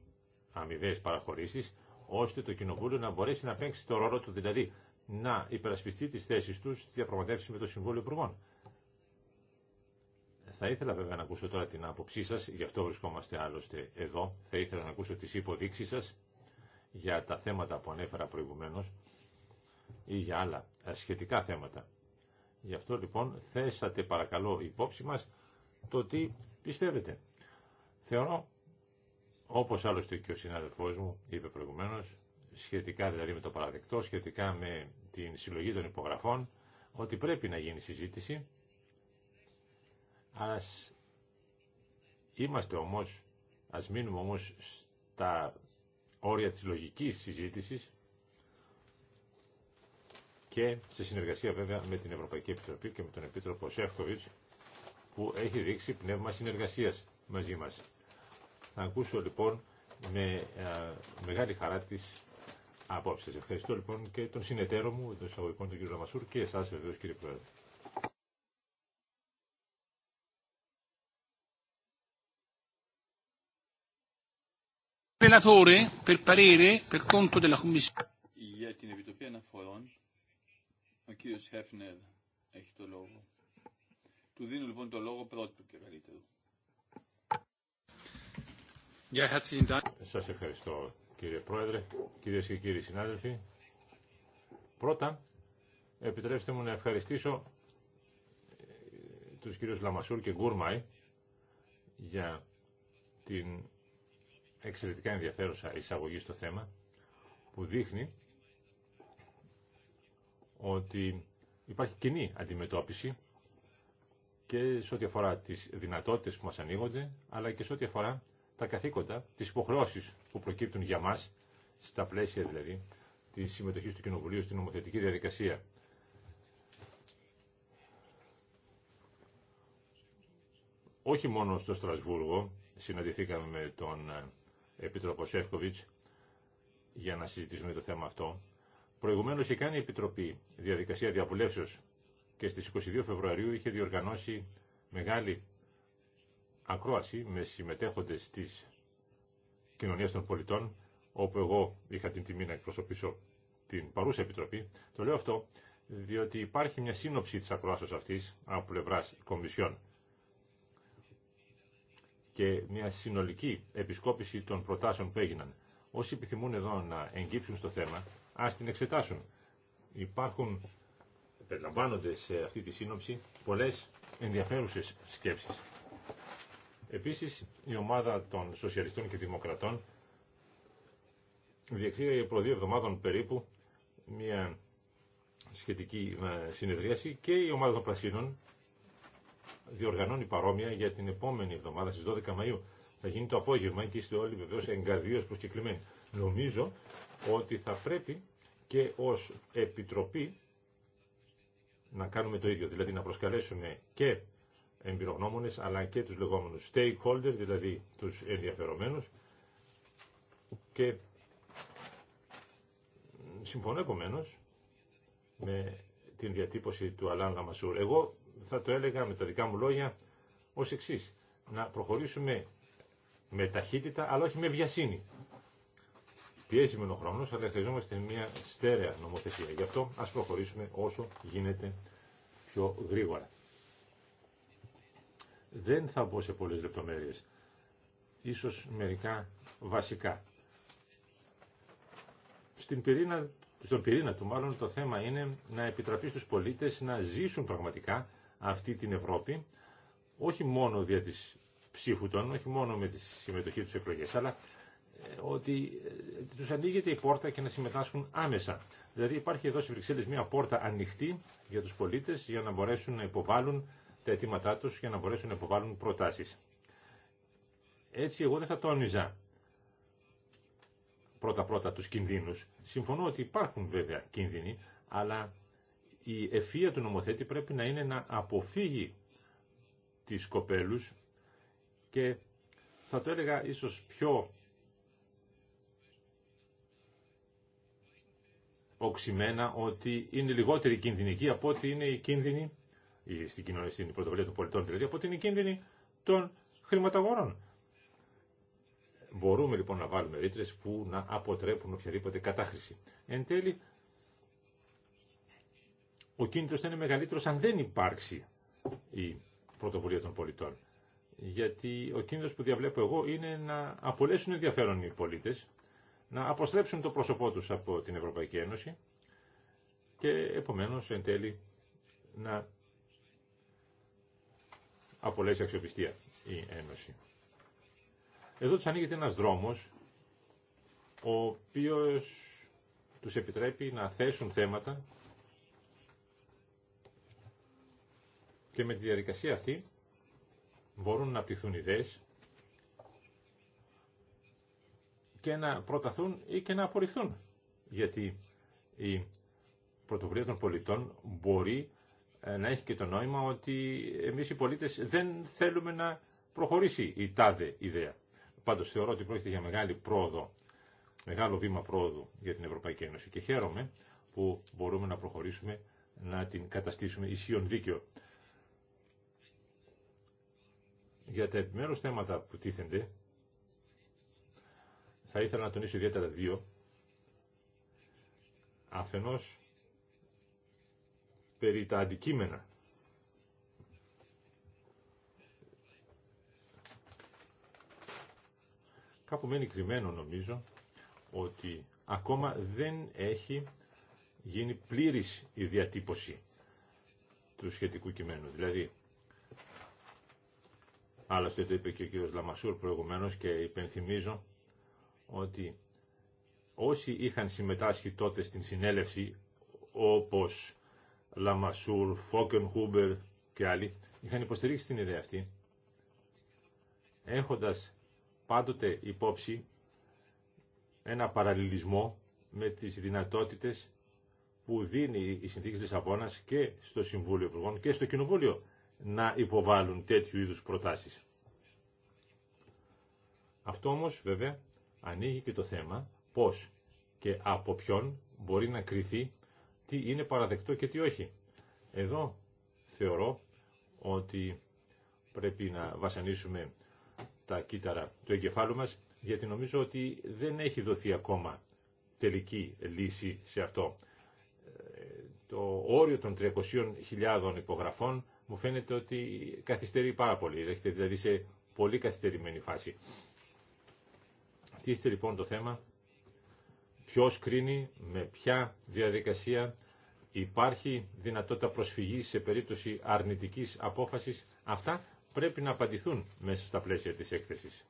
αμοιβέ παραχωρήσει ώστε το Κοινοβούλιο να μπορέσει να παίξει το ρόλο του, δηλαδή να υπερασπιστεί τι θέσει του στη διαπραγματεύση με το Συμβούλιο Υπουργών. Θα ήθελα βέβαια να ακούσω τώρα την άποψή σα, γι' αυτό βρισκόμαστε άλλωστε εδώ. Θα ήθελα να ακούσω τι υποδείξει σα για τα θέματα που ανέφερα προηγουμένω ή για άλλα σχετικά θέματα. Γι' αυτό λοιπόν θέσατε παρακαλώ υπόψη μας το τι πιστεύετε. Θεωρώ όπως άλλωστε και ο συνάδελφός μου είπε προηγουμένω, σχετικά δηλαδή με το παραδεκτό, σχετικά με την συλλογή των υπογραφών, ότι πρέπει να γίνει συζήτηση. α είμαστε όμω, α μείνουμε όμως στα όρια της λογικής συζήτησης και σε συνεργασία βέβαια με την Ευρωπαϊκή Επιτροπή και με τον Επίτροπο Σεύκοβιτ, που έχει δείξει πνεύμα συνεργασίας μαζί μας. Θα ακούσω λοιπόν με ε, μεγάλη χαρά της απόψεις. Ευχαριστώ λοιπόν και τον συνεταίρο μου, τον εισαγωγικών, τον κύριο Ραμασούρ και εσάς βεβαίως κύριε Πρόεδρε. Για την Επιτροπή Αναφορών, ο κύριος Χέφνερ έχει το λόγο. Του δίνω λοιπόν το λόγο πρώτου και καλύτερο. Σα Σας ευχαριστώ κύριε Πρόεδρε, κυρίες και κύριοι συνάδελφοι. Πρώτα, επιτρέψτε μου να ευχαριστήσω ε, τους κύριους Λαμασούρ και Γκούρμαϊ για την εξαιρετικά ενδιαφέρουσα εισαγωγή στο θέμα που δείχνει ότι υπάρχει κοινή αντιμετώπιση και σε ό,τι αφορά τις δυνατότητες που μας ανοίγονται αλλά και σε ό,τι αφορά τα καθήκοντα, τις υποχρεώσεις που προκύπτουν για μας, στα πλαίσια δηλαδή της συμμετοχής του Κοινοβουλίου στην νομοθετική διαδικασία. Όχι μόνο στο Στρασβούργο συναντηθήκαμε με τον ε, Επίτροπο Σεύκοβιτς για να συζητήσουμε το θέμα αυτό. Προηγουμένως είχε κάνει η Επιτροπή διαδικασία διαβουλεύσεως και στις 22 Φεβρουαρίου είχε διοργανώσει μεγάλη ακρόαση με συμμετέχοντες της κοινωνίας των πολιτών, όπου εγώ είχα την τιμή να εκπροσωπήσω την παρούσα επιτροπή. Το λέω αυτό διότι υπάρχει μια σύνοψη της Ακρόασης αυτής από πλευρά κομισιών και μια συνολική επισκόπηση των προτάσεων που έγιναν. Όσοι επιθυμούν εδώ να εγκύψουν στο θέμα, ας την εξετάσουν. Υπάρχουν, περιλαμβάνονται σε αυτή τη σύνοψη, πολλές ενδιαφέρουσες σκέψεις. Επίσης, η ομάδα των Σοσιαλιστών και Δημοκρατών διεξήγαγε προ δύο εβδομάδων περίπου μια σχετική ε, συνεδρίαση και η ομάδα των Πρασίνων διοργανώνει παρόμοια για την επόμενη εβδομάδα στις 12 Μαΐου. Θα γίνει το απόγευμα και είστε όλοι βεβαίως εγκαρδίως προσκεκλημένοι. Νομίζω ότι θα πρέπει και ως Επιτροπή να κάνουμε το ίδιο, δηλαδή να προσκαλέσουμε και εμπειρογνώμονες αλλά και τους λεγόμενους stakeholders, δηλαδή τους ενδιαφερομένους και συμφωνώ επομένω με την διατύπωση του Αλάν Γαμασούρ. Εγώ θα το έλεγα με τα δικά μου λόγια ως εξή να προχωρήσουμε με ταχύτητα αλλά όχι με βιασύνη. Πιέζει ο χρόνο, αλλά χρειαζόμαστε μια στέρεα νομοθεσία. Γι' αυτό ας προχωρήσουμε όσο γίνεται πιο γρήγορα. Δεν θα μπω σε πολλές λεπτομέρειες. Ίσως μερικά βασικά. Στην πυρήνα, στον πυρήνα του μάλλον το θέμα είναι να επιτραπεί στους πολίτες να ζήσουν πραγματικά αυτή την Ευρώπη, όχι μόνο δια της ψήφου των, όχι μόνο με τη συμμετοχή τους εκλογές, αλλά ε, ότι ε, τους ανοίγεται η πόρτα και να συμμετάσχουν άμεσα. Δηλαδή υπάρχει εδώ στις Βρυξέλλες μια πόρτα ανοιχτή για τους πολίτες για να μπορέσουν να υποβάλουν τα αιτήματά τους για να μπορέσουν να υποβάλουν προτάσεις. Έτσι εγώ δεν θα τόνιζα πρώτα-πρώτα τους κινδύνους. Συμφωνώ ότι υπάρχουν βέβαια κίνδυνοι, αλλά η ευφία του νομοθέτη πρέπει να είναι να αποφύγει τις κοπέλους και θα το έλεγα ίσως πιο οξυμένα ότι είναι λιγότερη κινδυνική από ότι είναι η κίνδυνη στην, κοινωνία, στην πρωτοβουλία των πολιτών, δηλαδή από την κίνδυνη των χρηματαγορών. Μπορούμε λοιπόν να βάλουμε ρήτρε που να αποτρέπουν οποιαδήποτε κατάχρηση. Εν τέλει, ο κίνδυνο θα είναι μεγαλύτερο αν δεν υπάρξει η πρωτοβουλία των πολιτών. Γιατί ο κίνδυνο που διαβλέπω εγώ είναι να απολέσουν ενδιαφέρον οι πολίτε, να αποστρέψουν το πρόσωπό του από την Ευρωπαϊκή Ένωση και επομένω εν τέλει να απολέσει αξιοπιστία η Ένωση. Εδώ τους ανοίγεται ένας δρόμος ο οποίος τους επιτρέπει να θέσουν θέματα και με τη διαδικασία αυτή μπορούν να απτυχθούν ιδέες και να προταθούν ή και να απορριφθούν. Γιατί η πρωτοβουλία των πολιτών μπορεί ε, να έχει και το νόημα ότι εμείς οι πολίτες δεν θέλουμε να προχωρήσει η τάδε ιδέα. Πάντως θεωρώ ότι πρόκειται για μεγάλη πρόοδο, μεγάλο βήμα πρόοδου για την Ευρωπαϊκή Ένωση και χαίρομαι που μπορούμε να προχωρήσουμε να την καταστήσουμε ισχύον δίκαιο. Για τα επιμέρους θέματα που τίθενται, θα ήθελα να τονίσω ιδιαίτερα δύο. Αφενός, περί τα αντικείμενα. Κάπου μένει κρυμμένο νομίζω ότι ακόμα δεν έχει γίνει πλήρης η διατύπωση του σχετικού κειμένου. Δηλαδή, άλλωστε το είπε και ο κύριος Λαμασούρ προηγουμένως και υπενθυμίζω ότι όσοι είχαν συμμετάσχει τότε στην συνέλευση όπως Λαμασούρ, Φόκεν, Χούμπερ και άλλοι είχαν υποστηρίξει την ιδέα αυτή, έχοντας πάντοτε υπόψη ένα παραλληλισμό με τις δυνατότητες που δίνει η συνθήκη της Λισαβόνας και στο Συμβούλιο Υπουργών και στο Κοινοβούλιο να υποβάλουν τέτοιου είδους προτάσεις. Αυτό όμως βέβαια ανοίγει και το θέμα πώς και από ποιον μπορεί να κρυθεί τι είναι παραδεκτό και τι όχι. Εδώ θεωρώ ότι πρέπει να βασανίσουμε τα κύτταρα του εγκεφάλου μας, γιατί νομίζω ότι δεν έχει δοθεί ακόμα τελική λύση σε αυτό. Ε, το όριο των 300.000 υπογραφών μου φαίνεται ότι καθυστερεί πάρα πολύ. Εχετε δηλαδή σε πολύ καθυστερημένη φάση. Τι είστε λοιπόν το θέμα ποιος κρίνει, με ποια διαδικασία υπάρχει δυνατότητα προσφυγής σε περίπτωση αρνητικής απόφασης. Αυτά πρέπει να απαντηθούν μέσα στα πλαίσια της έκθεσης.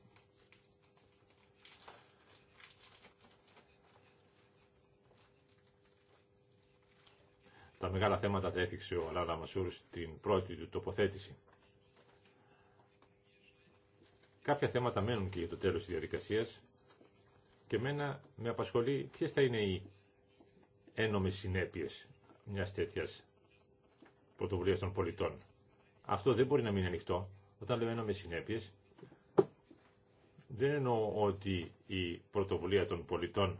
Τα μεγάλα θέματα τα έθιξε ο Λάλα Μασούρ στην πρώτη του τοποθέτηση. Κάποια θέματα μένουν και για το τέλος της διαδικασίας. Και μένα με απασχολεί ποιε θα είναι οι ένομε συνέπειες μια τέτοια πρωτοβουλία των πολιτών. Αυτό δεν μπορεί να μείνει ανοιχτό. Όταν λέω ένομε συνέπειε δεν εννοώ ότι η πρωτοβουλία των πολιτών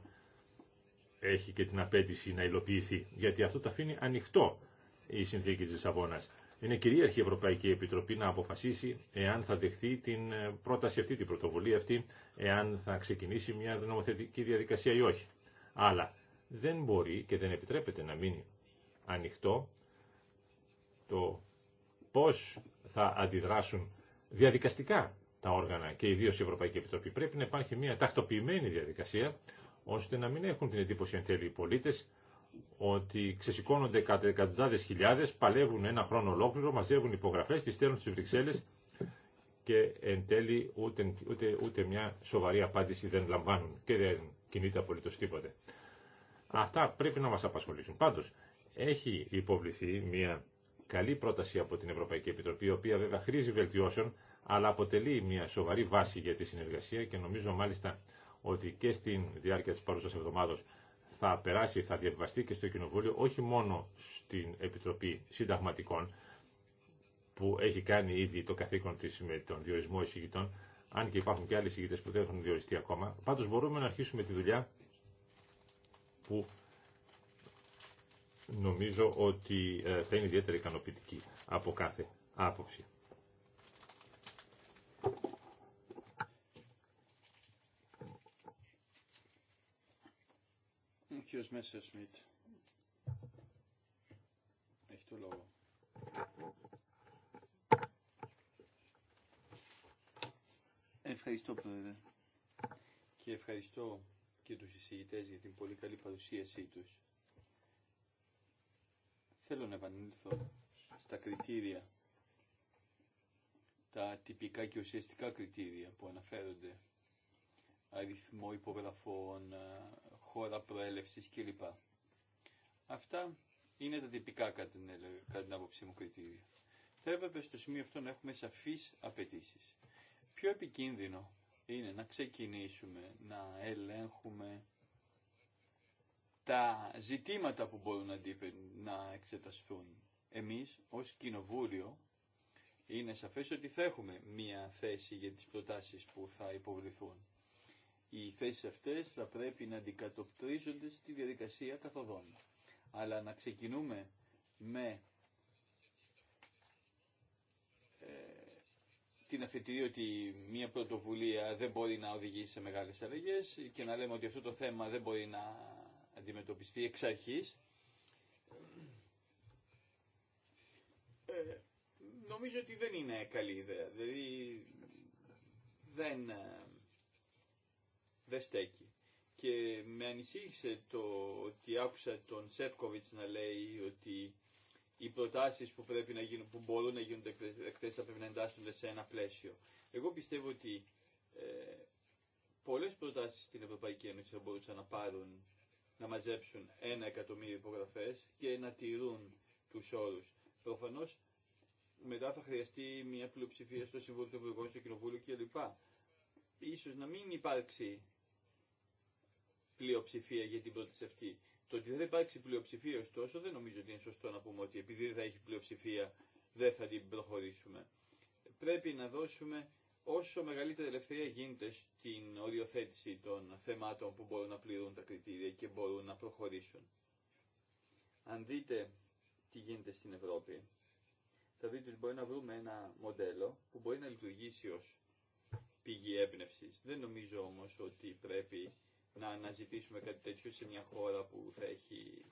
έχει και την απέτηση να υλοποιηθεί, γιατί αυτό το αφήνει ανοιχτό η συνθήκη της Λισαβόνας είναι κυρίαρχη η Ευρωπαϊκή Επιτροπή να αποφασίσει εάν θα δεχθεί την ε, πρόταση αυτή, την πρωτοβουλία αυτή, εάν θα ξεκινήσει μια νομοθετική διαδικασία ή όχι. Αλλά δεν μπορεί και δεν επιτρέπεται να μείνει ανοιχτό το πώς θα αντιδράσουν διαδικαστικά τα όργανα και ιδίως η Ευρωπαϊκή Επιτροπή. Πρέπει να υπάρχει μια τακτοποιημένη διαδικασία ώστε να μην έχουν την εντύπωση αν θέλει οι πολίτες ότι ξεσηκώνονται κατά εκατοντάδε χιλιάδε, παλεύουν ένα χρόνο ολόκληρο, μαζεύουν υπογραφέ, τι στέλνουν στι Βρυξέλλε και εν τέλει ούτε, ούτε, ούτε μια σοβαρή απάντηση δεν λαμβάνουν και δεν κινείται απολύτω τίποτε. Αυτά πρέπει να μα απασχολήσουν. Πάντω, έχει υποβληθεί μια καλή πρόταση από την Ευρωπαϊκή Επιτροπή, η οποία βέβαια χρήζει βελτιώσεων, αλλά αποτελεί μια σοβαρή βάση για τη συνεργασία και νομίζω μάλιστα ότι και στην διάρκεια τη παρούσα εβδομάδα θα περάσει, θα διαβαστεί και στο Κοινοβούλιο, όχι μόνο στην Επιτροπή Συνταγματικών, που έχει κάνει ήδη το καθήκον της με τον διορισμό εισηγητών, αν και υπάρχουν και άλλοι εισηγητές που δεν έχουν διοριστεί ακόμα. Πάντως μπορούμε να αρχίσουμε τη δουλειά που νομίζω ότι ε, θα είναι ιδιαίτερα ικανοποιητική από κάθε άποψη. κύριος Μέσσερ Σμιτ. λόγο. Ευχαριστώ, Πρόεδρε. Και ευχαριστώ και τους εισηγητές για την πολύ καλή παρουσίασή τους. Θέλω να επανέλθω στα κριτήρια, τα τυπικά και ουσιαστικά κριτήρια που αναφέρονται, αριθμό υπογραφών, χώρα προέλευσης κλπ. Αυτά είναι τα τυπικά κατά την, άποψή μου κριτήρια. Θα έπρεπε στο σημείο αυτό να έχουμε σαφείς απαιτήσει. Πιο επικίνδυνο είναι να ξεκινήσουμε να ελέγχουμε τα ζητήματα που μπορούν να εξεταστούν. Εμείς ως κοινοβούλιο είναι σαφές ότι θα έχουμε μία θέση για τις προτάσεις που θα υποβληθούν. Οι θέσεις αυτές θα πρέπει να αντικατοπτρίζονται στη διαδικασία καθοδών. Αλλά να ξεκινούμε με ε, την αφετηρία ότι μια πρωτοβουλία δεν μπορεί να οδηγήσει σε μεγάλες αλλαγές και να λέμε ότι αυτό το θέμα δεν μπορεί να αντιμετωπιστεί εξ αρχής. Ε, νομίζω ότι δεν είναι καλή ιδέα. Δηλαδή δεν ε, δεν στέκει. Και με ανησύχησε το ότι άκουσα τον Σεύκοβιτς να λέει ότι οι προτάσει που, πρέπει να γίνουν, που μπορούν να γίνονται εκτέ θα πρέπει να εντάσσονται σε ένα πλαίσιο. Εγώ πιστεύω ότι ε, πολλέ προτάσει στην Ευρωπαϊκή Ένωση θα μπορούσαν να πάρουν, να μαζέψουν ένα εκατομμύριο υπογραφέ και να τηρούν του όρου. Προφανώ μετά θα χρειαστεί μια πλειοψηφία στο Συμβούλιο του Υπουργών, στο Κοινοβούλιο κλπ. σω να μην υπάρξει πλειοψηφία για την πρόταση αυτή. Το ότι δεν υπάρξει πλειοψηφία ωστόσο δεν νομίζω ότι είναι σωστό να πούμε ότι επειδή δεν θα έχει πλειοψηφία δεν θα την προχωρήσουμε. Πρέπει να δώσουμε όσο μεγαλύτερη ελευθερία γίνεται στην οριοθέτηση των θεμάτων που μπορούν να πληρούν τα κριτήρια και μπορούν να προχωρήσουν. Αν δείτε τι γίνεται στην Ευρώπη, θα δείτε ότι μπορεί να βρούμε ένα μοντέλο που μπορεί να λειτουργήσει ως πηγή έμπνευση. Δεν νομίζω όμως ότι πρέπει να αναζητήσουμε κάτι τέτοιο σε μια χώρα που θα έχει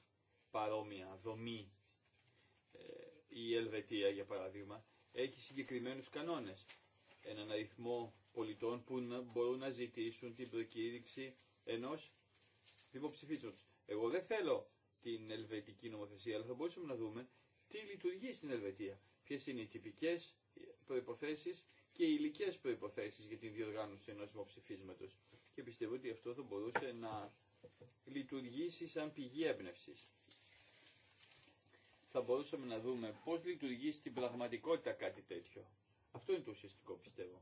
παρόμοια δομή. Ε, η Ελβετία, για παράδειγμα, έχει συγκεκριμένους κανόνες. Έναν αριθμό πολιτών που μπορούν να ζητήσουν την προκήρυξη ενός δημοψηφίσματος. Εγώ δεν θέλω την ελβετική νομοθεσία, αλλά θα μπορούσαμε να δούμε τι λειτουργεί στην Ελβετία. Ποιε είναι οι τυπικέ προποθέσει και οι υλικέ προποθέσει για την διοργάνωση ενό δημοψηφίσματο και πιστεύω ότι αυτό θα μπορούσε να λειτουργήσει σαν πηγή έμπνευση. Θα μπορούσαμε να δούμε πώς λειτουργεί στην πραγματικότητα κάτι τέτοιο. Αυτό είναι το ουσιαστικό πιστεύω.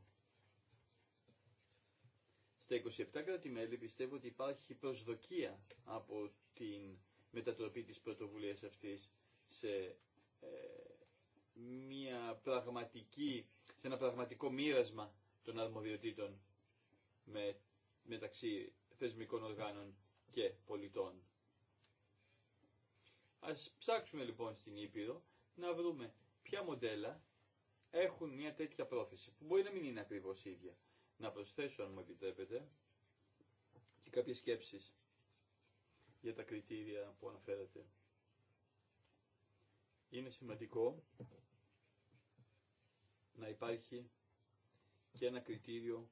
Στα 27 κράτη-μέλη πιστεύω ότι υπάρχει προσδοκία από την μετατροπή της πρωτοβουλίας αυτής σε, ε, μια πραγματική, σε ένα πραγματικό μοίρασμα των αρμοδιοτήτων με μεταξύ θεσμικών οργάνων και πολιτών. Ας ψάξουμε λοιπόν στην Ήπειρο να βρούμε ποια μοντέλα έχουν μια τέτοια πρόθεση, που μπορεί να μην είναι ακριβώς ίδια. Να προσθέσω, αν μου επιτρέπετε, και κάποιες σκέψεις για τα κριτήρια που αναφέρατε. Είναι σημαντικό να υπάρχει και ένα κριτήριο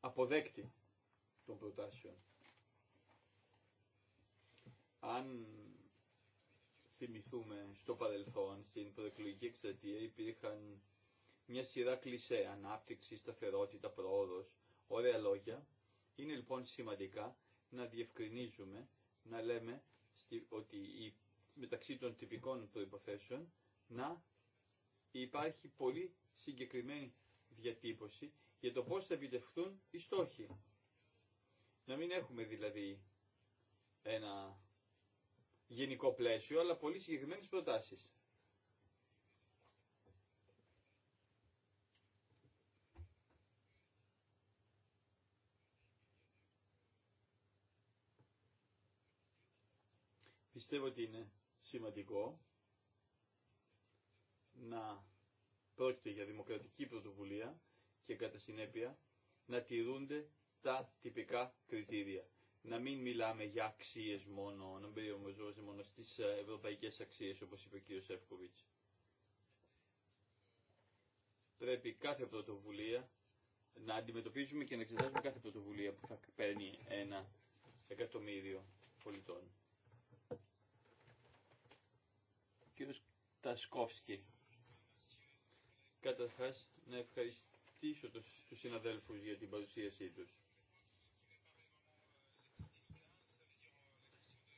αποδέκτη των προτάσεων. Αν θυμηθούμε στο παρελθόν, στην προεκλογική εκστρατεία υπήρχαν μια σειρά κλισέ, ανάπτυξη, σταθερότητα, προόδος, ωραία λόγια. Είναι λοιπόν σημαντικά να διευκρινίζουμε, να λέμε ότι η, μεταξύ των τυπικών προϋποθέσεων να υπάρχει πολύ συγκεκριμένη διατύπωση για το πώς θα επιτευχθούν οι στόχοι. Να μην έχουμε δηλαδή ένα γενικό πλαίσιο, αλλά πολύ συγκεκριμένες προτάσεις. Πιστεύω ότι είναι σημαντικό να πρόκειται για δημοκρατική πρωτοβουλία και κατά συνέπεια να τηρούνται τα τυπικά κριτήρια. Να μην μιλάμε για αξίε μόνο, να μην περιοριζόμαστε μόνο στι ε, ευρωπαϊκέ αξίε, όπω είπε ο κ. Σεύκοβιτ. Πρέπει κάθε πρωτοβουλία να αντιμετωπίζουμε και να εξετάζουμε κάθε πρωτοβουλία που θα παίρνει ένα εκατομμύριο πολιτών. Κύριος Τασκόφσκι. Καταρχάς να ευχαριστήσω του τους συναδέλφους για την παρουσίασή τους.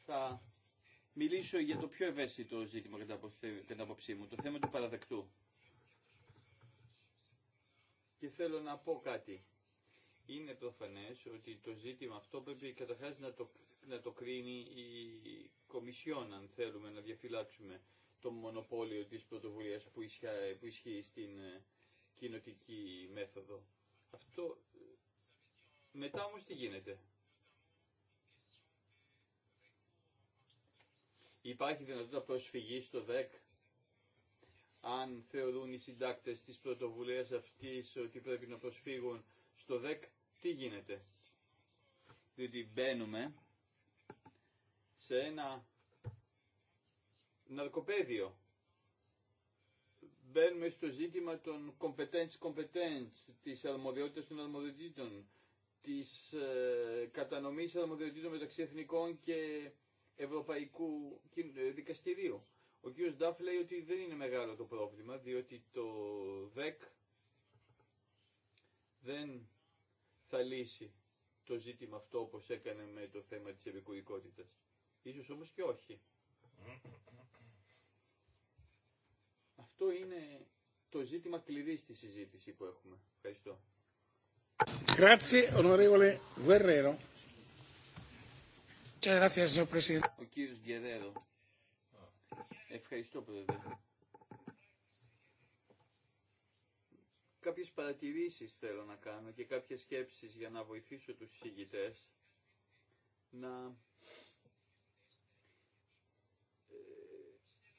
θα μιλήσω για το πιο ευαίσθητο ζήτημα κατά την απόψή μου, το θέμα του παραδεκτού. Και θέλω να πω κάτι. Είναι προφανές ότι το ζήτημα αυτό πρέπει καταρχάς να το, να το κρίνει η Κομισιόν, αν θέλουμε να διαφυλάξουμε το μονοπόλιο της πρωτοβουλίας που, ισχύει, που ισχύει στην ε, κοινοτική μέθοδο. Αυτό ε, μετά όμως τι γίνεται. Υπάρχει δυνατότητα προσφυγή στο ΔΕΚ αν θεωρούν οι συντάκτε τη πρωτοβουλία αυτή ότι πρέπει να προσφύγουν στο ΔΕΚ, τι γίνεται. Διότι μπαίνουμε σε ένα ναρκοπέδιο. Μπαίνουμε στο ζήτημα των competence competence, της αρμοδιότητας των αρμοδιοτήτων, της ε, κατανομής αρμοδιοτήτων μεταξύ εθνικών και Ευρωπαϊκού ε, Δικαστηρίου. Ο κ. Ντάφ λέει ότι δεν είναι μεγάλο το πρόβλημα, διότι το ΔΕΚ δεν θα λύσει το ζήτημα αυτό όπως έκανε με το θέμα της επικουρικότητας. Ίσως όμως και όχι. Αυτό είναι το ζήτημα κλειδί στη συζήτηση που έχουμε. Ευχαριστώ. Grazie, onorevole Guerrero. Ο κύριος Γκερέρο. Ευχαριστώ, Πρόεδρε. Κάποιες παρατηρήσεις θέλω να κάνω και κάποιες σκέψεις για να βοηθήσω τους συγγητές να ε,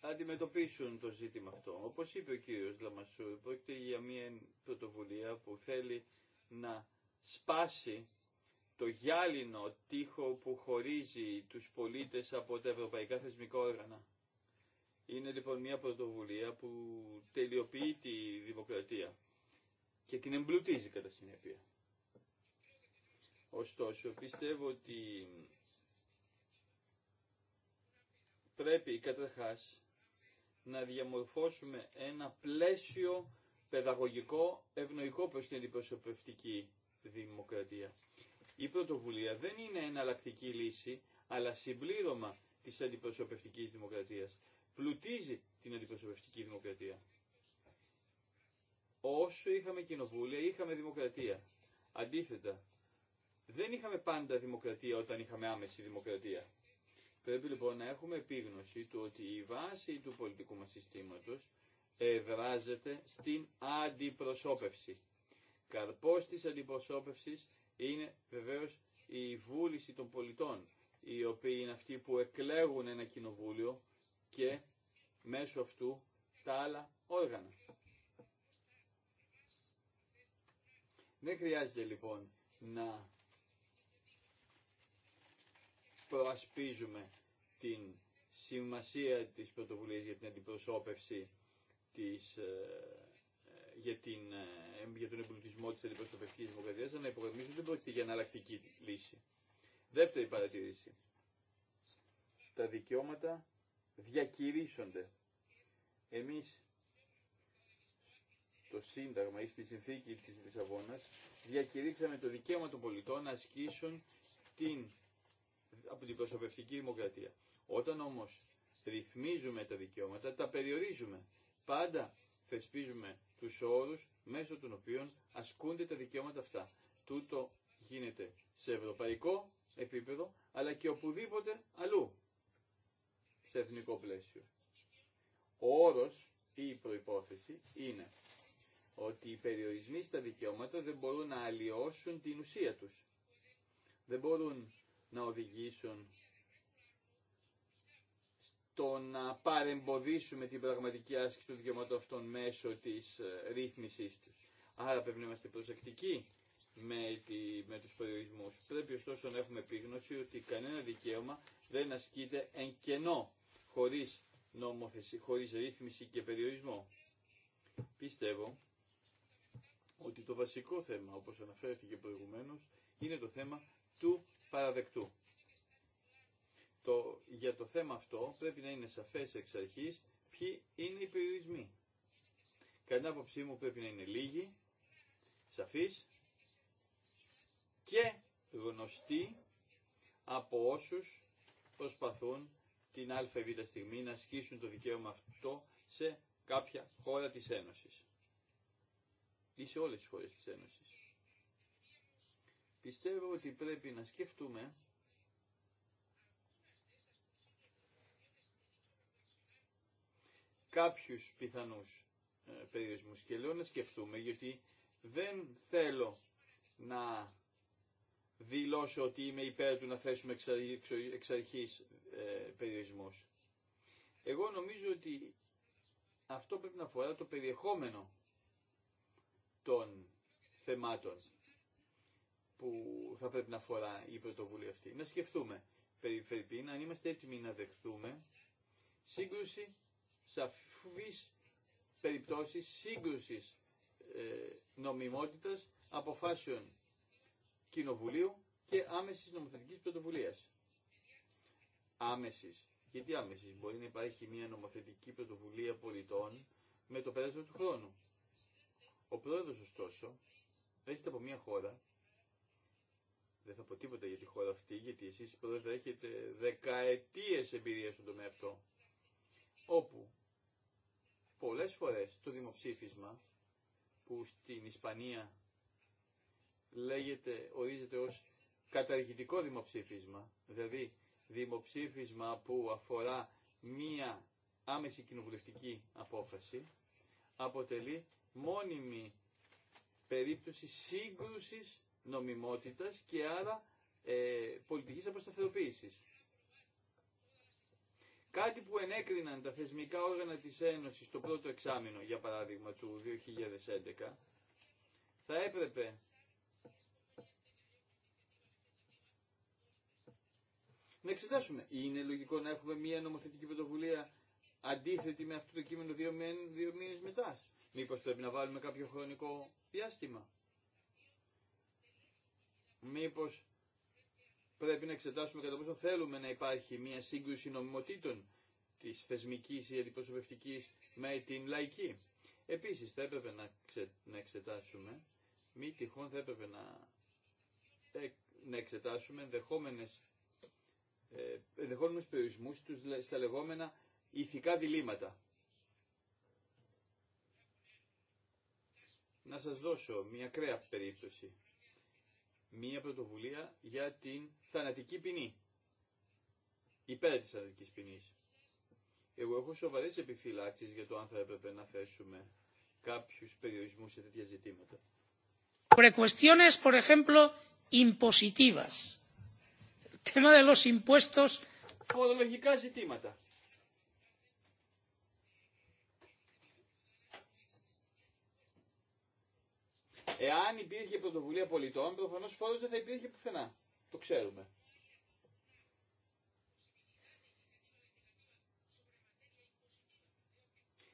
αντιμετωπίσουν το ζήτημα αυτό. Όπως είπε ο κύριος Λαμασούρ, πρόκειται για μια πρωτοβουλία που θέλει να σπάσει το γυάλινο τείχο που χωρίζει τους πολίτες από τα ευρωπαϊκά θεσμικά όργανα. Είναι λοιπόν μια πρωτοβουλία που τελειοποιεί τη δημοκρατία και την εμπλουτίζει κατά συνέπεια. Ωστόσο, πιστεύω ότι πρέπει καταρχάς να διαμορφώσουμε ένα πλαίσιο παιδαγωγικό ευνοϊκό προς την αντιπροσωπευτική δημοκρατία. Η πρωτοβουλία δεν είναι εναλλακτική λύση, αλλά συμπλήρωμα της αντιπροσωπευτικής δημοκρατίας. Πλουτίζει την αντιπροσωπευτική δημοκρατία. Όσο είχαμε κοινοβούλια, είχαμε δημοκρατία. Αντίθετα, δεν είχαμε πάντα δημοκρατία όταν είχαμε άμεση δημοκρατία. Πρέπει λοιπόν να έχουμε επίγνωση του ότι η βάση του πολιτικού μας συστήματος εδράζεται στην αντιπροσώπευση. Καρπός της αντιπροσώπευσης είναι βεβαίως η βούληση των πολιτών, οι οποίοι είναι αυτοί που εκλέγουν ένα κοινοβούλιο και μέσω αυτού τα άλλα όργανα. Δεν χρειάζεται λοιπόν να προασπίζουμε την σημασία της πρωτοβουλίας για την αντιπροσώπευση της ε, για, την, ε, για τον εμπλουτισμό της αντιπροσωπευτικής δημοκρατίας, να υπογραμμίσω ότι δεν πρόκειται για εναλλακτική λύση. Δεύτερη παρατήρηση. Τα δικαιώματα διακηρύσσονται. Εμεί, το Σύνταγμα ή στη Συνθήκη τη Λισαβόνα διακηρύξαμε το δικαίωμα των πολιτών να ασκήσουν την, από την προσωπευτική δημοκρατία. Όταν όμως ρυθμίζουμε τα δικαιώματα, τα περιορίζουμε. Πάντα θεσπίζουμε τους όρους μέσω των οποίων ασκούνται τα δικαιώματα αυτά. Τούτο γίνεται σε ευρωπαϊκό επίπεδο, αλλά και οπουδήποτε αλλού σε εθνικό πλαίσιο. Ο όρος ή η προϋπόθεση είναι ότι οι περιορισμοί στα δικαιώματα δεν μπορούν να αλλοιώσουν την ουσία τους. Δεν μπορούν να οδηγήσουν το να παρεμποδίσουμε την πραγματική άσκηση του δικαιωμάτων αυτών μέσω της ε, ρύθμισής τους. Άρα πρέπει να είμαστε προσεκτικοί με, τη, με τους περιορισμούς. Πρέπει ωστόσο να έχουμε επίγνωση ότι κανένα δικαίωμα δεν ασκείται εν κενό, χωρίς, νόμοθεση, χωρίς ρύθμιση και περιορισμό. Πιστεύω ότι το βασικό θέμα, όπως αναφέρθηκε προηγουμένως, είναι το θέμα του παραδεκτού το, για το θέμα αυτό πρέπει να είναι σαφές εξ αρχής ποιοι είναι οι περιορισμοί. Κατά άποψή μου πρέπει να είναι λίγοι, σαφείς και γνωστοί από όσους προσπαθούν την ΑΒ στιγμή να ασκήσουν το δικαίωμα αυτό σε κάποια χώρα της Ένωσης ή σε όλες τις χώρες της Ένωσης. Πιστεύω ότι πρέπει να σκεφτούμε κάποιους πιθανούς ε, περιορισμούς και λέω να σκεφτούμε γιατί δεν θέλω να δηλώσω ότι είμαι υπέρ του να θέσουμε εξ αρχής ε, περιορισμούς. Εγώ νομίζω ότι αυτό πρέπει να αφορά το περιεχόμενο των θεμάτων που θα πρέπει να αφορά η πρωτοβουλία αυτή. Να σκεφτούμε, περιφερειπή, αν είμαστε έτοιμοι να δεχθούμε σύγκρουση σαφείς περιπτώσεις σύγκρουσης ε, νομιμότητας αποφάσεων κοινοβουλίου και άμεσης νομοθετικής πρωτοβουλίας. Άμεσης. Γιατί άμεσης μπορεί να υπάρχει μια νομοθετική πρωτοβουλία πολιτών με το πέρασμα του χρόνου. Ο πρόεδρος ωστόσο έρχεται από μια χώρα δεν θα πω τίποτα για τη χώρα αυτή, γιατί εσείς πρόεδρε έχετε δεκαετίες εμπειρία στον τομέα αυτό όπου πολλές φορές το δημοψήφισμα που στην Ισπανία λέγεται, ορίζεται ως καταργητικό δημοψήφισμα, δηλαδή δημοψήφισμα που αφορά μία άμεση κοινοβουλευτική απόφαση, αποτελεί μόνιμη περίπτωση σύγκρουσης νομιμότητας και άρα ε, πολιτικής αποσταθεροποίησης. Κάτι που ενέκριναν τα θεσμικά όργανα της Ένωσης το πρώτο εξάμεινο, για παράδειγμα, του 2011, θα έπρεπε να εξετάσουμε. Είναι λογικό να έχουμε μία νομοθετική πρωτοβουλία αντίθετη με αυτό το κείμενο δύο, δύο μήνες μετά. Μήπως πρέπει να βάλουμε κάποιο χρονικό διάστημα. Μήπως πρέπει να εξετάσουμε κατά πόσο θέλουμε να υπάρχει μια σύγκρουση νομιμοτήτων της θεσμική ή αντιπροσωπευτική με την λαϊκή. Επίσης θα έπρεπε να, να εξετάσουμε, μη τυχόν θα έπρεπε να, ε, να εξετάσουμε ενδεχόμενε ε, ενδεχόμενους τους, στα λεγόμενα ηθικά διλήμματα. Να σας δώσω μια κρέα περίπτωση μία πρωτοβουλία για την θανατική ποινή. Υπέρ της θανατική ποινή. Εγώ έχω σοβαρέ επιφυλάξει για το αν θα έπρεπε να θέσουμε κάποιου περιορισμού σε τέτοια ζητήματα. cuestiones, por ejemplo, impositivas. de los impuestos. Φορολογικά ζητήματα. Εάν υπήρχε πρωτοβουλία πολιτών, προφανώς φόρος δεν θα υπήρχε πουθενά. Το ξέρουμε.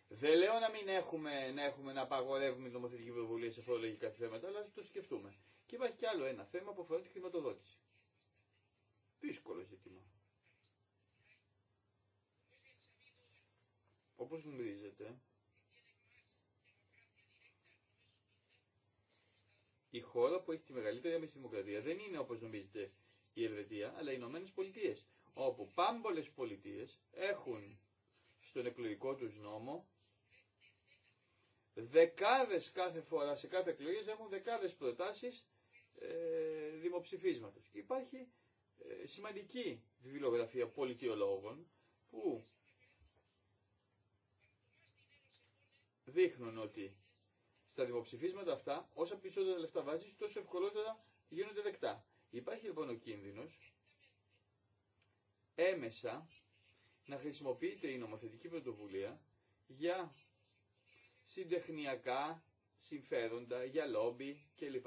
Δεν λέω να μην έχουμε να, έχουμε, να απαγορεύουμε την νομοθετική πρωτοβουλία σε φορολογικά θέματα, αλλά το σκεφτούμε. Και υπάρχει και άλλο ένα θέμα που αφορά τη χρηματοδότηση. Δύσκολο ζήτημα. Όπως γνωρίζετε, Η χώρα που έχει τη μεγαλύτερη άμεση δημοκρατία δεν είναι όπως νομίζετε η Ελβετία, αλλά οι Ηνωμένε Πολιτείε. Όπου πάμπολες πολιτείε έχουν στον εκλογικό τους νόμο δεκάδες κάθε φορά, σε κάθε εκλογή έχουν δεκάδες προτάσεις ε, δημοψηφίσματος. υπάρχει ε, σημαντική βιβλιογραφία πολιτιολόγων που δείχνουν ότι στα δημοψηφίσματα αυτά, όσα περισσότερα λεφτά βάζει, τόσο ευκολότερα γίνονται δεκτά. Υπάρχει λοιπόν ο κίνδυνος έμεσα να χρησιμοποιείται η νομοθετική πρωτοβουλία για συντεχνιακά συμφέροντα, για λόμπι κλπ.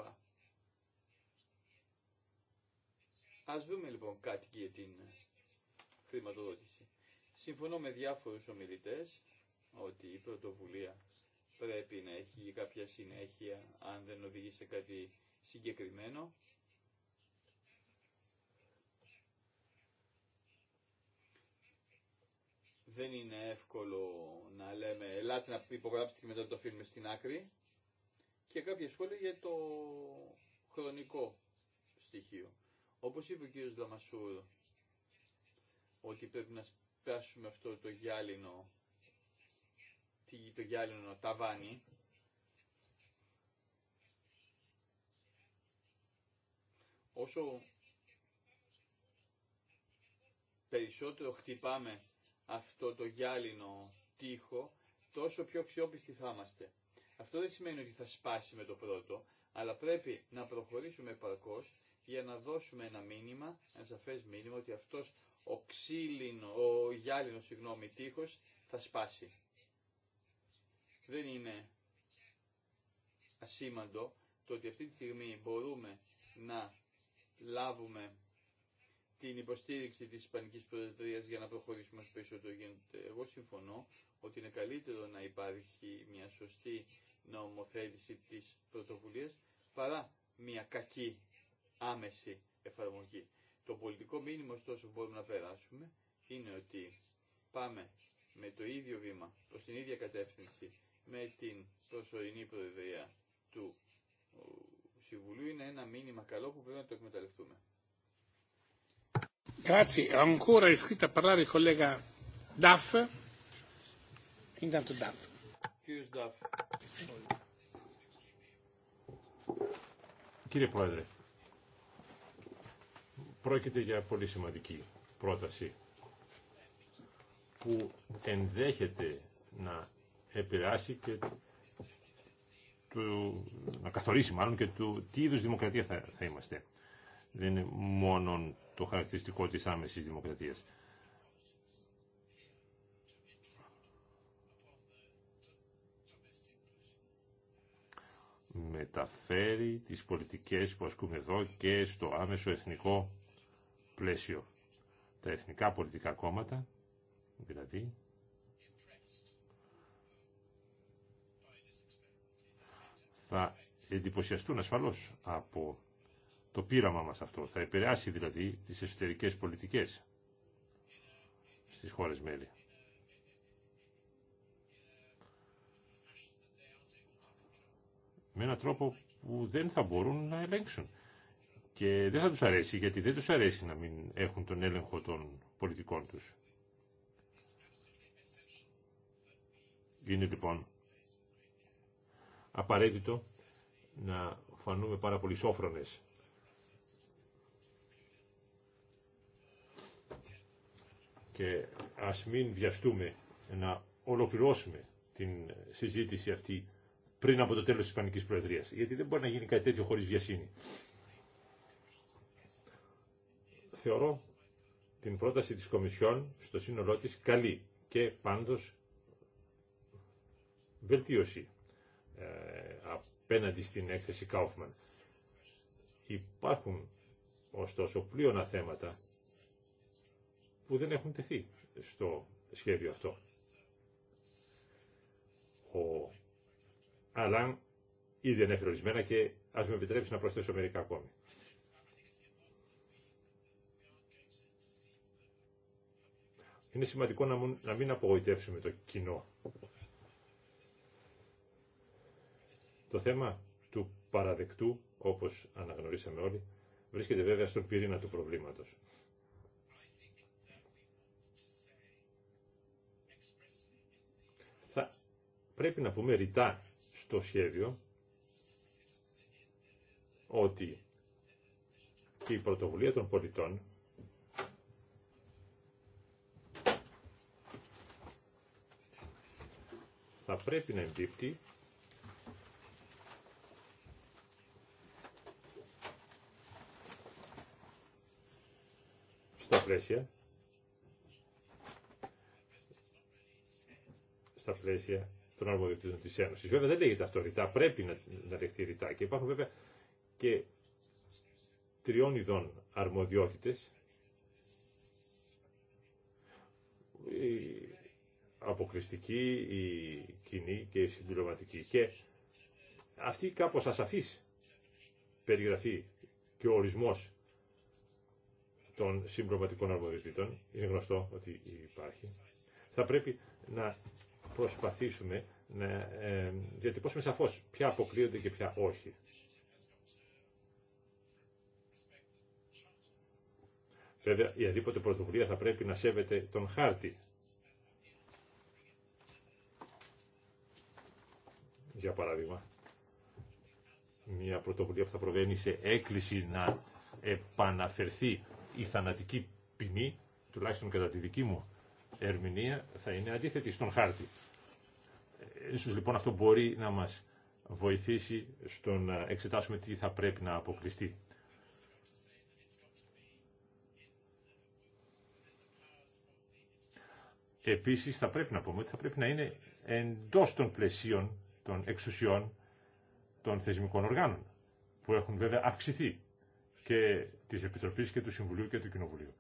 Ας δούμε λοιπόν κάτι για την χρηματοδότηση. Συμφωνώ με διάφορους ομιλητές ότι η πρωτοβουλία πρέπει να έχει κάποια συνέχεια αν δεν οδηγεί σε κάτι συγκεκριμένο. Δεν είναι εύκολο να λέμε ελάτε να υπογράψετε και μετά το αφήνουμε στην άκρη. Και κάποια σχόλια για το χρονικό στοιχείο. Όπως είπε ο κ. Λαμασούρ, ότι πρέπει να σπάσουμε αυτό το γυάλινο το γυάλινο ταβάνι όσο περισσότερο χτυπάμε αυτό το γυάλινο τείχο τόσο πιο αξιόπιστοι θα είμαστε. Αυτό δεν σημαίνει ότι θα σπάσει με το πρώτο, αλλά πρέπει να προχωρήσουμε παρκώς για να δώσουμε ένα μήνυμα, ένα σαφές μήνυμα, ότι αυτός ο, ξύλινο, ο γυάλινος συγγνώμη, τείχος θα σπάσει. Δεν είναι ασήμαντο το ότι αυτή τη στιγμή μπορούμε να λάβουμε την υποστήριξη της Ισπανικής Προεδρίας για να προχωρήσουμε όσο περισσότερο γίνεται. Εγώ συμφωνώ ότι είναι καλύτερο να υπάρχει μια σωστή νομοθέτηση της πρωτοβουλίας παρά μια κακή άμεση εφαρμογή. Το πολιτικό μήνυμα ωστόσο που μπορούμε να περάσουμε είναι ότι πάμε με το ίδιο βήμα προς την ίδια κατεύθυνση με την προσωρινή προεδρία του Συμβουλίου είναι ένα μήνυμα καλό που πρέπει να το εκμεταλλευτούμε. Κύριε Πρόεδρε, πρόκειται για πολύ σημαντική πρόταση που ενδέχεται να επηρεάσει και του, να καθορίσει μάλλον και του τι είδους δημοκρατία θα, θα είμαστε. Δεν είναι μόνο το χαρακτηριστικό της άμεσης δημοκρατίας. μεταφέρει τις πολιτικές που ασκούμε εδώ και στο άμεσο εθνικό πλαίσιο. Τα εθνικά πολιτικά κόμματα, δηλαδή θα εντυπωσιαστούν ασφαλώς από το πείραμα μας αυτό. Θα επηρεάσει δηλαδή τις εσωτερικές πολιτικές στις χώρες μέλη. Με έναν τρόπο που δεν θα μπορούν να ελέγξουν. Και δεν θα τους αρέσει, γιατί δεν τους αρέσει να μην έχουν τον έλεγχο των πολιτικών τους. Είναι λοιπόν απαραίτητο να φανούμε πάρα πολύ σόφρονες. Και ας μην βιαστούμε να ολοκληρώσουμε την συζήτηση αυτή πριν από το τέλος της Ισπανικής Προεδρίας. Γιατί δεν μπορεί να γίνει κάτι τέτοιο χωρίς βιασύνη. Θεωρώ την πρόταση της Κομισιόν στο σύνολό της καλή και πάντως βελτίωση ε, απέναντι στην έκθεση Kaufman. Υπάρχουν ωστόσο πλείονα θέματα που δεν έχουν τεθεί στο σχέδιο αυτό. Ο Αλάν ήδη ανέφερε ορισμένα και ας με επιτρέψει να προσθέσω μερικά ακόμη. Είναι σημαντικό να μην απογοητεύσουμε το κοινό Το θέμα του παραδεκτού, όπως αναγνωρίσαμε όλοι, βρίσκεται βέβαια στον πυρήνα του προβλήματος. Θα πρέπει να πούμε ρητά στο σχέδιο ότι η πρωτοβουλία των πολιτών θα πρέπει να εμπίπτει πλαίσια στα πλαίσια των αρμοδιοτήτων τη Ένωσης. Βέβαια δεν λέγεται αυτό ρητά, πρέπει να, να δεχτεί ρητά και υπάρχουν βέβαια και τριών ειδών αρμοδιότητες η αποκλειστική, η κοινή και η συμπληρωματική και αυτή κάπως ασαφής περιγραφή και ο ορισμός των συμπροβατικών αρμοδιοτήτων. Είναι γνωστό ότι υπάρχει. Θα πρέπει να προσπαθήσουμε να ε, διατυπώσουμε σαφώς ποια αποκλείονται και ποια όχι. Βέβαια, η αδίποτε πρωτοβουλία θα πρέπει να σέβεται τον χάρτη. Για παράδειγμα, μια πρωτοβουλία που θα προβαίνει σε έκκληση να επαναφερθεί η θανατική ποινή, τουλάχιστον κατά τη δική μου ερμηνεία, θα είναι αντίθετη στον χάρτη. Ίσως λοιπόν αυτό μπορεί να μας βοηθήσει στο να εξετάσουμε τι θα πρέπει να αποκλειστεί. Επίσης θα πρέπει να πούμε ότι θα πρέπει να είναι εντός των πλαισίων των εξουσιών των θεσμικών οργάνων, που έχουν βέβαια αυξηθεί και της Επιτροπής και του Συμβουλίου και του Κοινοβουλίου.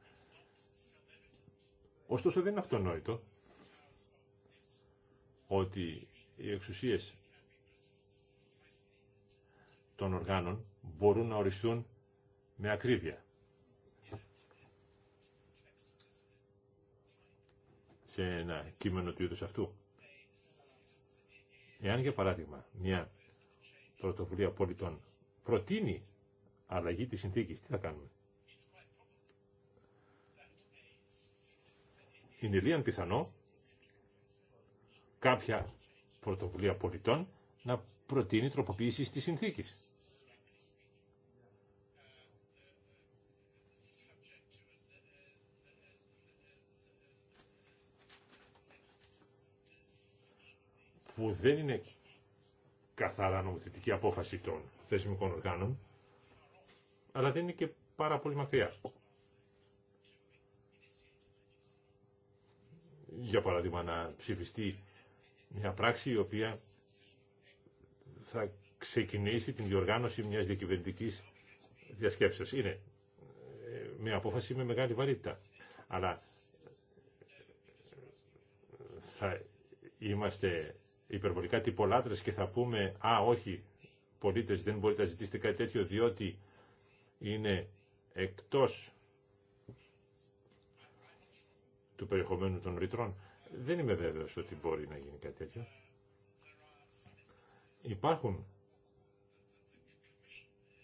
Ωστόσο δεν είναι αυτονόητο ότι οι εξουσίες των οργάνων μπορούν να οριστούν με ακρίβεια. Σε ένα κείμενο του είδους αυτού. Εάν για παράδειγμα μια πρωτοβουλία πολιτών προτείνει αλλαγή της συνθήκης. Τι θα κάνουμε. Είναι λίγαν πιθανό κάποια πρωτοβουλία πολιτών να προτείνει τροποποίηση της συνθήκης. που δεν είναι καθαρά νομοθετική απόφαση των θεσμικών οργάνων, αλλά δεν είναι και πάρα πολύ μακριά. Για παράδειγμα, να ψηφιστεί μια πράξη η οποία θα ξεκινήσει την διοργάνωση μιας διακυβερνητικής διασκέψεως. Είναι ε, μια απόφαση με μεγάλη βαρύτητα, αλλά ε, θα είμαστε υπερβολικά τυπολάτρες και θα πούμε «Α, όχι, πολίτες, δεν μπορείτε να ζητήσετε κάτι τέτοιο, διότι είναι εκτός του περιεχομένου των ρήτρων. Δεν είμαι βέβαιος ότι μπορεί να γίνει κάτι τέτοιο. Υπάρχουν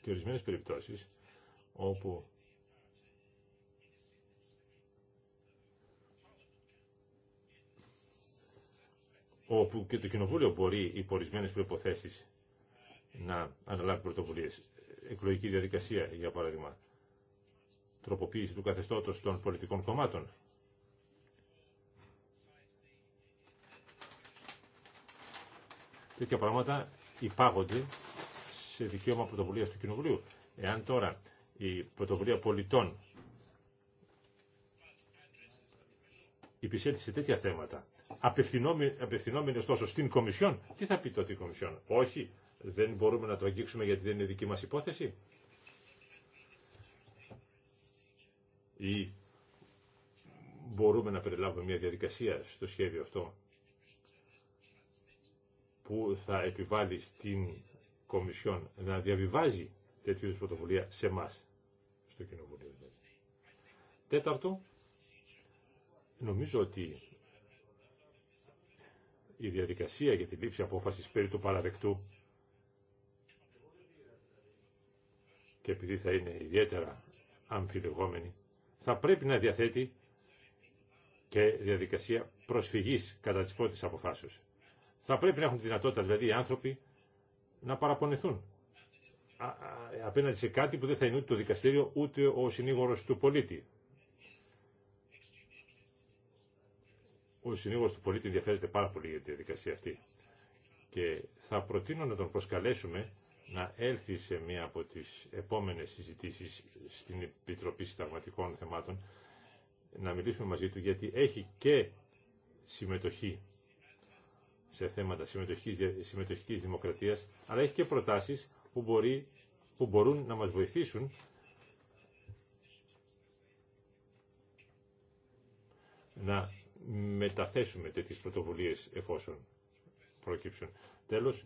και ορισμένες περιπτώσεις όπου όπου και το Κοινοβούλιο μπορεί οι ορισμένε προϋποθέσεις να αναλάβει πρωτοβουλίες εκλογική διαδικασία, για παράδειγμα. Τροποποίηση του καθεστώτος των πολιτικών κομμάτων. Τέτοια πράγματα υπάγονται σε δικαίωμα πρωτοβουλία του Κοινοβουλίου. Εάν τώρα η πρωτοβουλία πολιτών υπησέλθει σε τέτοια θέματα, απευθυνόμενοι ωστόσο στην Κομισιόν, τι θα πει τότε η Κομισιόν. Όχι, δεν μπορούμε να το αγγίξουμε γιατί δεν είναι δική μας υπόθεση. Ή μπορούμε να περιλάβουμε μια διαδικασία στο σχέδιο αυτό που θα επιβάλλει στην Κομισιόν να διαβιβάζει τέτοιου είδου πρωτοβουλία σε εμά, στο Κοινοβούλιο. Δηλαδή. Τέταρτο, νομίζω ότι η διαδικασία για τη λήψη απόφασης περί του παραδεκτού και επειδή θα είναι ιδιαίτερα αμφιλεγόμενη, θα πρέπει να διαθέτει και διαδικασία προσφυγής κατά της πρώτες αποφάσεως. Θα πρέπει να έχουν τη δυνατότητα δηλαδή οι άνθρωποι να παραπονεθούν απέναντι σε κάτι που δεν θα είναι ούτε το δικαστήριο ούτε ο συνήγορος του πολίτη. Ο συνήγορος του πολίτη ενδιαφέρεται πάρα πολύ για τη διαδικασία αυτή και θα προτείνω να τον προσκαλέσουμε να έλθει σε μία από τις επόμενες συζητήσεις στην Επιτροπή Συνταγματικών Θεμάτων να μιλήσουμε μαζί του γιατί έχει και συμμετοχή σε θέματα συμμετοχικής, συμμετοχικής δημοκρατίας αλλά έχει και προτάσεις που, μπορεί, που μπορούν να μας βοηθήσουν να μεταθέσουμε τέτοιες πρωτοβουλίες εφόσον προκύψουν. Τέλος,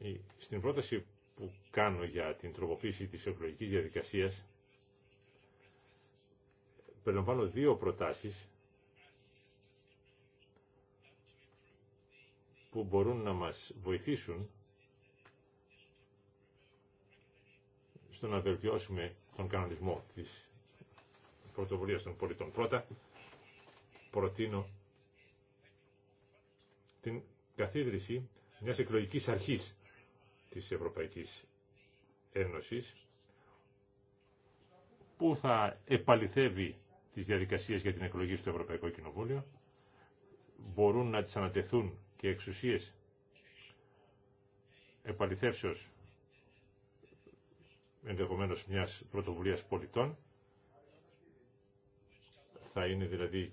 ε, στην πρόταση που κάνω για την τροποποίηση της εκλογικής διαδικασίας περιλαμβάνω δύο προτάσεις που μπορούν να μας βοηθήσουν στο να βελτιώσουμε τον κανονισμό της πρωτοβουλίας των πολιτών. Πρώτα, προτείνω την καθίδρυση μιας εκλογικής αρχής της Ευρωπαϊκής Ένωσης που θα επαληθεύει τις διαδικασίες για την εκλογή στο Ευρωπαϊκό Κοινοβούλιο μπορούν να τις ανατεθούν και εξουσίες επαληθεύσεως ενδεχομένως μιας πρωτοβουλίας πολιτών θα είναι δηλαδή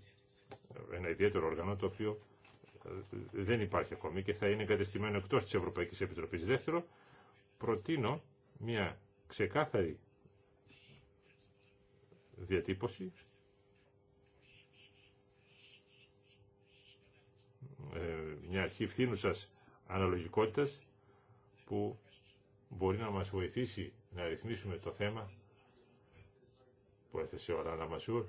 ένα ιδιαίτερο όργανο το οποίο δεν υπάρχει ακόμη και θα είναι εγκατεστημένο εκτός της Ευρωπαϊκής Επιτροπής. Δεύτερο, προτείνω μια ξεκάθαρη διατύπωση ε, μια αρχή φθήνουσας αναλογικότητας που μπορεί να μας βοηθήσει να ρυθμίσουμε το θέμα που έθεσε ο Ράνα Μασούρ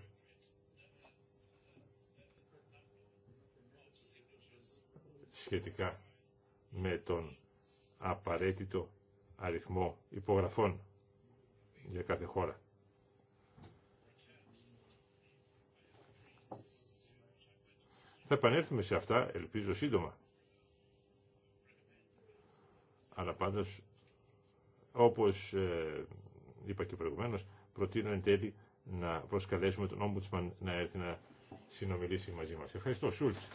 σχετικά με τον απαραίτητο αριθμό υπογραφών για κάθε χώρα. Θα επανέλθουμε σε αυτά, ελπίζω σύντομα. Αλλά πάντως, όπως ε, είπα και προηγουμένως, προτείνω εν τέλει να προσκαλέσουμε τον Ombudsman να έρθει να συνομιλήσει μαζί μας. Ευχαριστώ, Σούλτς.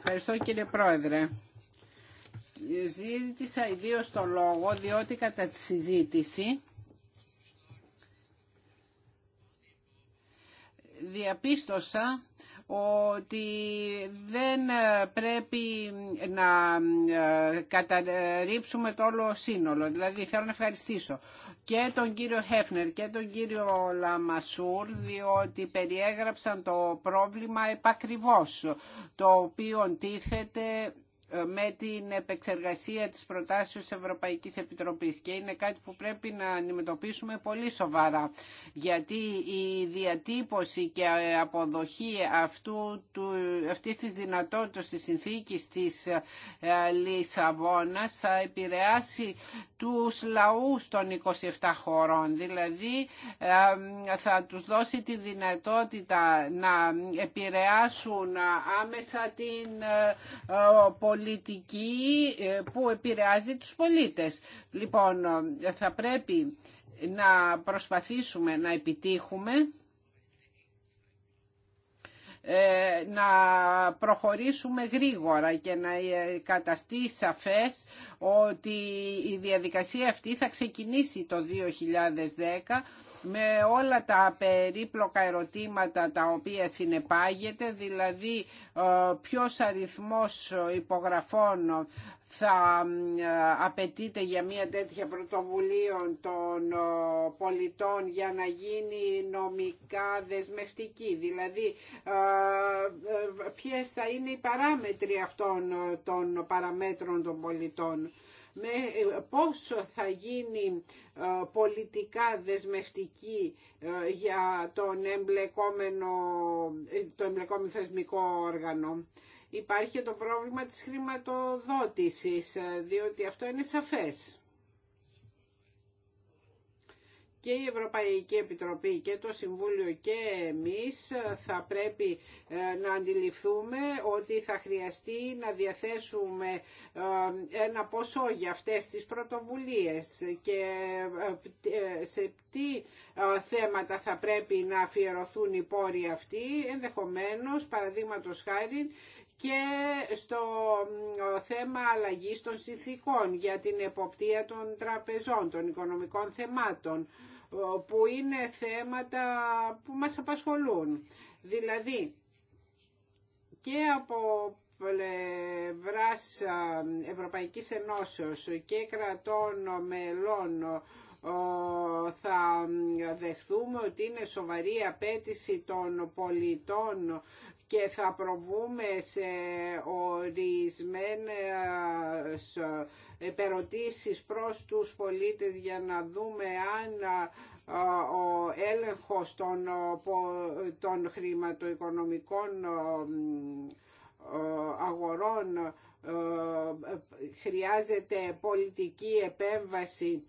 Ευχαριστώ κύριε Πρόεδρε. Ζήτησα ιδίω το λόγο διότι κατά τη συζήτηση διαπίστωσα ότι δεν ε, πρέπει να ε, καταρρύψουμε το όλο σύνολο. Δηλαδή θέλω να ευχαριστήσω και τον κύριο Χέφνερ και τον κύριο Λαμασούρ διότι περιέγραψαν το πρόβλημα επακριβώς το οποίο τίθεται ε, με την επεξεργασία της προτάσεως Ευρωπαϊκής Επιτροπής και είναι κάτι που πρέπει να αντιμετωπίσουμε πολύ σοβαρά γιατί η διατύπωση και αποδοχή αυτού, του, αυτής της δυνατότητας της συνθήκης της ε, Λισαβόνας θα επηρεάσει τους λαούς των 27 χωρών δηλαδή θα τους δώσει τη δυνατότητα να επηρεάσουν άμεσα την πολιτική ε, πολιτική ε, που επηρεάζει τους πολίτες. Λοιπόν, ε, θα πρέπει να προσπαθήσουμε να επιτύχουμε ε, να προχωρήσουμε γρήγορα και να καταστεί σαφές ότι η διαδικασία αυτή θα ξεκινήσει το 2010 με όλα τα περίπλοκα ερωτήματα τα οποία συνεπάγεται, δηλαδή ε, ποιος αριθμός υπογραφών θα ε, απαιτείται για μια τέτοια πρωτοβουλία των ε, πολιτών για να γίνει νομικά δεσμευτική. Δηλαδή, ποιες θα είναι οι παράμετροι αυτών των παραμέτρων των πολιτών με ε, πόσο θα γίνει ε, πολιτικά δεσμευτική ε, για τον εμπλεκόμενο, το εμπλεκόμενο θεσμικό όργανο. Υπάρχει το πρόβλημα της χρηματοδότησης, διότι αυτό είναι σαφές και η Ευρωπαϊκή Επιτροπή και το Συμβούλιο και εμείς θα πρέπει ε, να αντιληφθούμε ότι θα χρειαστεί να διαθέσουμε ε, ένα ποσό για αυτές τις πρωτοβουλίες και ε, σε τι θέματα θα πρέπει να αφιερωθούν οι πόροι αυτοί, ενδεχομένως παραδείγματος χάρη και στο θέμα αλλαγής των συνθήκων για την εποπτεία των τραπεζών, των οικονομικών θεμάτων που είναι θέματα που μας απασχολούν. Δηλαδή, και από πλευράς Ευρωπαϊκής Ενώσεως και κρατών μελών θα δεχθούμε ότι είναι σοβαρή απέτηση των πολιτών και θα προβούμε σε ορισμένες επερωτήσεις προς τους πολίτες για να δούμε αν ο έλεγχος των, των χρηματοοικονομικών αγορών χρειάζεται πολιτική επέμβαση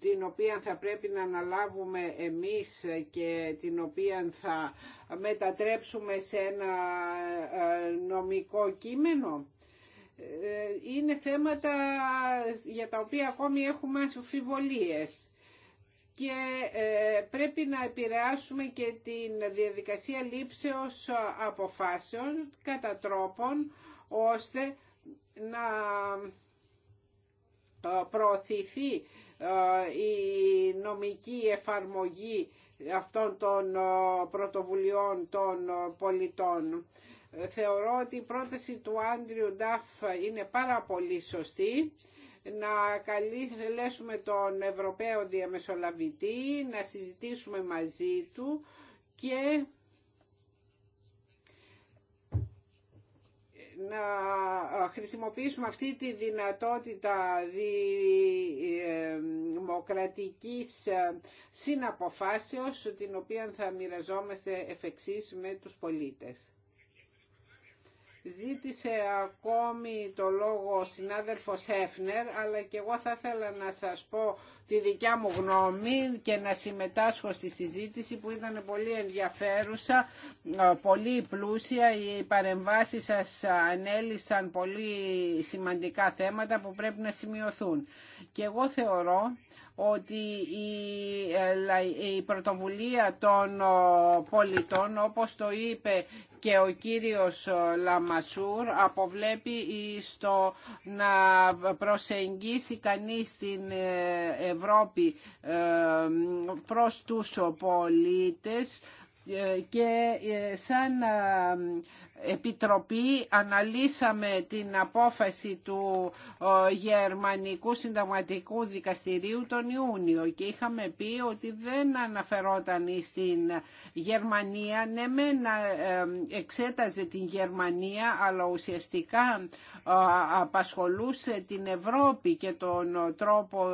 την οποία θα πρέπει να αναλάβουμε εμείς και την οποία θα μετατρέψουμε σε ένα ε, νομικό κείμενο ε, είναι θέματα για τα οποία ακόμη έχουμε αμφιβολίες και ε, πρέπει να επηρεάσουμε και την διαδικασία λήψεως αποφάσεων κατά τρόπον ώστε να ε, προωθηθεί ε, η νομική εφαρμογή αυτών των ε, πρωτοβουλειών των πολιτών. Θεωρώ ότι η πρόταση του Άντριου Νταφ είναι πάρα πολύ σωστή να καλέσουμε τον Ευρωπαίο Διαμεσολαβητή, να συζητήσουμε μαζί του και να ε, χρησιμοποιήσουμε αυτή τη δυνατότητα ε, δημοκρατικής ε, συναποφάσεως την οποία θα μοιραζόμαστε εφ' με τους πολίτες. Ζήτησε ακόμη το λόγο ο συνάδελφος Έφνερ, αλλά και εγώ θα ήθελα να σας πω τη δικιά μου γνώμη και να συμμετάσχω στη συζήτηση που ήταν πολύ ενδιαφέρουσα, ε, πολύ πλούσια. Οι παρεμβάσεις σας ανέλησαν πολύ σημαντικά θέματα που πρέπει να σημειωθούν. Και εγώ θεωρώ ότι η, ε, πρωτοβουλία των ε, πολιτών, όπως το είπε και ο κύριος Λαμασούρ αποβλέπει στο να προσεγγίσει κανείς την ε, Ευρώπη ε, προς τους πολίτες ε, και σαν Επιτροπή αναλύσαμε την απόφαση του ε, Γερμανικού Συνταγματικού Δικαστηρίου τον Ιούνιο και είχαμε πει ότι δεν αναφερόταν στην Γερμανία. Ναι, με να ε, ε, εξέταζε την Γερμανία, αλλά ουσιαστικά απασχολούσε την Ευρώπη και τον τρόπο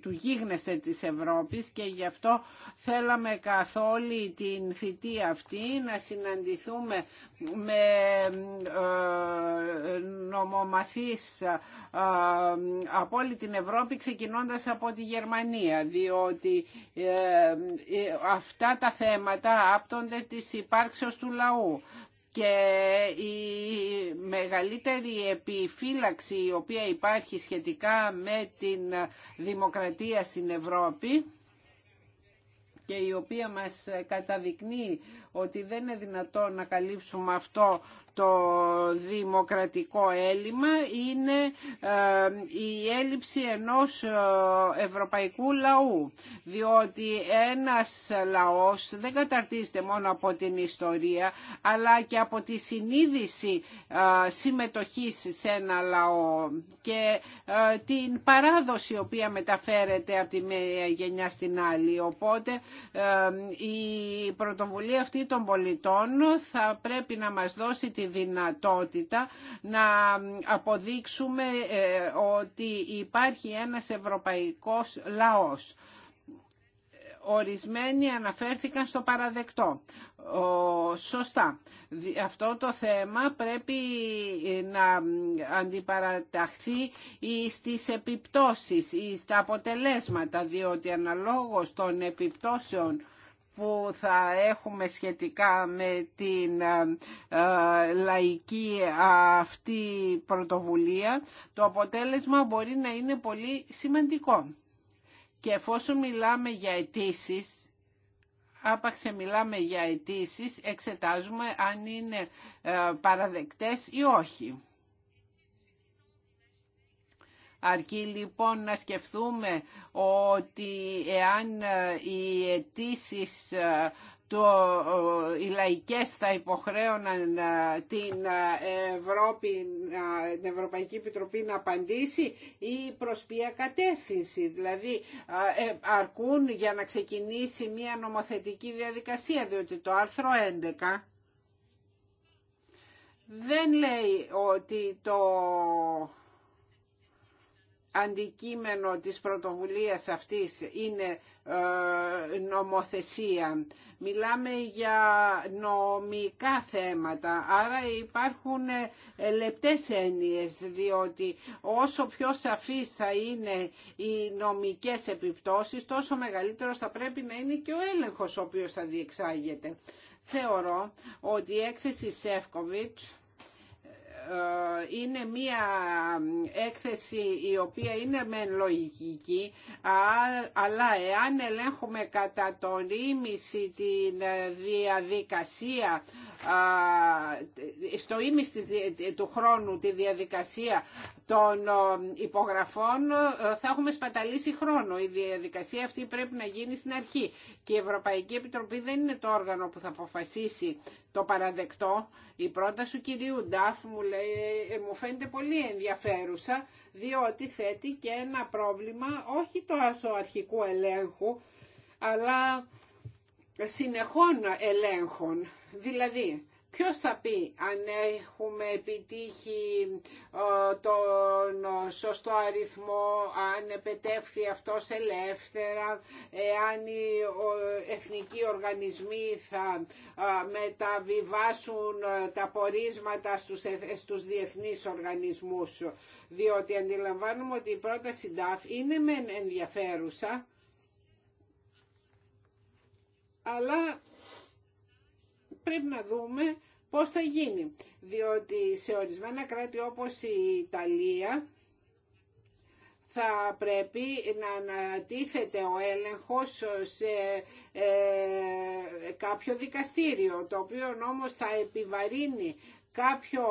του γίγνεσθε της Ευρώπης και γι' αυτό θέλαμε καθ' όλη την θητή αυτή να συναντηθούμε με ε, νομομαθείς ε, από όλη την Ευρώπη ξεκινώντας από τη Γερμανία διότι ε, αυτά τα θέματα άπτονται της υπάρξεως του λαού και η μεγαλύτερη επιφύλαξη η οποία υπάρχει σχετικά με την δημοκρατία στην Ευρώπη και η οποία μας καταδεικνύει ότι δεν είναι δυνατόν να καλύψουμε αυτό το δημοκρατικό έλλειμμα είναι ε, η έλλειψη ενός ε, ευρωπαϊκού λαού. Διότι ένας λαός δεν καταρτίζεται μόνο από την ιστορία αλλά και από τη συνείδηση ε, συμμετοχής σε ένα λαό και την παράδοση η οποία μεταφέρεται από τη μία γενιά στην άλλη. Οπότε η πρωτοβουλία αυτή των πολιτών θα πρέπει να μας δώσει τη δυνατότητα να αποδείξουμε ε, ότι υπάρχει ένας ευρωπαϊκός λαός. Ορισμένοι αναφέρθηκαν στο παραδεκτό. Σωστά. Αυτό το θέμα πρέπει ε, να αντιπαραταχθεί ε, στις επιπτώσεις, στα αποτελέσματα, διότι αναλόγως των επιπτώσεων που θα έχουμε σχετικά με την ε, ε, λαϊκή αυτή πρωτοβουλία, το αποτέλεσμα μπορεί να είναι πολύ σημαντικό. Και εφόσον μιλάμε για αιτήσει, άπαξε μιλάμε για αιτήσει, εξετάζουμε αν είναι ε, παραδεκτές ή όχι. Αρκεί λοιπόν να σκεφτούμε ότι εάν ε, οι αιτήσει ε, το, οι λαϊκές θα υποχρέωναν ε, την, Ευρώπη, την Ευρωπαϊκή Επιτροπή να απαντήσει ή προς ποια κατεύθυνση. Δηλαδή αρκούν για να ξεκινήσει μια νομοθετική διαδικασία, διότι το άρθρο 11 δεν λέει ότι το αντικείμενο της πρωτοβουλίας αυτής είναι ε, νομοθεσία. Μιλάμε για νομικά θέματα, άρα υπάρχουν ε, λεπτές έννοιες, διότι όσο πιο σαφείς θα είναι οι νομικές επιπτώσεις, τόσο μεγαλύτερος θα πρέπει να είναι και ο έλεγχος ο οποίος θα διεξάγεται. Θεωρώ ότι η έκθεση Σεύκοβιτς ε, είναι μία έκθεση η οποία είναι μεν λογική, αλλά εάν ελέγχουμε κατά τον ίμιση την ε, διαδικασία στο ίμις του χρόνου τη διαδικασία των υπογραφών ε, θα έχουμε σπαταλήσει χρόνο. Η διαδικασία αυτή πρέπει να γίνει στην αρχή και η Ευρωπαϊκή Επιτροπή δεν είναι το όργανο που θα αποφασίσει το παραδεκτό. Η πρόταση του κυρίου Νταφ μου, λέει, ε, μου φαίνεται πολύ ενδιαφέρουσα διότι θέτει και ένα πρόβλημα όχι τόσο αρχικού ελέγχου αλλά συνεχών ελέγχων Δηλαδή, Ποιος θα πει αν έχουμε επιτύχει ε, τον σωστό αριθμό, αν επετεύχθη αυτός ελεύθερα, αν οι εθνικοί οργανισμοί θα ε, μεταβιβάσουν ε, τα πορίσματα στους, στους διεθνείς οργανισμούς. Διότι αντιλαμβάνουμε ότι η πρόταση DAF είναι μεν ενδιαφέρουσα, αλλά πρέπει να δούμε πώς θα γίνει. Διότι σε ορισμένα κράτη όπως η Ιταλία θα πρέπει να ανατίθεται ο έλεγχος σε ε, κάποιο δικαστήριο, το οποίο όμως θα επιβαρύνει κάποιο,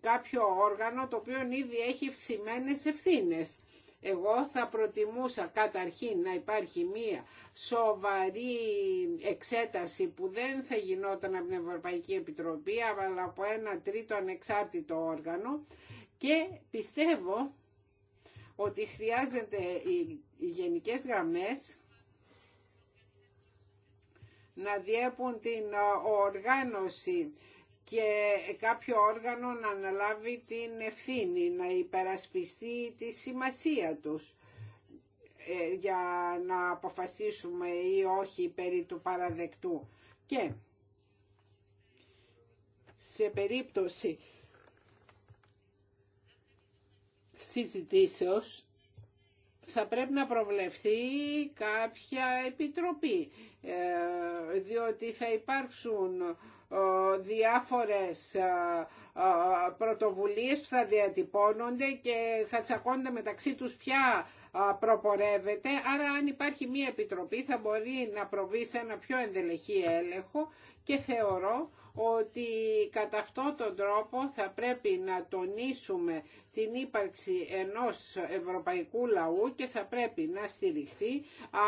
κάποιο όργανο το οποίο ήδη έχει ευξημένες ευθύνες. Εγώ θα προτιμούσα καταρχήν να υπάρχει μία σοβαρή εξέταση που δεν θα γινόταν από την Ευρωπαϊκή Επιτροπή αλλά από ένα τρίτο ανεξάρτητο όργανο και πιστεύω ότι χρειάζεται οι γενικές γραμμές να διέπουν την οργάνωση και κάποιο όργανο να αναλάβει την ευθύνη, να υπερασπιστεί τη σημασία τους ε, για να αποφασίσουμε ή όχι περί του παραδεκτού. Και σε περίπτωση συζητήσεως θα πρέπει να προβλεφθεί κάποια επιτροπή, ε, διότι θα υπάρξουν ε, διάφορες ε, ε, πρωτοβουλίες που θα διατυπώνονται και θα τσακώνται μεταξύ τους πια προπορεύεται. Άρα αν υπάρχει μία επιτροπή θα μπορεί να προβεί σε ένα πιο ενδελεχή έλεγχο και θεωρώ ότι κατά αυτόν τον τρόπο θα πρέπει να τονίσουμε την ύπαρξη ενός ευρωπαϊκού λαού και θα πρέπει να στηριχθεί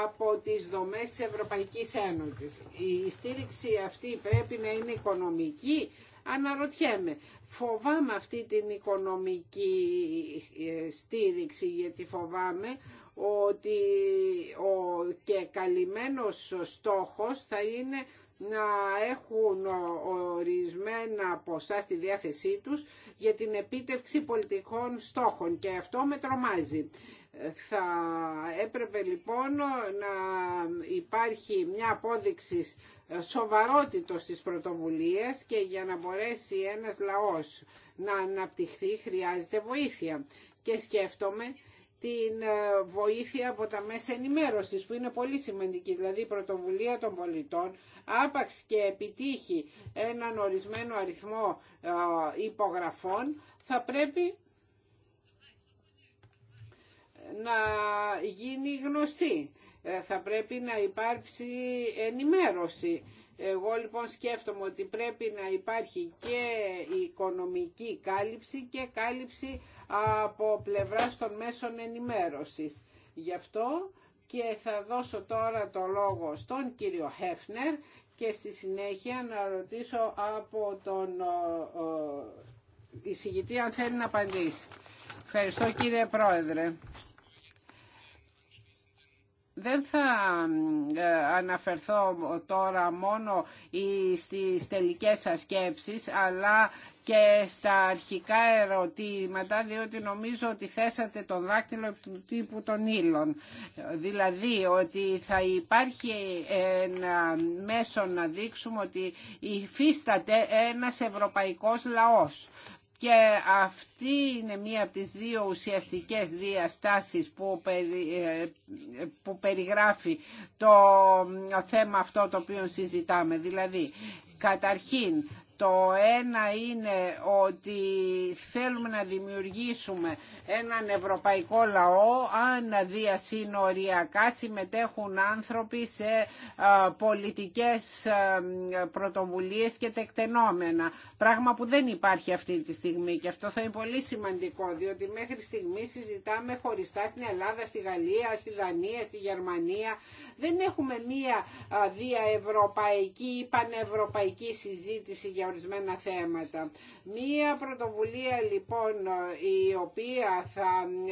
από τις δομές της Ευρωπαϊκής Ένωσης. Η στήριξη αυτή πρέπει να είναι οικονομική, Αναρωτιέμαι, φοβάμαι αυτή την οικονομική ε, στήριξη γιατί φοβάμαι ότι ο και καλυμμένος στόχος θα είναι να έχουν ορισμένα ποσά στη διάθεσή τους για την επίτευξη πολιτικών στόχων και αυτό με τρομάζει. Θα έπρεπε λοιπόν να υπάρχει μια απόδειξη σοβαρότητος στις πρωτοβουλίες και για να μπορέσει ένας λαός να αναπτυχθεί χρειάζεται βοήθεια. Και σκέφτομαι την ε, βοήθεια από τα μέσα ενημέρωσης που είναι πολύ σημαντική, δηλαδή η πρωτοβουλία των πολιτών άπαξ και επιτύχει έναν ορισμένο αριθμό ε, υπογραφών θα πρέπει να γίνει γνωστή. Ε, θα πρέπει να υπάρξει ενημέρωση εγώ λοιπόν σκέφτομαι ότι πρέπει να υπάρχει και οικονομική κάλυψη και κάλυψη από πλευράς των μέσων ενημέρωσης. Γι' αυτό και θα δώσω τώρα το λόγο στον κύριο Χέφνερ και στη συνέχεια να ρωτήσω από τον εισηγητή αν θέλει να απαντήσει. Ευχαριστώ κύριε Πρόεδρε. Δεν θα ε, αναφερθώ τώρα μόνο στις τελικές σας αλλά και στα αρχικά ερωτήματα, διότι νομίζω ότι θέσατε τον δάκτυλο του τύπου των ύλων. Δηλαδή ότι θα υπάρχει ένα μέσο να δείξουμε ότι υφίσταται ένας ευρωπαϊκός λαός και αυτή είναι μία από τις δύο ουσιαστικές διαστάσεις που, περι, ε, που περιγράφει το θέμα αυτό το οποίο συζητάμε. Δηλαδή, καταρχήν το ένα είναι ότι θέλουμε να δημιουργήσουμε έναν ευρωπαϊκό λαό αν διασύνοριακά συμμετέχουν άνθρωποι σε πολιτικές πρωτοβουλίες και τεκτενόμενα. Πράγμα που δεν υπάρχει αυτή τη στιγμή και αυτό θα είναι πολύ σημαντικό διότι μέχρι στιγμή συζητάμε χωριστά στην Ελλάδα, στη Γαλλία, στη Δανία, στη Γερμανία. Δεν έχουμε μία διαευρωπαϊκή ή πανευρωπαϊκή συζήτηση για ορισμένα θέματα. Μία πρωτοβουλία λοιπόν η οποία θα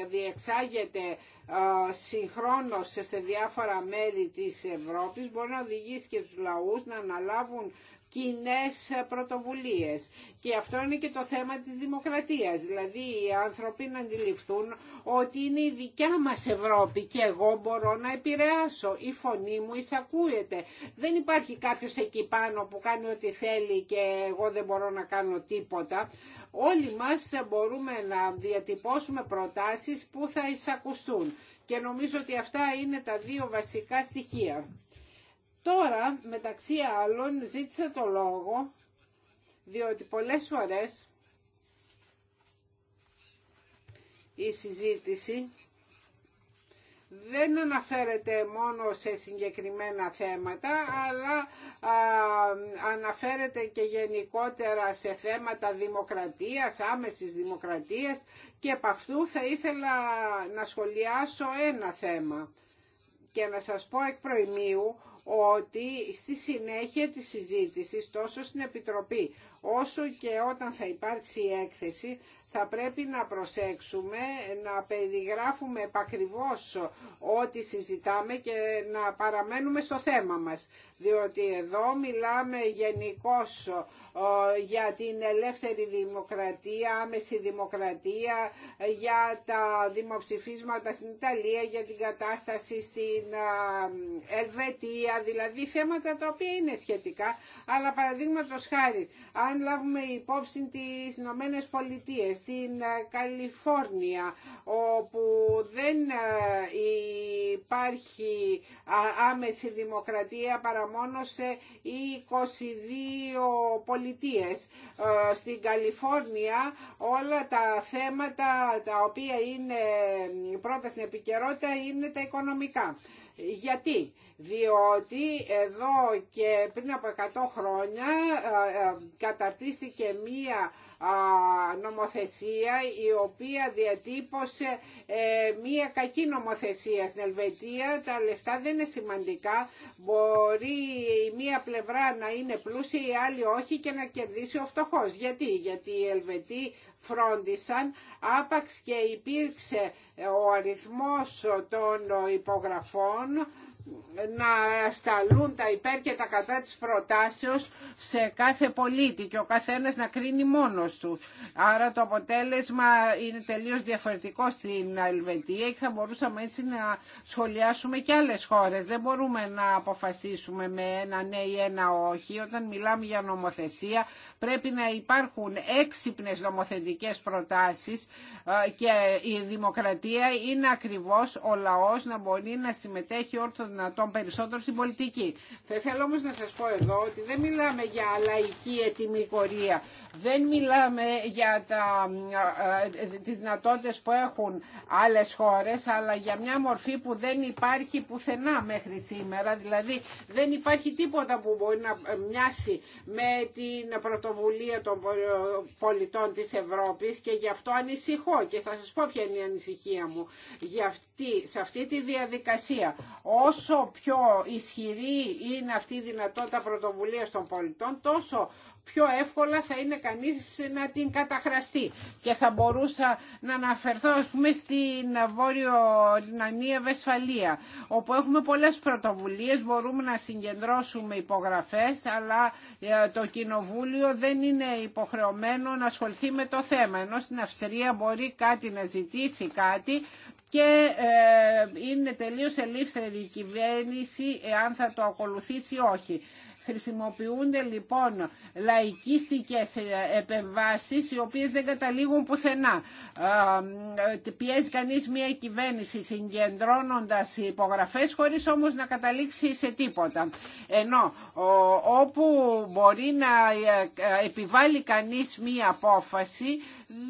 διεξάγεται ε, συγχρόνως σε διάφορα μέλη της Ευρώπης μπορεί να οδηγήσει και τους λαούς να αναλάβουν κοινέ πρωτοβουλίες. Και αυτό είναι και το θέμα της δημοκρατίας. Δηλαδή οι άνθρωποι να αντιληφθούν ότι είναι η δικιά μας Ευρώπη και εγώ μπορώ να επηρεάσω. Η φωνή μου εισακούεται. Δεν υπάρχει κάποιο εκεί πάνω που κάνει ό,τι θέλει και εγώ δεν μπορώ να κάνω τίποτα. Όλοι μας μπορούμε να διατυπώσουμε προτάσεις που θα εισακουστούν. Και νομίζω ότι αυτά είναι τα δύο βασικά στοιχεία. Τώρα, μεταξύ άλλων, ζήτησα το λόγο, διότι πολλές φορές η συζήτηση δεν αναφέρεται μόνο σε συγκεκριμένα θέματα, αλλά αναφέρεται και γενικότερα σε θέματα δημοκρατίας, άμεσης δημοκρατίας και από αυτού θα ήθελα να σχολιάσω ένα θέμα και να σας πω εκ προημίου ότι στη συνέχεια της συζήτησης τόσο στην Επιτροπή όσο και όταν θα υπάρξει έκθεση θα πρέπει να προσέξουμε να περιγράφουμε επακριβώς ό,τι συζητάμε και να παραμένουμε στο θέμα μας. Διότι εδώ μιλάμε γενικώ ε, για την ελεύθερη δημοκρατία, άμεση δημοκρατία, για τα δημοψηφίσματα στην Ιταλία, για την κατάσταση στην ε, Ελβετία, δηλαδή θέματα τα οποία είναι σχετικά, αλλά παραδείγματος χάρη, αν λάβουμε υπόψη τις Ηνωμένε Πολιτείε, την ε, Καλιφόρνια, όπου δεν ε, υπάρχει άμεση δημοκρατία παρά μόνο σε 22 πολιτείες. Ε, στην Καλιφόρνια όλα τα θέματα τα οποία είναι πρώτα στην επικαιρότητα είναι τα οικονομικά. Γιατί, διότι εδώ και πριν από 100 χρόνια ε, ε, καταρτίστηκε μία νομοθεσία η οποία διατύπωσε ε, μία κακή νομοθεσία στην Ελβετία. Τα λεφτά δεν είναι σημαντικά. Μπορεί η μία πλευρά να είναι πλούσια, η άλλη όχι και να κερδίσει ο φτωχός. Γιατί, γιατί οι Ελβετοί φρόντισαν άπαξ και υπήρξε ο αριθμός των υπογραφών να σταλούν τα υπέρ και τα κατά της προτάσεως σε κάθε πολίτη και ο καθένας να κρίνει μόνος του. Άρα το αποτέλεσμα είναι τελείως διαφορετικό στην Ελβετία και θα μπορούσαμε έτσι να σχολιάσουμε και άλλες χώρες. Δεν μπορούμε να αποφασίσουμε με ένα ναι ή ένα όχι. Όταν μιλάμε για νομοθεσία πρέπει να υπάρχουν έξυπνες νομοθετικές προτάσεις ε, και η δημοκρατία είναι ακριβώς ο λαός να μπορεί να συμμετέχει όρθον δυνατόν περισσότερο στην πολιτική. Θα ήθελα όμως να σας πω εδώ ότι δεν μιλάμε για λαϊκή ετοιμικορία. Δεν μιλάμε για τα, ε, ε, τις δυνατότητες που έχουν άλλες χώρες, αλλά για μια μορφή που δεν υπάρχει πουθενά μέχρι σήμερα. Δηλαδή δεν υπάρχει τίποτα που μπορεί να μοιάσει με την πρωτοβουλία των πολιτών της Ευρώπης και γι' αυτό ανησυχώ και θα σας πω ποια είναι η ανησυχία μου. Για αυτή, σε αυτή τη διαδικασία όσο πιο ισχυρή είναι αυτή η δυνατότητα πρωτοβουλία των πολιτών τόσο πιο εύκολα θα είναι κανείς να την καταχραστεί. Και θα μπορούσα να αναφερθώ ας πούμε στην Βόρειο Λινανία Βεσφαλία όπου έχουμε πολλές πρωτοβουλίες, μπορούμε να συγκεντρώσουμε υπογραφές αλλά ε, το Κοινοβούλιο δεν είναι υποχρεωμένο να ασχοληθεί με το θέμα ενώ στην Αυστρία μπορεί κάτι να ζητήσει κάτι και ε, είναι τελείως ελεύθερη η κυβέρνηση εάν θα το ακολουθήσει ή όχι. Χρησιμοποιούνται λοιπόν λαϊκίστικες ε, επεμβάσεις οι οποίες δεν καταλήγουν πουθενά. Ε, πιέζει κανείς μια κυβέρνηση συγκεντρώνοντας υπογραφές χωρίς όμως να καταλήξει σε τίποτα. Ενώ όπου μπορεί να ε, επιβάλλει κανείς μια απόφαση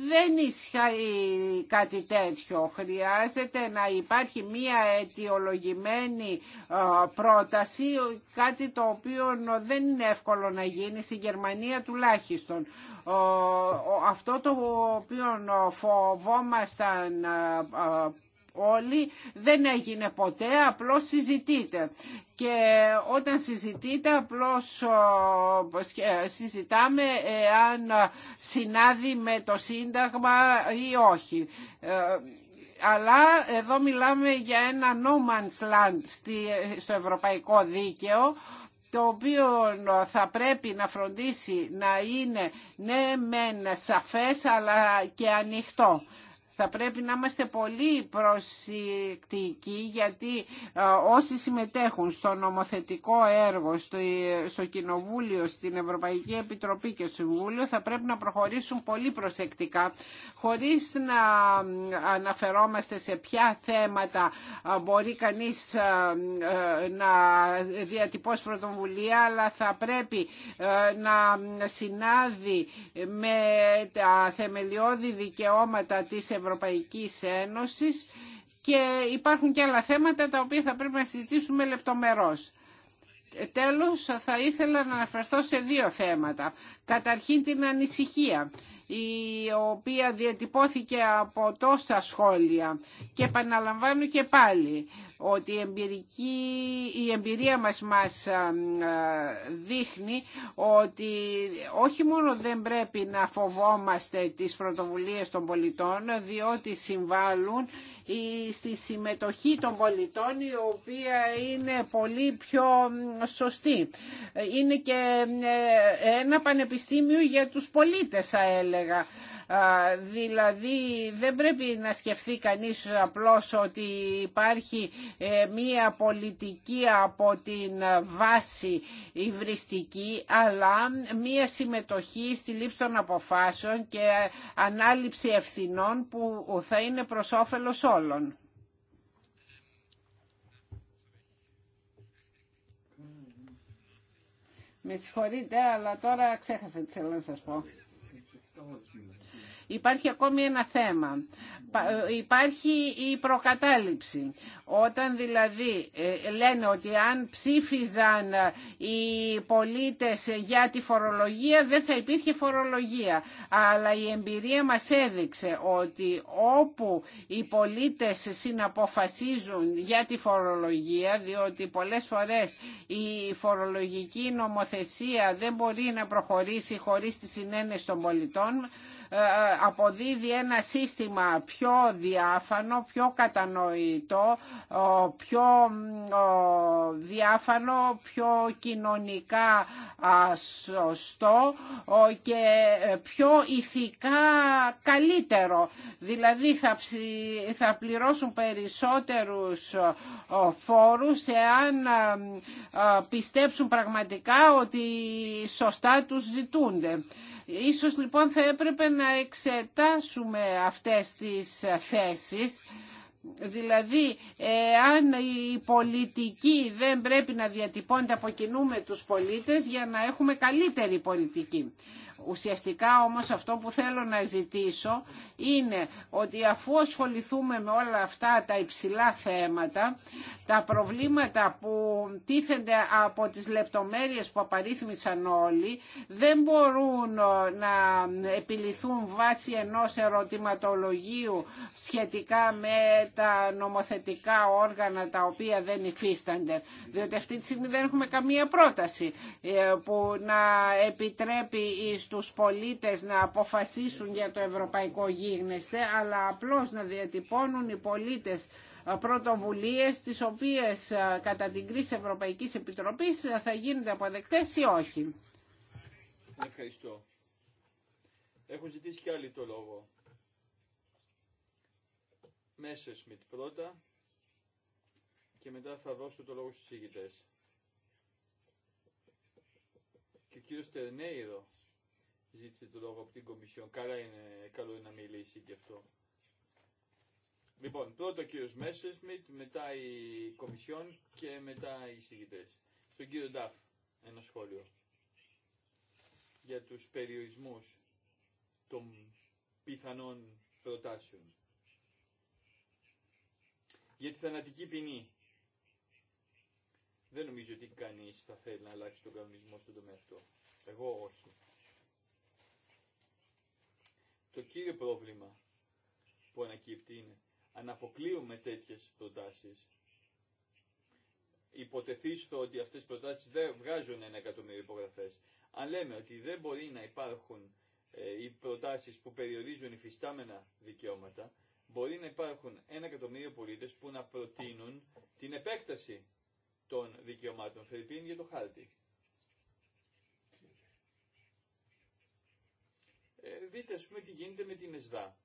δεν ισχύει κάτι τέτοιο. Χρειάζεται να υπάρχει μία αιτιολογημένη πρόταση, κάτι το οποίο δεν είναι εύκολο να γίνει, στη Γερμανία τουλάχιστον. Αυτό το οποίο φοβόμασταν όλοι, δεν έγινε ποτέ, απλώς συζητείτε. Και όταν συζητείτε, απλώς συζητάμε αν συνάδει με το Σύνταγμα ή όχι ε, αλλά εδώ μιλάμε για ένα no man's land στο ευρωπαϊκό δίκαιο το οποίο θα πρέπει να φροντίσει να είναι ναι μεν σαφές αλλά και ανοιχτό. Θα πρέπει να είμαστε πολύ προσεκτικοί γιατί ε, όσοι συμμετέχουν στο νομοθετικό έργο, ε, στο Κοινοβούλιο, στην Ευρωπαϊκή Επιτροπή και στο Συμβούλιο θα πρέπει να προχωρήσουν πολύ προσεκτικά χωρίς να ε, αναφερόμαστε σε ποια θέματα μπορεί κανείς να διατυπώσει πρωτοβουλία αλλά θα πρέπει να συνάδει με τα θεμελιώδη δικαιώματα της Ευρωπαϊκής Ευρωπαϊκής Ένωσης και υπάρχουν και άλλα θέματα τα οποία θα πρέπει να συζητήσουμε λεπτομερώς. Τέλος, θα ήθελα να αναφερθώ σε δύο θέματα. Καταρχήν την ανησυχία η οποία διατυπώθηκε από τόσα σχόλια και επαναλαμβάνω και πάλι ότι η, εμπειρική, η εμπειρία μας μας δείχνει ότι όχι μόνο δεν πρέπει να φοβόμαστε τις πρωτοβουλίες των πολιτών διότι συμβάλλουν στη συμμετοχή των πολιτών η οποία είναι πολύ πιο σωστή. Είναι και ε, ένα πανεπιστήμιο πανεπιστήμιου για τους πολίτες θα έλεγα. Δηλαδή δεν πρέπει να σκεφτεί κανείς απλώς ότι υπάρχει ε, μία πολιτική από την βάση υβριστική αλλά μία συμμετοχή στη λήψη των αποφάσεων και ανάληψη ευθυνών που θα είναι προς όφελος όλων. Με συγχωρείτε, αλλά τώρα ξέχασα τι θέλω να σας πω. Υπάρχει ακόμη ένα θέμα. Ε, υπάρχει η προκατάληψη. Όταν δηλαδή ε, λένε ότι αν ψήφιζαν ε, οι πολίτες για τη φορολογία δεν θα υπήρχε φορολογία. Αλλά η εμπειρία μας έδειξε ότι όπου οι πολίτες συναποφασίζουν για τη φορολογία, διότι πολλές φορές η φορολογική νομοθεσία δεν μπορεί να προχωρήσει χωρίς τη συνένεση των πολιτών, ε, αποδίδει ένα σύστημα πιο διάφανο, πιο κατανοητό, πιο διάφανο, πιο κοινωνικά σωστό και ε, πιο ηθικά καλύτερο. Δηλαδή θα πληρώσουν περισσότερους φόρους εάν ε, πιστέψουν πραγματικά ότι σωστά τους ζητούνται. Ίσως λοιπόν θα έπρεπε να εξετάσουμε αυτές τις θέσεις. Δηλαδή, ε, αν η πολιτική δεν πρέπει να διατυπώνεται από κοινού με τους πολίτες για να έχουμε καλύτερη πολιτική. Ουσιαστικά όμως αυτό που θέλω να ζητήσω είναι ότι αφού ασχοληθούμε με όλα αυτά τα υψηλά θέματα, τα προβλήματα που τίθενται από τις λεπτομέρειες που απαρίθμησαν όλοι, δεν μπορούν ε, να επιληθούν βάσει ενός ερωτηματολογίου σχετικά με τα νομοθετικά όργανα τα οποία δεν υφίστανται. Διότι αυτή τη στιγμή δεν έχουμε καμία πρόταση ε, που να επιτρέπει τους πολίτες να αποφασίσουν για το ευρωπαϊκό γίγνεσθε, αλλά απλώς να διατυπώνουν οι πολίτες ε, πρωτοβουλίες τις οποίες ε, κατά την κρίση Ευρωπαϊκής Επιτροπής ε, θα γίνονται αποδεκτές ή όχι. Ευχαριστώ. Έχω ζητήσει και άλλη το λόγο. Μέσες Σμιτ πρώτα και μετά θα δώσω το λόγο στους ηγητές. Και ο κύριος Τερνέιρο ζήτησε το λόγο από την Κομισιόν. Καλά είναι, καλό είναι να μιλήσει και αυτό. Λοιπόν, πρώτο ο κύριος Μέσσερσμιτ, μετά η Κομισιόν και μετά οι εισηγητέ. Στον κύριο Νταφ ένα σχόλιο για τους περιορισμούς των πιθανών προτάσεων. Για τη θανατική ποινή. Δεν νομίζω ότι κανείς θα θέλει να αλλάξει τον κανονισμό στον τομέα αυτό. Εγώ όχι το κύριο πρόβλημα που ανακύπτει είναι αν αποκλείουμε τέτοιες προτάσεις υποτεθείς ότι αυτές οι προτάσεις δεν βγάζουν ένα εκατομμύριο υπογραφές. Αν λέμε ότι δεν μπορεί να υπάρχουν ε, οι προτάσεις που περιορίζουν υφιστάμενα δικαιώματα, μπορεί να υπάρχουν ένα εκατομμύριο πολίτες που να προτείνουν την επέκταση των δικαιωμάτων Φερρυπίν για το χάρτη. Ε, δείτε ας πούμε τι γίνεται με την ΕΣΔΑ.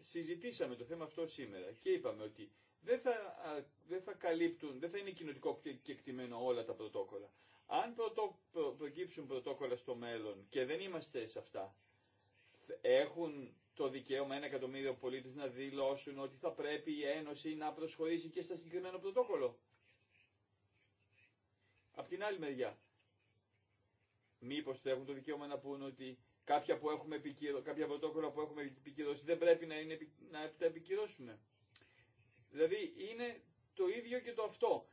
Συζητήσαμε το θέμα αυτό σήμερα και είπαμε ότι δεν θα, δεν θα καλύπτουν, δεν θα είναι κοινωτικό και όλα τα πρωτόκολλα. Αν πρωτο, προ, προκύψουν πρωτόκολλα στο μέλλον και δεν είμαστε σε αυτά, έχουν το δικαίωμα ένα εκατομμύριο πολίτε να δηλώσουν ότι θα πρέπει η Ένωση να προσχωρήσει και στα συγκεκριμένο πρωτόκολλο. Απ' την άλλη μεριά, Μήπως θα έχουν το δικαίωμα να πούν ότι Κάποια, που έχουμε κάποια πρωτόκολλα που έχουμε επικυρώσει δεν πρέπει να, είναι... να τα επικυρώσουμε. Δηλαδή είναι το ίδιο και το αυτό.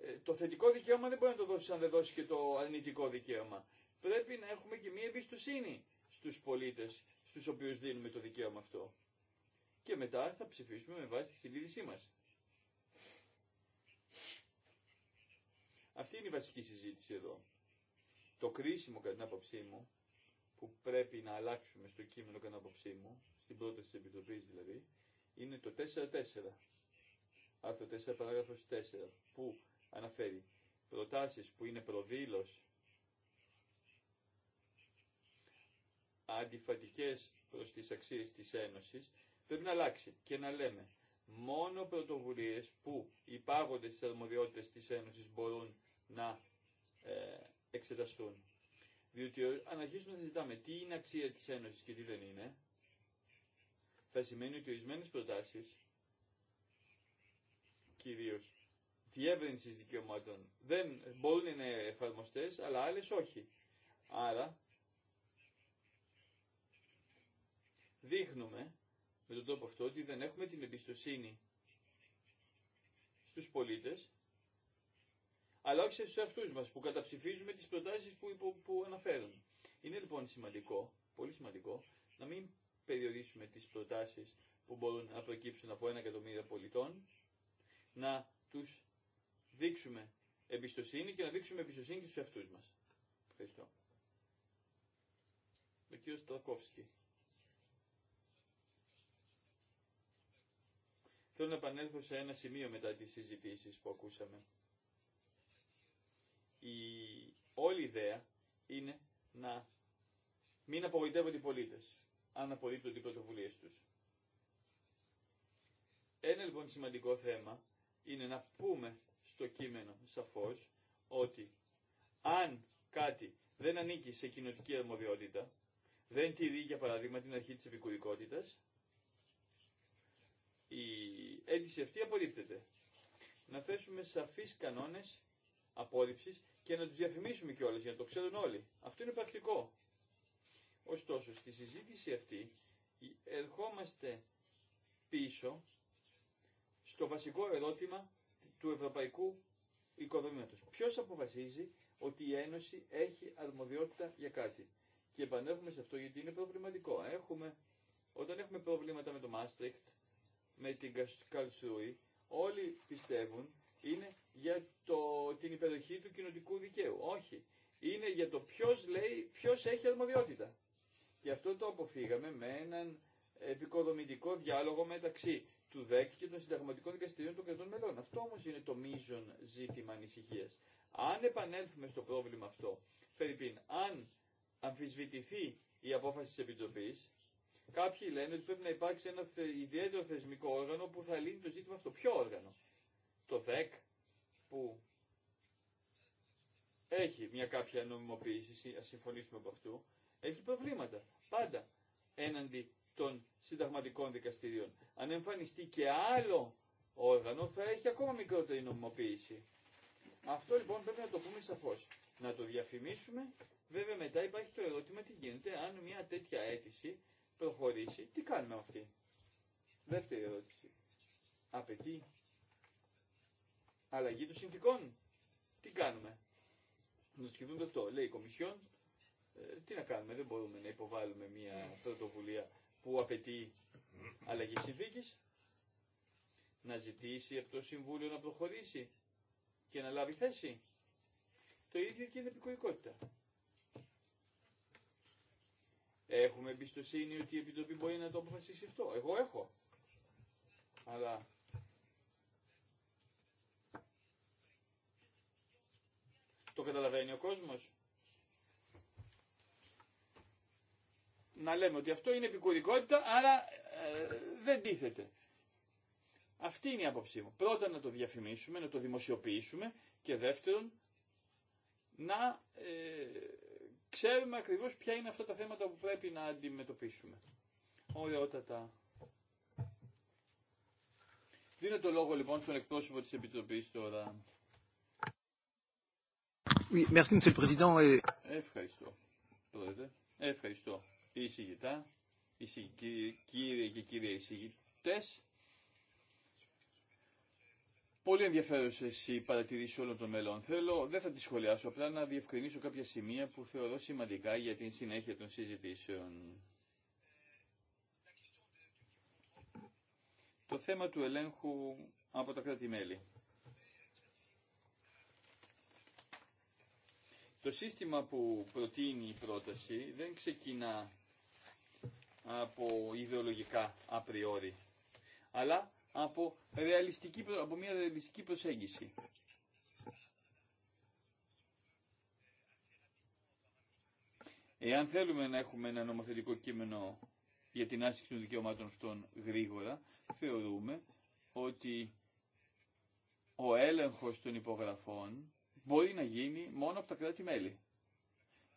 Ε, το θετικό δικαίωμα δεν μπορεί να το δώσει αν δεν δώσει και το αρνητικό δικαίωμα. Πρέπει να έχουμε και μία εμπιστοσύνη στους πολίτες στους οποίους δίνουμε το δικαίωμα αυτό. Και μετά θα ψηφίσουμε με βάση τη συνείδησή μας. Αυτή είναι η βασική συζήτηση εδώ. Το κρίσιμο κατά την άποψή μου που πρέπει να αλλάξουμε στο κείμενο κατά απόψή μου, στην πρόταση της Επιτροπής δηλαδή, είναι το 4-4, άρθρο 4 παράγραφος 4, που αναφέρει προτάσεις που είναι προδήλως αντιφατικές προς τις αξίες της Ένωσης, πρέπει να αλλάξει και να λέμε μόνο πρωτοβουλίες που υπάγονται στις αρμοδιότητες της Ένωσης μπορούν να ε, εξεταστούν. Διότι αν αρχίσουμε να συζητάμε τι είναι αξία της Ένωσης και τι δεν είναι, θα σημαίνει ότι ορισμένε προτάσεις, κυρίως διεύρυνση δικαιωμάτων, δεν μπορούν να είναι εφαρμοστές, αλλά άλλες όχι. Άρα, δείχνουμε με τον τρόπο αυτό ότι δεν έχουμε την εμπιστοσύνη στους πολίτες αλλά όχι σε αυτούς μας που καταψηφίζουμε τις προτάσεις που, που αναφέρουν. Είναι λοιπόν σημαντικό, πολύ σημαντικό, να μην περιορίσουμε τις προτάσεις που μπορούν να προκύψουν από ένα εκατομμύριο πολιτών, να τους δείξουμε εμπιστοσύνη και να δείξουμε εμπιστοσύνη και στους εαυτούς μας. Ευχαριστώ. Ο κύριο Τρακόφσκι. Θέλω να επανέλθω σε ένα σημείο μετά τις συζητήσεις που ακούσαμε η όλη ιδέα είναι να μην απογοητεύονται οι πολίτε αν απορρίπτονται οι πρωτοβουλίε του. Ένα λοιπόν σημαντικό θέμα είναι να πούμε στο κείμενο σαφώς ότι αν κάτι δεν ανήκει σε κοινοτική αρμοδιότητα, δεν τηρεί για παράδειγμα την αρχή της επικουρικότητας, η αίτηση αυτή απορρίπτεται. Να θέσουμε σαφείς κανόνες απόρριψης και να τους διαφημίσουμε κιόλας για να το ξέρουν όλοι. Αυτό είναι πρακτικό. Ωστόσο, στη συζήτηση αυτή ερχόμαστε πίσω στο βασικό ερώτημα του ευρωπαϊκού οικοδομήματος. Ποιος αποφασίζει ότι η Ένωση έχει αρμοδιότητα για κάτι. Και επανέρχομαι σε αυτό γιατί είναι προβληματικό. Έχουμε, όταν έχουμε προβλήματα με το Μάστρικτ, με την Καλσούη, όλοι πιστεύουν είναι για το, την υπεροχή του κοινοτικού δικαίου. Όχι. Είναι για το ποιο λέει, ποιο έχει αρμοδιότητα. Και αυτό το αποφύγαμε με έναν επικοδομητικό διάλογο μεταξύ του ΔΕΚ και των συνταγματικών δικαστηρίων των κρατών μελών. Αυτό όμω είναι το μείζον ζήτημα ανησυχία. Αν επανέλθουμε στο πρόβλημα αυτό, Φερρυπίν, αν αμφισβητηθεί η απόφαση τη επιτροπή, κάποιοι λένε ότι πρέπει να υπάρξει ένα ιδιαίτερο θεσμικό όργανο που θα λύνει το ζήτημα αυτό. Ποιο όργανο το ΔΕΚ που έχει μια κάποια νομιμοποίηση, α συμφωνήσουμε από αυτού, έχει προβλήματα. Πάντα έναντι των συνταγματικών δικαστηρίων. Αν εμφανιστεί και άλλο όργανο, θα έχει ακόμα μικρότερη νομιμοποίηση. Αυτό λοιπόν πρέπει να το πούμε σαφώ. Να το διαφημίσουμε. Βέβαια μετά υπάρχει το ερώτημα τι γίνεται αν μια τέτοια αίτηση προχωρήσει. Τι κάνουμε αυτή. Δεύτερη ερώτηση. Απαιτεί αλλαγή των συνθήκων. Τι κάνουμε. Να το σκεφτούμε αυτό. Λέει η Κομισιόν, ε, τι να κάνουμε, δεν μπορούμε να υποβάλουμε μια πρωτοβουλία που απαιτεί αλλαγή συνθήκη. Να ζητήσει αυτό το Συμβούλιο να προχωρήσει και να λάβει θέση. Το ίδιο και η επικουρικότητα. Έχουμε εμπιστοσύνη ότι η Επιτροπή μπορεί να το αποφασίσει αυτό. Εγώ έχω. Αλλά Το καταλαβαίνει ο κόσμος. Να λέμε ότι αυτό είναι επικουρικότητα, άρα ε, δεν τίθεται. Αυτή είναι η άποψή μου. Πρώτα να το διαφημίσουμε, να το δημοσιοποιήσουμε και δεύτερον να ε, ξέρουμε ακριβώς ποια είναι αυτά τα θέματα που πρέπει να αντιμετωπίσουμε. Ωραιότατα. Δίνω το λόγο λοιπόν στον εκπρόσωπο της Επιτροπής τώρα. Oui, merci, Monsieur le Président. Ευχαριστώ, Πρόεδρε. Ευχαριστώ. Οι εισηγητά, κύριε και κύριε εισηγητές. Πολύ ενδιαφέρουσε οι παρατηρήσει όλων των μελών. Θέλω, δεν θα τι σχολιάσω, απλά να διευκρινίσω κάποια σημεία που θεωρώ σημαντικά για την συνέχεια των συζητήσεων. Το θέμα του ελέγχου από τα κράτη-μέλη. Το σύστημα που προτείνει η πρόταση δεν ξεκινά από ιδεολογικά απριόρι, αλλά από, ρεαλιστική, από μια ρεαλιστική προσέγγιση. Εάν θέλουμε να έχουμε ένα νομοθετικό κείμενο για την άσκηση των δικαιωμάτων αυτών γρήγορα, θεωρούμε ότι ο έλεγχος των υπογραφών μπορεί να γίνει μόνο από τα κράτη-μέλη.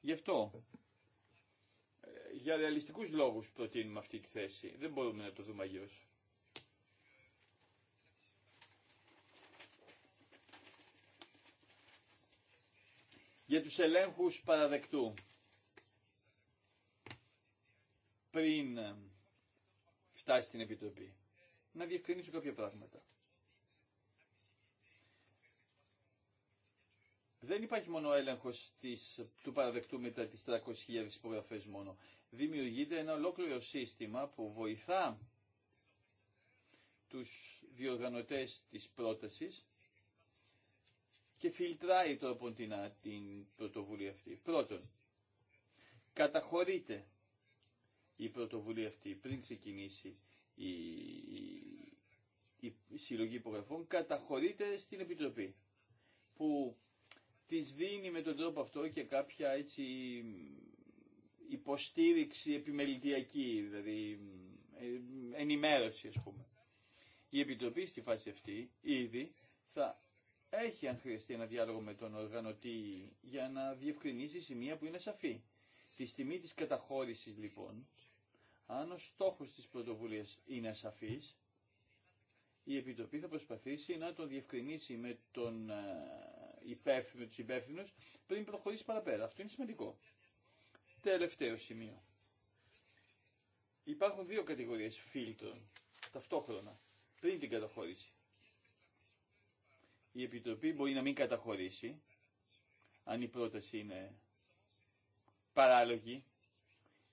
Γι' αυτό, ε, για ρεαλιστικούς λόγους προτείνουμε αυτή τη θέση. Δεν μπορούμε να το δούμε αγίως. Για τους ελέγχους παραδεκτού. Πριν ε, φτάσει στην Επιτροπή. Να διευκρινίσω κάποια πράγματα. Δεν υπάρχει μόνο έλεγχο του παραδεκτού μετά τι 300.000 υπογραφέ μόνο. Δημιουργείται ένα ολόκληρο σύστημα που βοηθά τους διοργανωτέ τη πρόταση και φιλτράει τρόπον την, την πρωτοβουλία αυτή. Πρώτον, καταχωρείται η πρωτοβουλία αυτή πριν ξεκινήσει η, η, η συλλογή υπογραφών, καταχωρείται στην Επιτροπή που Τη δίνει με τον τρόπο αυτό και κάποια έτσι υποστήριξη επιμελητιακή, δηλαδή ε, ενημέρωση ας πούμε. Η Επιτροπή στη φάση αυτή ήδη θα έχει αν χρειαστεί ένα διάλογο με τον οργανωτή για να διευκρινίσει σημεία που είναι σαφή. Τη στιγμή της καταχώρησης λοιπόν, αν ο στόχος της πρωτοβουλίας είναι σαφής, η Επιτροπή θα προσπαθήσει να το διευκρινίσει με, τον, ε, υπεύθυνο, τους υπεύθυνους πριν προχωρήσει παραπέρα. Αυτό είναι σημαντικό. Τελευταίο σημείο. Υπάρχουν δύο κατηγορίες φίλτρων ταυτόχρονα πριν την καταχώρηση. Η Επιτροπή μπορεί να μην καταχωρήσει αν η πρόταση είναι παράλογη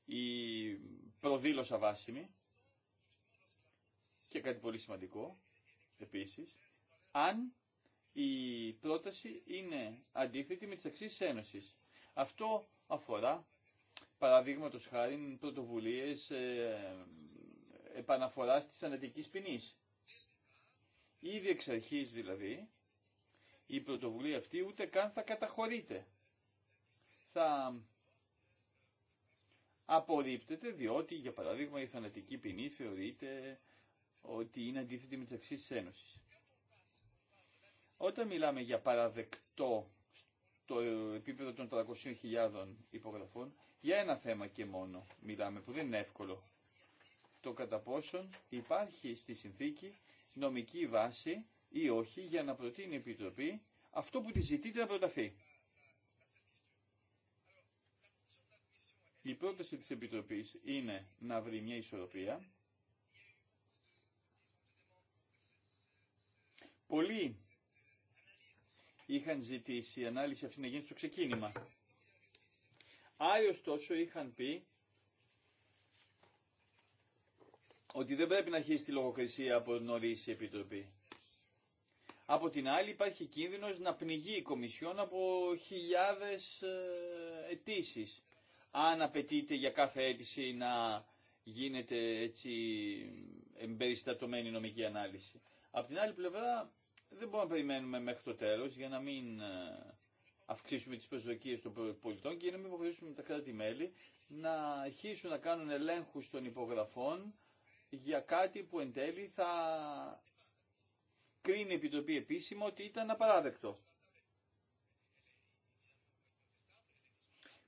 ή προδήλωσα βάσιμη και κάτι πολύ σημαντικό επίσης, αν η πρόταση είναι αντίθετη με τις αξίες Ένωσης. Αυτό αφορά παραδείγματο χάρη πρωτοβουλίες ε, επαναφοράς της θανατικής ποινή. Ήδη εξ αρχής δηλαδή η πρωτοβουλία αυτή ούτε καν θα καταχωρείται. Θα απορρίπτεται διότι για παράδειγμα η θανατική ποινή θεωρείται ότι είναι αντίθετη μεταξύ της Ένωσης. Όταν μιλάμε για παραδεκτό το επίπεδο των 300.000 υπογραφών, για ένα θέμα και μόνο μιλάμε που δεν είναι εύκολο. Το κατά πόσον υπάρχει στη συνθήκη νομική βάση ή όχι για να προτείνει η Επιτροπή αυτό που τη ζητείται να προταθεί. Η πρόταση της Επιτροπής είναι να βρει μια ισορροπία Πολλοί είχαν ζητήσει η ανάλυση αυτή να γίνει στο ξεκίνημα. Άλλοι ωστόσο είχαν πει ότι δεν πρέπει να αρχίσει τη λογοκρισία από νωρί η Επιτροπή. Από την άλλη υπάρχει κίνδυνος να πνιγεί η Κομισιόν από χιλιάδες ε, αιτήσει. Αν απαιτείται για κάθε αίτηση να γίνεται έτσι εμπεριστατωμένη νομική ανάλυση. Απ' την άλλη πλευρά δεν μπορούμε να περιμένουμε μέχρι το τέλος για να μην ε, αυξήσουμε τις προσδοκίες των πολιτών και για να μην υποχρεώσουμε τα κράτη-μέλη να αρχίσουν να κάνουν ελέγχους των υπογραφών για κάτι που εν τέλει θα κρίνει η Επιτροπή επίσημα ότι ήταν απαράδεκτο.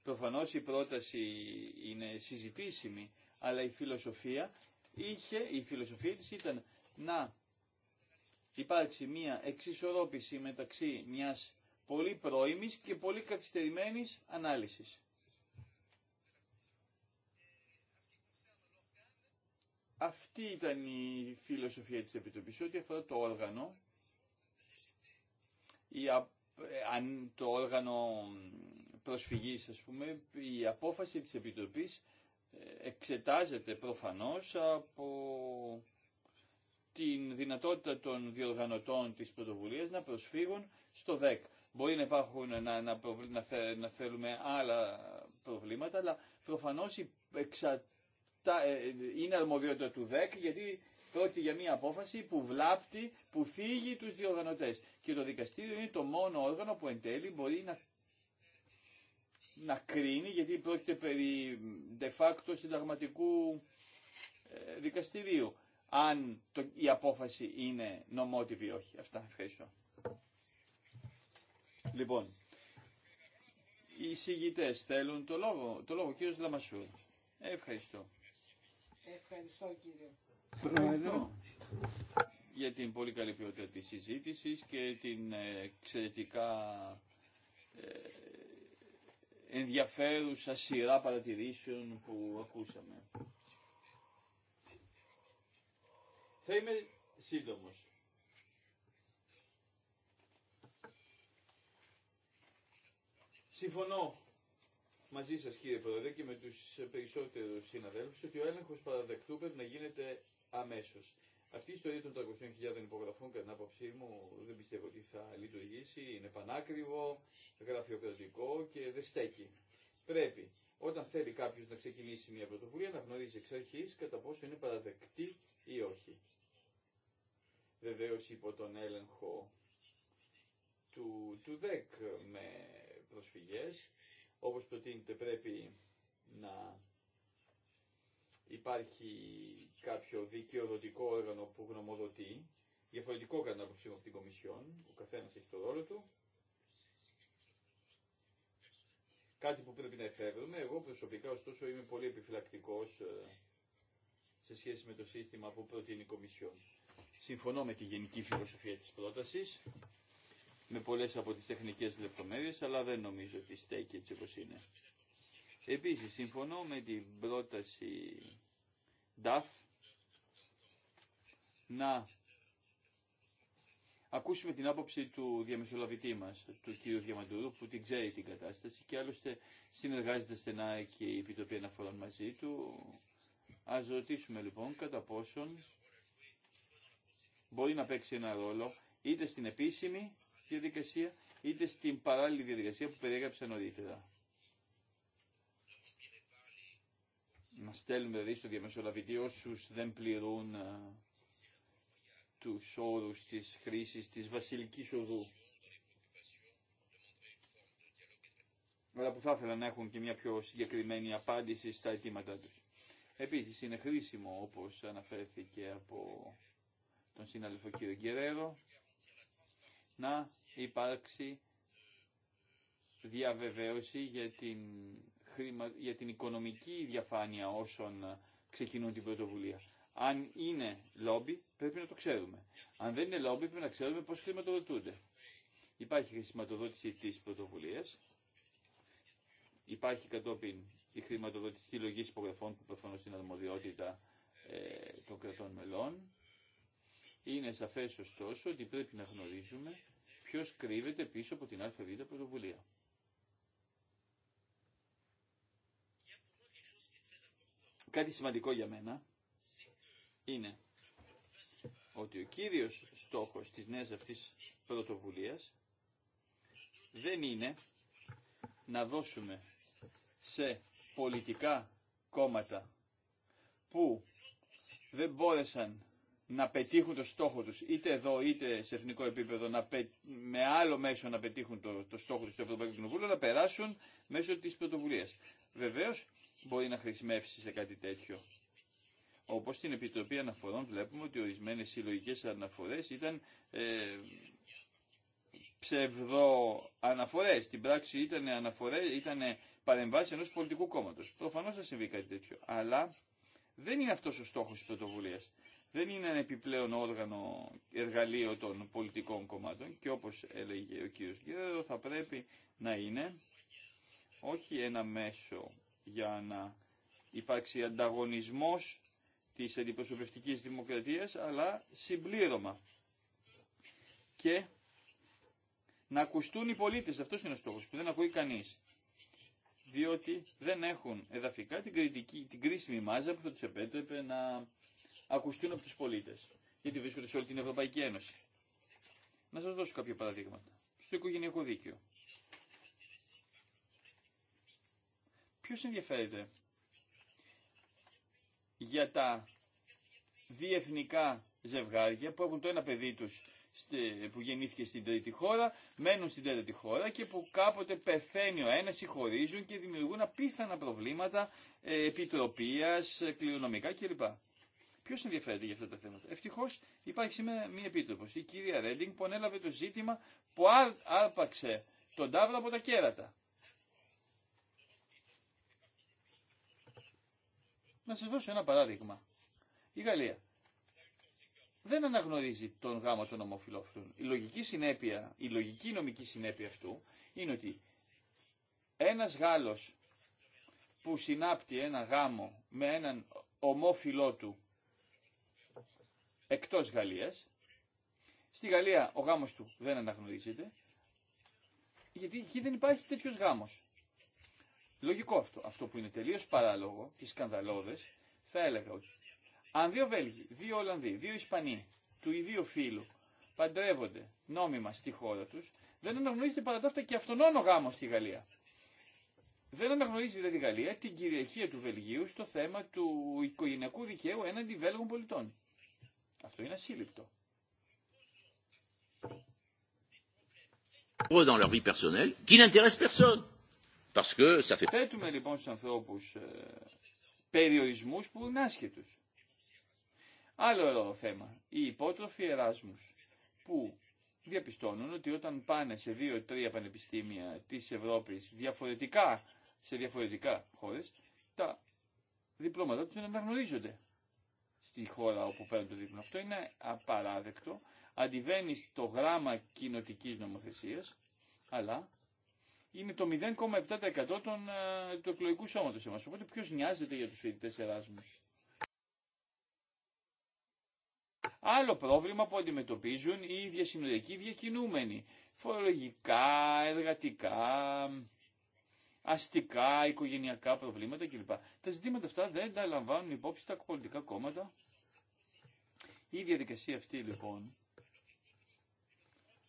Προφανώς η πρόταση είναι συζητήσιμη, αλλά η φιλοσοφία, είχε, η φιλοσοφία της ήταν να υπάρξει μια εξισορρόπηση μεταξύ μιας πολύ πρώιμης και πολύ καθυστερημένης ανάλυσης. Αυτή ήταν η φιλοσοφία της Επιτροπής. Ό,τι αφορά το όργανο, η, αν το όργανο προσφυγής, ας πούμε, η απόφαση της Επιτροπής ε, εξετάζεται προφανώς από την δυνατότητα των διοργανωτών της πρωτοβουλίας να προσφύγουν στο ΔΕΚ. Μπορεί να υπάρχουν, να, να, να, θέλουμε άλλα προβλήματα, αλλά προφανώς ε, είναι αρμοδιότητα του ΔΕΚ, γιατί πρόκειται για μια απόφαση που βλάπτει, που θίγει τους διοργανωτές. Και το δικαστήριο είναι το μόνο όργανο που εν τέλει μπορεί να, να κρίνει, γιατί πρόκειται περί de facto συνταγματικού ε, δικαστηρίου αν το, η απόφαση είναι νομότυπη ή όχι. Αυτά. Ευχαριστώ. Λοιπόν, οι συγγητές θέλουν το λόγο. Το λόγο, κύριος Λαμασούρ. Ευχαριστώ. Ευχαριστώ, κύριε. Ευχαριστώ για την πολύ καλή ποιότητα της συζήτησης και την ε, εξαιρετικά ε, ενδιαφέρουσα σειρά παρατηρήσεων που ακούσαμε. Θα είμαι σύντομος. Συμφωνώ μαζί σας κύριε Πρόεδρε και με τους περισσότερους συναδέλφους ότι ο έλεγχος παραδεκτού πρέπει να γίνεται αμέσως. Αυτή η ιστορία των 300.000 υπογραφών, κατά την άποψή μου, δεν πιστεύω ότι θα λειτουργήσει. Είναι πανάκριβο, γραφειοκρατικό και δεν στέκει. Πρέπει, όταν θέλει κάποιο να ξεκινήσει μια πρωτοβουλία, να γνωρίζει εξ αρχή κατά πόσο είναι παραδεκτή ή όχι βεβαίως υπό τον έλεγχο του, του ΔΕΚ με προσφυγές. Όπως προτείνεται πρέπει να υπάρχει κάποιο δικαιοδοτικό όργανο που γνωμοδοτεί, διαφορετικό κατά την από την Κομισιόν, ο καθένας έχει το ρόλο του. Κάτι που πρέπει να εφεύρουμε. Εγώ προσωπικά ωστόσο είμαι πολύ επιφυλακτικός ε, σε σχέση με το σύστημα που προτείνει η Κομισιόν. Συμφωνώ με τη γενική φιλοσοφία της πρότασης, με πολλές από τις τεχνικές λεπτομέρειες, αλλά δεν νομίζω ότι στέκει έτσι όπως είναι. Επίσης, συμφωνώ με την πρόταση DAF να ακούσουμε την άποψη του διαμεσολαβητή μας, του κ. Διαμαντούρου, που την ξέρει την κατάσταση και άλλωστε συνεργάζεται στενά και η Επιτροπή Αναφορών μαζί του. Ας ρωτήσουμε λοιπόν κατά πόσον μπορεί να παίξει ένα ρόλο είτε στην επίσημη διαδικασία είτε στην παράλληλη διαδικασία που περιέγραψα νωρίτερα. Να στέλνουμε δηλαδή στο διαμεσολαβητή όσου δεν πληρούν α, ε, τους όρους της χρήσης της βασιλικής οδού. αλλά που θα ήθελαν να έχουν και μια πιο συγκεκριμένη απάντηση στα αιτήματά τους. Επίσης είναι χρήσιμο, όπως αναφέρθηκε από τον συνάδελφο κύριο Γκερέρο να υπάρξει διαβεβαίωση για την, για την οικονομική διαφάνεια όσων ξεκινούν την πρωτοβουλία. Αν είναι λόμπι πρέπει να το ξέρουμε. Αν δεν είναι λόμπι πρέπει να ξέρουμε πώς χρηματοδοτούνται. Υπάρχει χρηματοδότηση της πρωτοβουλία. Υπάρχει κατόπιν η χρηματοδότηση συλλογή υπογραφών που προφανώ είναι αρμοδιότητα ε, των κρατών μελών. Είναι σαφές ωστόσο ότι πρέπει να γνωρίζουμε ποιος κρύβεται πίσω από την ΑΒ πρωτοβουλία. Κάτι σημαντικό για μένα είναι ότι ο κύριος στόχος της νέας αυτής πρωτοβουλίας δεν είναι να δώσουμε σε πολιτικά κόμματα που δεν μπόρεσαν να πετύχουν το στόχο τους, είτε εδώ είτε σε εθνικό επίπεδο, να με άλλο μέσο να πετύχουν το, το στόχο τους στο Ευρωπαϊκό Κοινοβούλιο, να περάσουν μέσω της πρωτοβουλία. Βεβαίως μπορεί να χρησιμεύσει σε κάτι τέτοιο. Όπως στην Επιτροπή Αναφορών βλέπουμε ότι ορισμένε συλλογικέ αναφορές ήταν ε, ψευδό αναφορές. Στην πράξη ήταν αναφορές, ήταν παρεμβάσει ενός πολιτικού κόμματος. Προφανώς θα συμβεί κάτι τέτοιο. Αλλά δεν είναι αυτός ο στόχος της πρωτοβουλίας δεν είναι ένα επιπλέον όργανο εργαλείο των πολιτικών κομμάτων και όπως έλεγε ο κύριος Γκέρο θα πρέπει να είναι όχι ένα μέσο για να υπάρξει ανταγωνισμός της αντιπροσωπευτικής δημοκρατίας αλλά συμπλήρωμα και να ακουστούν οι πολίτες αυτός είναι ο στόχος που δεν ακούει κανείς διότι δεν έχουν εδαφικά την, κριτική, την κρίσιμη μάζα που θα τους επέτρεπε να ακουστούν από τους πολίτες, γιατί βρίσκονται σε όλη την Ευρωπαϊκή Ένωση. Να σα δώσω κάποια παραδείγματα. Στο οικογενειακό δίκαιο. Ποιο ενδιαφέρεται για τα διεθνικά ζευγάρια που έχουν το ένα παιδί τους που γεννήθηκε στην τρίτη χώρα, μένουν στην τέταρτη χώρα και που κάποτε πεθαίνει ο ένας, συγχωρίζουν και δημιουργούν απίθανα προβλήματα ε, επιτροπίας, κληρονομικά κλπ. Ποιο ενδιαφέρεται για αυτά τα θέματα. Ευτυχώ υπάρχει σήμερα μία επίτροπο, η κυρία Ρέντινγκ, που ανέλαβε το ζήτημα που άρπαξε τον τάβρο από τα κέρατα. Να σα δώσω ένα παράδειγμα. Η Γαλλία δεν αναγνωρίζει τον γάμο των ομοφυλόφιλων. Η λογική συνέπεια, η λογική νομική συνέπεια αυτού είναι ότι ένας Γάλλος που συνάπτει ένα γάμο με έναν ομόφυλό του εκτός Γαλλίας. Στη Γαλλία ο γάμος του δεν αναγνωρίζεται, γιατί εκεί δεν υπάρχει τέτοιος γάμος. Λογικό αυτό. Αυτό που είναι τελείως παράλογο και σκανδαλώδες, θα έλεγα ότι αν δύο Βέλγοι, δύο Ολλανδοί, δύο Ισπανοί του ιδίου φίλου παντρεύονται νόμιμα στη χώρα τους, δεν αναγνωρίζεται παρά αυτά και αυτόν όνο γάμος στη Γαλλία. Δεν αναγνωρίζει δηλαδή η Γαλλία την κυριαρχία του Βελγίου στο θέμα του οικογενειακού δικαίου έναντι Βέλγων πολιτών. Αυτό είναι ασύλληπτο. Θέτουμε λοιπόν στους ανθρώπους ε, περιορισμούς που είναι άσχετους. Άλλο θέμα. Οι υπότροφοι Εράσμους που διαπιστώνουν ότι όταν πάνε σε δύο-τρία πανεπιστήμια της Ευρώπης διαφορετικά σε διαφορετικά χώρες, τα διπλώματά τους δεν αναγνωρίζονται στη χώρα όπου παίρνουν το δείπνο. Αυτό είναι απαράδεκτο, αντιβαίνει στο γράμμα κοινοτική νομοθεσίας, αλλά είναι το 0,7% των, ε, του εκλογικού σώματο εμά. Οπότε ποιο νοιάζεται για τους φοιτητέ Εράσμους. Άλλο πρόβλημα που αντιμετωπίζουν οι ίδιοι συνολικοί διακινούμενοι. Φορολογικά, εργατικά, αστικά, οικογενειακά προβλήματα κλπ. Τα ζητήματα αυτά δεν τα λαμβάνουν υπόψη τα πολιτικά κόμματα. Η διαδικασία αυτή λοιπόν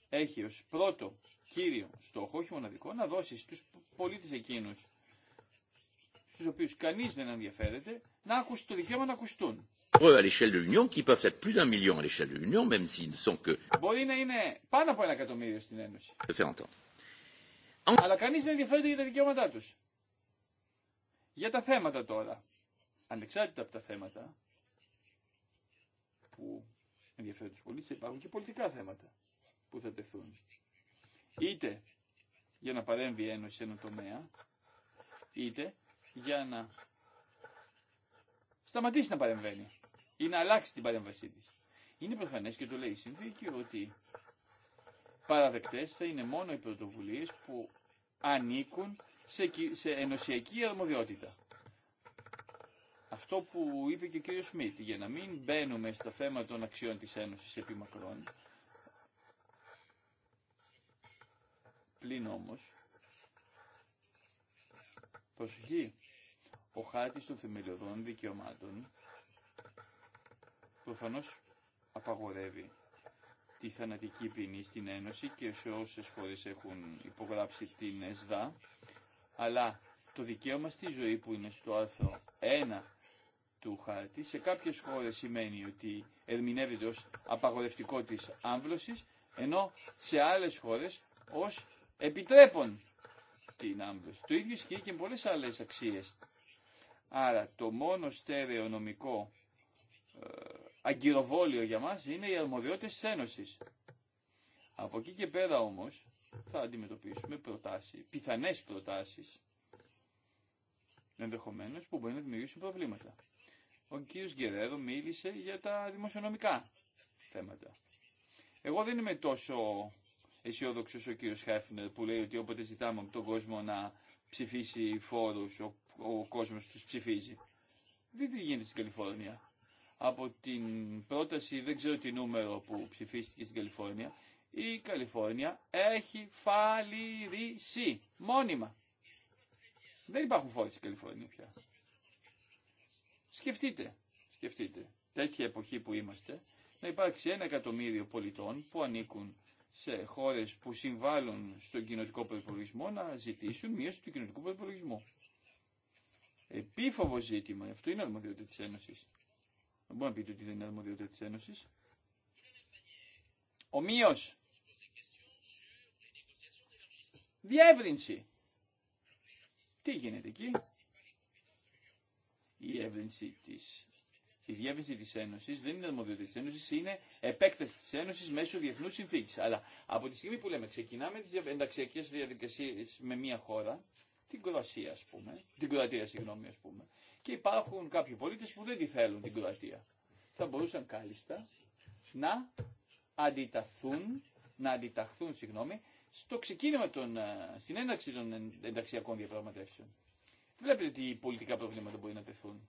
έχει ως πρώτο κύριο στόχο, όχι μοναδικό, να δώσει στους πολίτες εκείνους στους οποίους κανείς δεν ενδιαφέρεται, να ακούσουν το δικαίωμα να ακουστούν. Μπορεί να είναι πάνω από ένα εκατομμύριο στην Ένωση. Αλλά κανείς δεν ενδιαφέρεται για τα δικαιώματά τους. Για τα θέματα τώρα. Ανεξάρτητα από τα θέματα που ενδιαφέρουν τους πολίτες, υπάρχουν και πολιτικά θέματα που θα τεθούν. Είτε για να παρέμβει η Ένωση σε ένα τομέα, είτε για να σταματήσει να παρεμβαίνει ή να αλλάξει την παρέμβασή της. Είναι προφανές και το λέει η συνθήκη ότι παραδεκτές θα είναι μόνο οι πρωτοβουλίε που ανήκουν σε, σε ενωσιακή αρμοδιότητα. Αυτό που είπε και ο κύριος Σμιτ, για να μην μπαίνουμε στο θέμα των αξιών της Ένωσης επί μακρόν, πλην όμως, προσοχή, ο χάρτης των θεμελιωδών δικαιωμάτων προφανώς απαγορεύει τη θανατική ποινή στην Ένωση και σε όσες χώρες έχουν υπογράψει την ΕΣΔΑ, αλλά το δικαίωμα στη ζωή που είναι στο άρθρο 1 του χάρτη, σε κάποιες χώρες σημαίνει ότι ερμηνεύεται ως απαγορευτικό της άμβλωσης, ενώ σε άλλες χώρες ως επιτρέπον την άμβλωση. Το ίδιο ισχύει και με πολλές άλλες αξίες. Άρα το μόνο στέρεο νομικό αγκυροβόλιο για μας είναι οι αρμοδιότητες της Ένωσης. Από εκεί και πέρα όμως θα αντιμετωπίσουμε προτάσεις, πιθανές προτάσεις, ενδεχομένως που μπορεί να δημιουργήσουν προβλήματα. Ο κ. Γκερέρο μίλησε για τα δημοσιονομικά θέματα. Εγώ δεν είμαι τόσο αισιόδοξο ο κύριο Χέφνερ που λέει ότι όποτε ζητάμε από τον κόσμο να ψηφίσει φόρους, ο, ο κόσμος τους ψηφίζει. Δείτε τι γίνεται στην Καλιφόρνια από την πρόταση, δεν ξέρω τι νούμερο που ψηφίστηκε στην Καλιφόρνια, η Καλιφόρνια έχει φαλυρίσει μόνιμα. Δεν υπάρχουν φόρες στην Καλιφόρνια πια. Σκεφτείτε, σκεφτείτε, τέτοια εποχή που είμαστε, να υπάρξει ένα εκατομμύριο πολιτών που ανήκουν σε χώρες που συμβάλλουν στον κοινοτικό προπολογισμό να ζητήσουν μείωση του κοινοτικού προπολογισμού. Επίφοβο ζήτημα, αυτό είναι αρμοδιότητα της Ένωσης μπορεί να πείτε ότι δεν είναι αρμοδιότητα τη Ένωση. Ομοίω. διεύρυνση. Τι γίνεται εκεί. Η διεύρυνση της η διεύρυνση τη Ένωση δεν είναι αρμοδιότητα τη Ένωση, είναι επέκταση τη Ένωση μέσω διεθνού συνθήκη. Αλλά από τη στιγμή που λέμε ξεκινάμε τι ενταξιακέ διαδικασίε με μία χώρα, την Κροατία, α πούμε, την Κροατία, συγγνώμη, α πούμε, και υπάρχουν κάποιοι πολίτες που δεν τη θέλουν την Κροατία. Θα μπορούσαν κάλλιστα να αντιταχθούν, να αντιταχθούν, συγγνώμη, στο ξεκίνημα των, ε, στην έναρξη των ενταξιακών διαπραγματεύσεων. Βλέπετε τι πολιτικά προβλήματα μπορεί να τεθούν.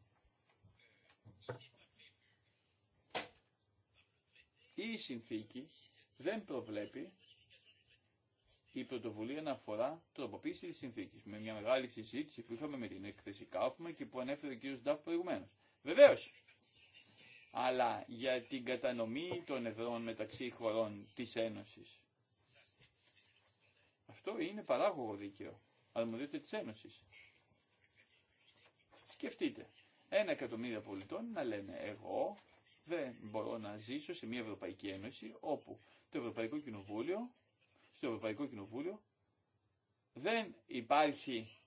Η συνθήκη δεν προβλέπει η πρωτοβουλία αναφορά αφορά τροποποίηση τη συνθήκη. Με μια μεγάλη συζήτηση που είχαμε με την έκθεση Κάουφμαν και που ανέφερε ο κ. Νταφ προηγουμένω. Βεβαίω! Αλλά για την κατανομή των ευρών μεταξύ χωρών τη Ένωση. Αυτό είναι παράγωγο δίκαιο. Αρμοδιότητα τη Ένωση. Σκεφτείτε. Ένα εκατομμύριο πολιτών να λένε εγώ δεν μπορώ να ζήσω σε μια Ευρωπαϊκή Ένωση όπου το Ευρωπαϊκό Κοινοβούλιο στο Ευρωπαϊκό Κοινοβούλιο δεν υπάρχει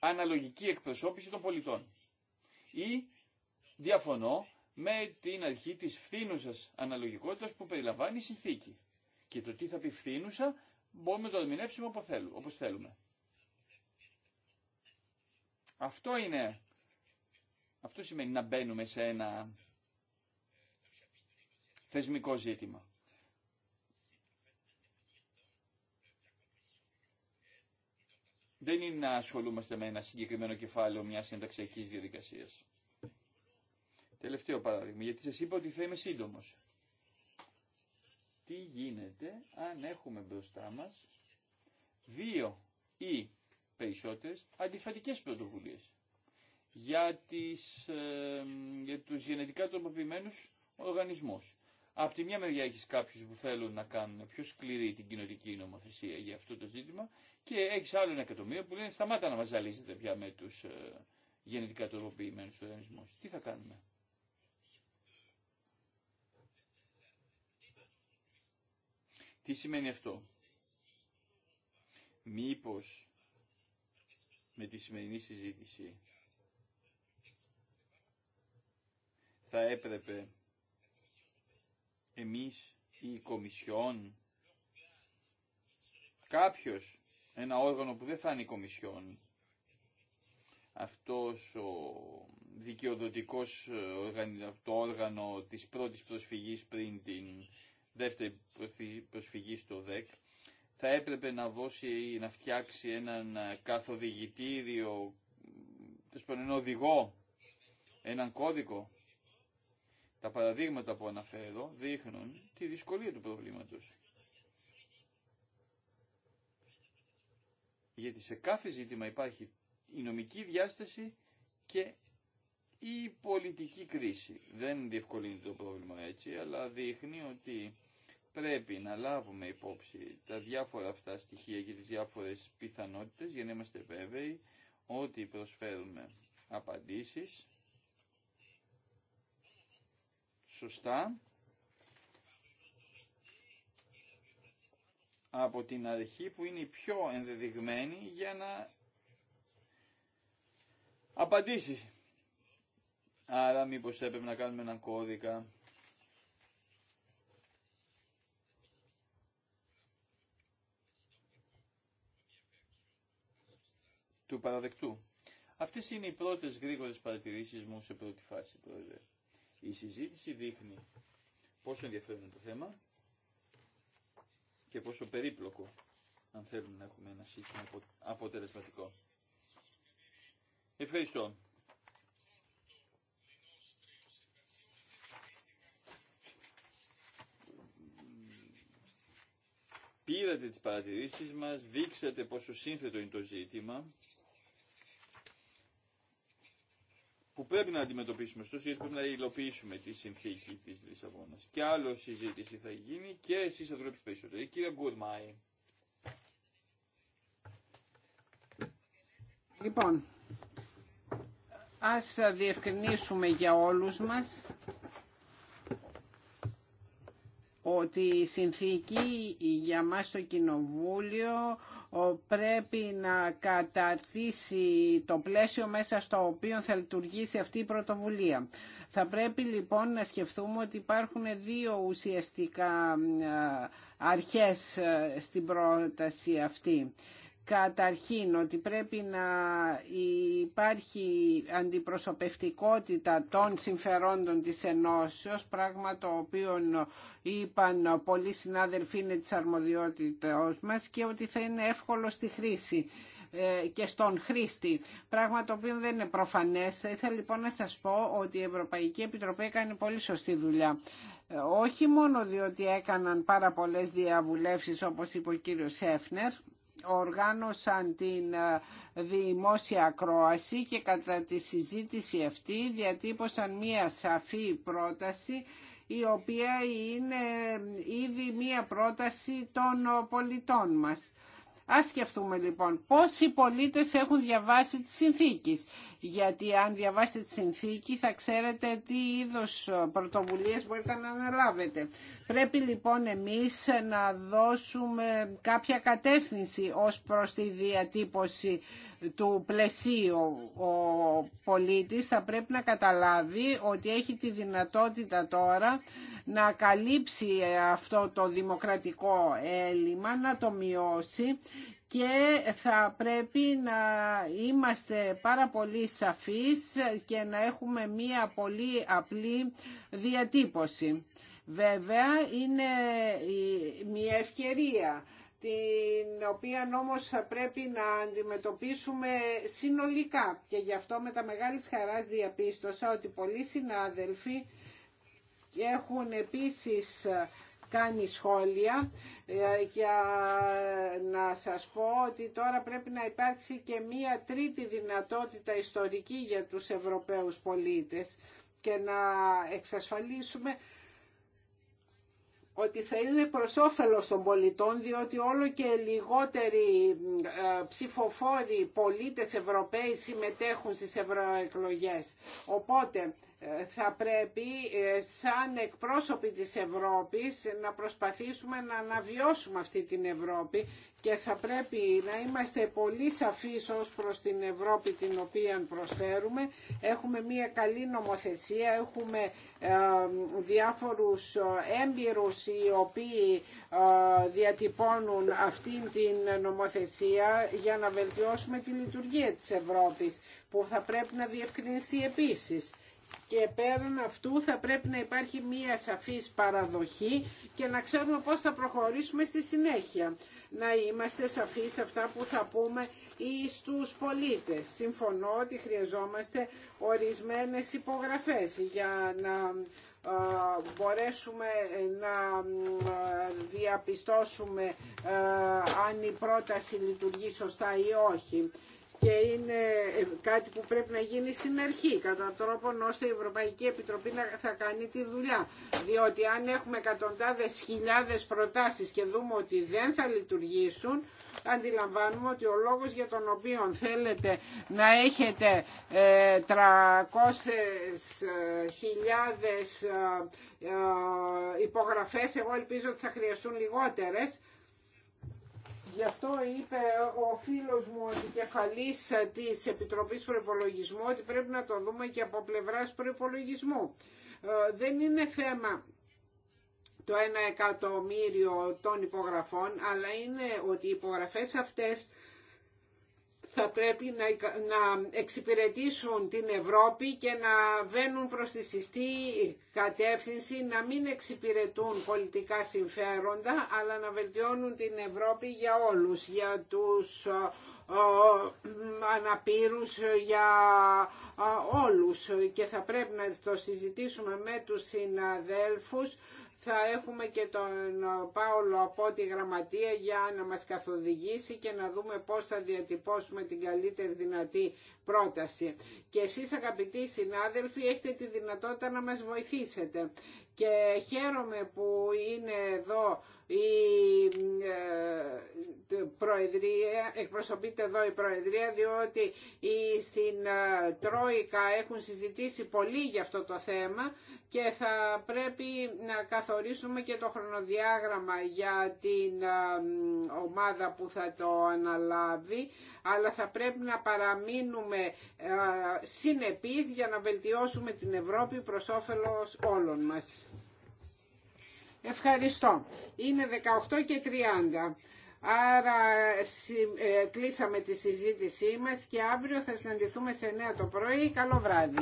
αναλογική εκπροσώπηση των πολιτών. Ή διαφωνώ με την αρχή της φθήνουσας αναλογικότητας που περιλαμβάνει η συνθήκη. Και το τι θα πει φθήνουσα μπορούμε να το ερμηνεύσουμε όπως θέλουμε. Αυτό είναι, αυτό σημαίνει να μπαίνουμε σε ένα θεσμικό ζήτημα. Δεν είναι να ασχολούμαστε με ένα συγκεκριμένο κεφάλαιο μιας συνταξιακής διαδικασίας. Τελευταίο παράδειγμα, γιατί σας είπα ότι θα είμαι σύντομος. Τι γίνεται αν έχουμε μπροστά μας δύο ή περισσότερες αντιφατικές πρωτοβουλίες για, τις, ε, για τους γενετικά τροποποιημένους οργανισμούς. Από τη μια μεριά έχει κάποιου που θέλουν να κάνουν πιο σκληρή την κοινωτική νομοθεσία για αυτό το ζήτημα και έχει άλλο ένα που λένε σταμάτα να μα ζαλίζετε πια με του ε, γενετικά τροποποιημένου οργανισμού. Τι θα κάνουμε. Τι σημαίνει αυτό. Μήπως με τη σημερινή συζήτηση θα έπρεπε εμείς ή η Κομισιόν, κάποιος, ένα όργανο που δεν θα είναι η Κομισιόν, αυτός ο δικαιοδοτικός ε, το όργανο της πρώτης προσφυγής πριν την δεύτερη προσφυγή στο ΔΕΚ, θα έπρεπε να δώσει ή να φτιάξει έναν καθοδηγητήριο, ε, τέλος έναν οδηγό, έναν κώδικο, τα παραδείγματα που αναφέρω δείχνουν τη δυσκολία του προβλήματος. Γιατί σε κάθε ζήτημα υπάρχει η νομική διάσταση και η πολιτική κρίση. Δεν διευκολύνει το πρόβλημα έτσι, αλλά δείχνει ότι πρέπει να λάβουμε υπόψη τα διάφορα αυτά στοιχεία και τις διάφορες πιθανότητες για να είμαστε βέβαιοι ότι προσφέρουμε απαντήσεις σωστά από την αρχή που είναι η πιο ενδεδειγμένη για να απαντήσει. Άρα μήπως έπρεπε να κάνουμε έναν κώδικα. του παραδεκτού. Αυτές είναι οι πρώτες γρήγορες παρατηρήσεις μου σε πρώτη φάση, πρόεδρε. Η συζήτηση δείχνει πόσο ενδιαφέρον είναι το θέμα και πόσο περίπλοκο αν θέλουμε να έχουμε ένα σύστημα αποτελεσματικό. Ευχαριστώ. Πήρατε τις παρατηρήσεις μας, δείξατε πόσο σύνθετο είναι το ζήτημα που πρέπει να αντιμετωπίσουμε στους γιατί πρέπει να υλοποιήσουμε τη συνθήκη της Λισαβόνας. Και άλλο συζήτηση θα γίνει και εσείς θα δουλέψετε περισσότερο. Η κυρία Γκουρμάη. Λοιπόν, ας διευκρινίσουμε για όλους μας ότι η συνθήκη για μας στο Κοινοβούλιο πρέπει να καταρθίσει το πλαίσιο μέσα στο οποίο θα λειτουργήσει αυτή η πρωτοβουλία. Θα πρέπει λοιπόν να σκεφτούμε ότι υπάρχουν δύο ουσιαστικά αρχές ε, στην πρόταση αυτή. Καταρχήν ότι πρέπει να υπάρχει αντιπροσωπευτικότητα των συμφερόντων της ενώσεως, πράγμα το οποίο είπαν πολλοί συνάδελφοι είναι της αρμοδιότητας μας και ότι θα είναι εύκολο στη χρήση ε, και στον χρήστη, πράγμα το οποίο δεν είναι προφανές. Θα ήθελα λοιπόν να σας πω ότι η Ευρωπαϊκή Επιτροπή έκανε πολύ σωστή δουλειά. Ε, όχι μόνο διότι έκαναν πάρα πολλές διαβουλεύσεις όπως είπε ο κύριος Έφνερ, οργάνωσαν την ε, δημόσια ακρόαση και κατά τη συζήτηση αυτή διατύπωσαν μία σαφή πρόταση η οποία είναι ε, ήδη μία πρόταση των ε, πολιτών μας. Ας σκεφτούμε λοιπόν πόσοι πολίτες έχουν διαβάσει τις συνθήκες γιατί αν διαβάσετε τη συνθήκη θα ξέρετε τι είδους πρωτοβουλίες μπορείτε να αναλάβετε. Πρέπει λοιπόν εμείς να δώσουμε κάποια κατεύθυνση ως προς τη διατύπωση του πλαισίου. Ο πολίτης θα πρέπει να καταλάβει ότι έχει τη δυνατότητα τώρα να καλύψει αυτό το δημοκρατικό έλλειμμα, να το μειώσει και θα πρέπει να είμαστε πάρα πολύ σαφείς και να έχουμε μία πολύ απλή διατύπωση. Βέβαια είναι μια ευκαιρία την οποία όμως θα πρέπει να αντιμετωπίσουμε συνολικά και γι' αυτό με τα μεγάλης χαράς διαπίστωσα ότι πολλοί συνάδελφοι έχουν επίσης κάνει σχόλια ε, για να σας πω ότι τώρα πρέπει να υπάρξει και μία τρίτη δυνατότητα ιστορική για τους Ευρωπαίους πολίτες και να εξασφαλίσουμε ότι θα είναι προς όφελος των πολιτών, διότι όλο και λιγότεροι ε, ψηφοφόροι πολίτες Ευρωπαίοι συμμετέχουν στις ευρωεκλογές. Οπότε θα πρέπει ε, σαν εκπρόσωποι της Ευρώπης να προσπαθήσουμε να αναβιώσουμε αυτή την Ευρώπη και θα πρέπει να είμαστε πολύ σαφείς ως προς την Ευρώπη την οποία προσφέρουμε. Έχουμε μια καλή νομοθεσία, έχουμε ε, διάφορους ε, έμπειρους οι οποίοι διατυπώνουν αυτήν την νομοθεσία για να βελτιώσουμε τη λειτουργία της Ευρώπης που θα πρέπει να διευκρινιστεί επίσης και πέραν αυτού θα πρέπει να υπάρχει μία σαφής παραδοχή και να ξέρουμε πώς θα προχωρήσουμε στη συνέχεια. Να είμαστε σαφείς σε αυτά που θα πούμε ή τους πολίτες. Συμφωνώ ότι χρειαζόμαστε ορισμένες υπογραφές για να ε, μπορέσουμε να ε, διαπιστώσουμε ε, αν η πρόταση λειτουργεί σωστά ή όχι και είναι ε, κάτι που πρέπει να γίνει στην αρχή κατά τρόπον ώστε η Ευρωπαϊκή Επιτροπή να θα κάνει τη δουλειά διότι αν έχουμε εκατοντάδες χιλιάδες προτάσεις και δούμε ότι δεν θα λειτουργήσουν αντιλαμβάνουμε ότι ο λόγος για τον οποίο θέλετε να έχετε 300.000 ε, ε, υπογραφές εγώ ελπίζω ότι θα χρειαστούν λιγότερες Γι' αυτό είπε ο φίλος μου επικεφαλής της Επιτροπής Προϋπολογισμού ότι πρέπει να το δούμε και από πλευράς προϋπολογισμού. Ε, δεν είναι θέμα το ένα εκατομμύριο των υπογραφών, αλλά είναι ότι οι υπογραφές αυτές θα πρέπει να εξυπηρετήσουν την Ευρώπη και να βαίνουν προς τη συστή κατεύθυνση, να μην εξυπηρετούν πολιτικά συμφέροντα, αλλά να βελτιώνουν την Ευρώπη για όλους, για τους ε, ε, αναπήρους για ε, όλους και θα πρέπει να το συζητήσουμε με τους συναδέλφους θα έχουμε και τον Πάολο από τη Γραμματεία για να μας καθοδηγήσει και να δούμε πώς θα διατυπώσουμε την καλύτερη δυνατή πρόταση. Και εσείς αγαπητοί συνάδελφοι έχετε τη δυνατότητα να μας βοηθήσετε. Και χαίρομαι που είναι εδώ η ε, Προεδρία, εκπροσωπείται εδώ η Προεδρία διότι στην ε, Τρόικα έχουν συζητήσει πολύ για αυτό το θέμα και θα πρέπει να καθορίσουμε και το χρονοδιάγραμμα για την ε, ομάδα που θα το αναλάβει αλλά θα πρέπει να παραμείνουμε συνεπείς για να βελτιώσουμε την Ευρώπη προς όφελος όλων μας. Ευχαριστώ. Είναι 18 και 30. Άρα ε, κλείσαμε τη συζήτησή μας και αύριο θα συναντηθούμε σε 9 το πρωί. Καλό βράδυ.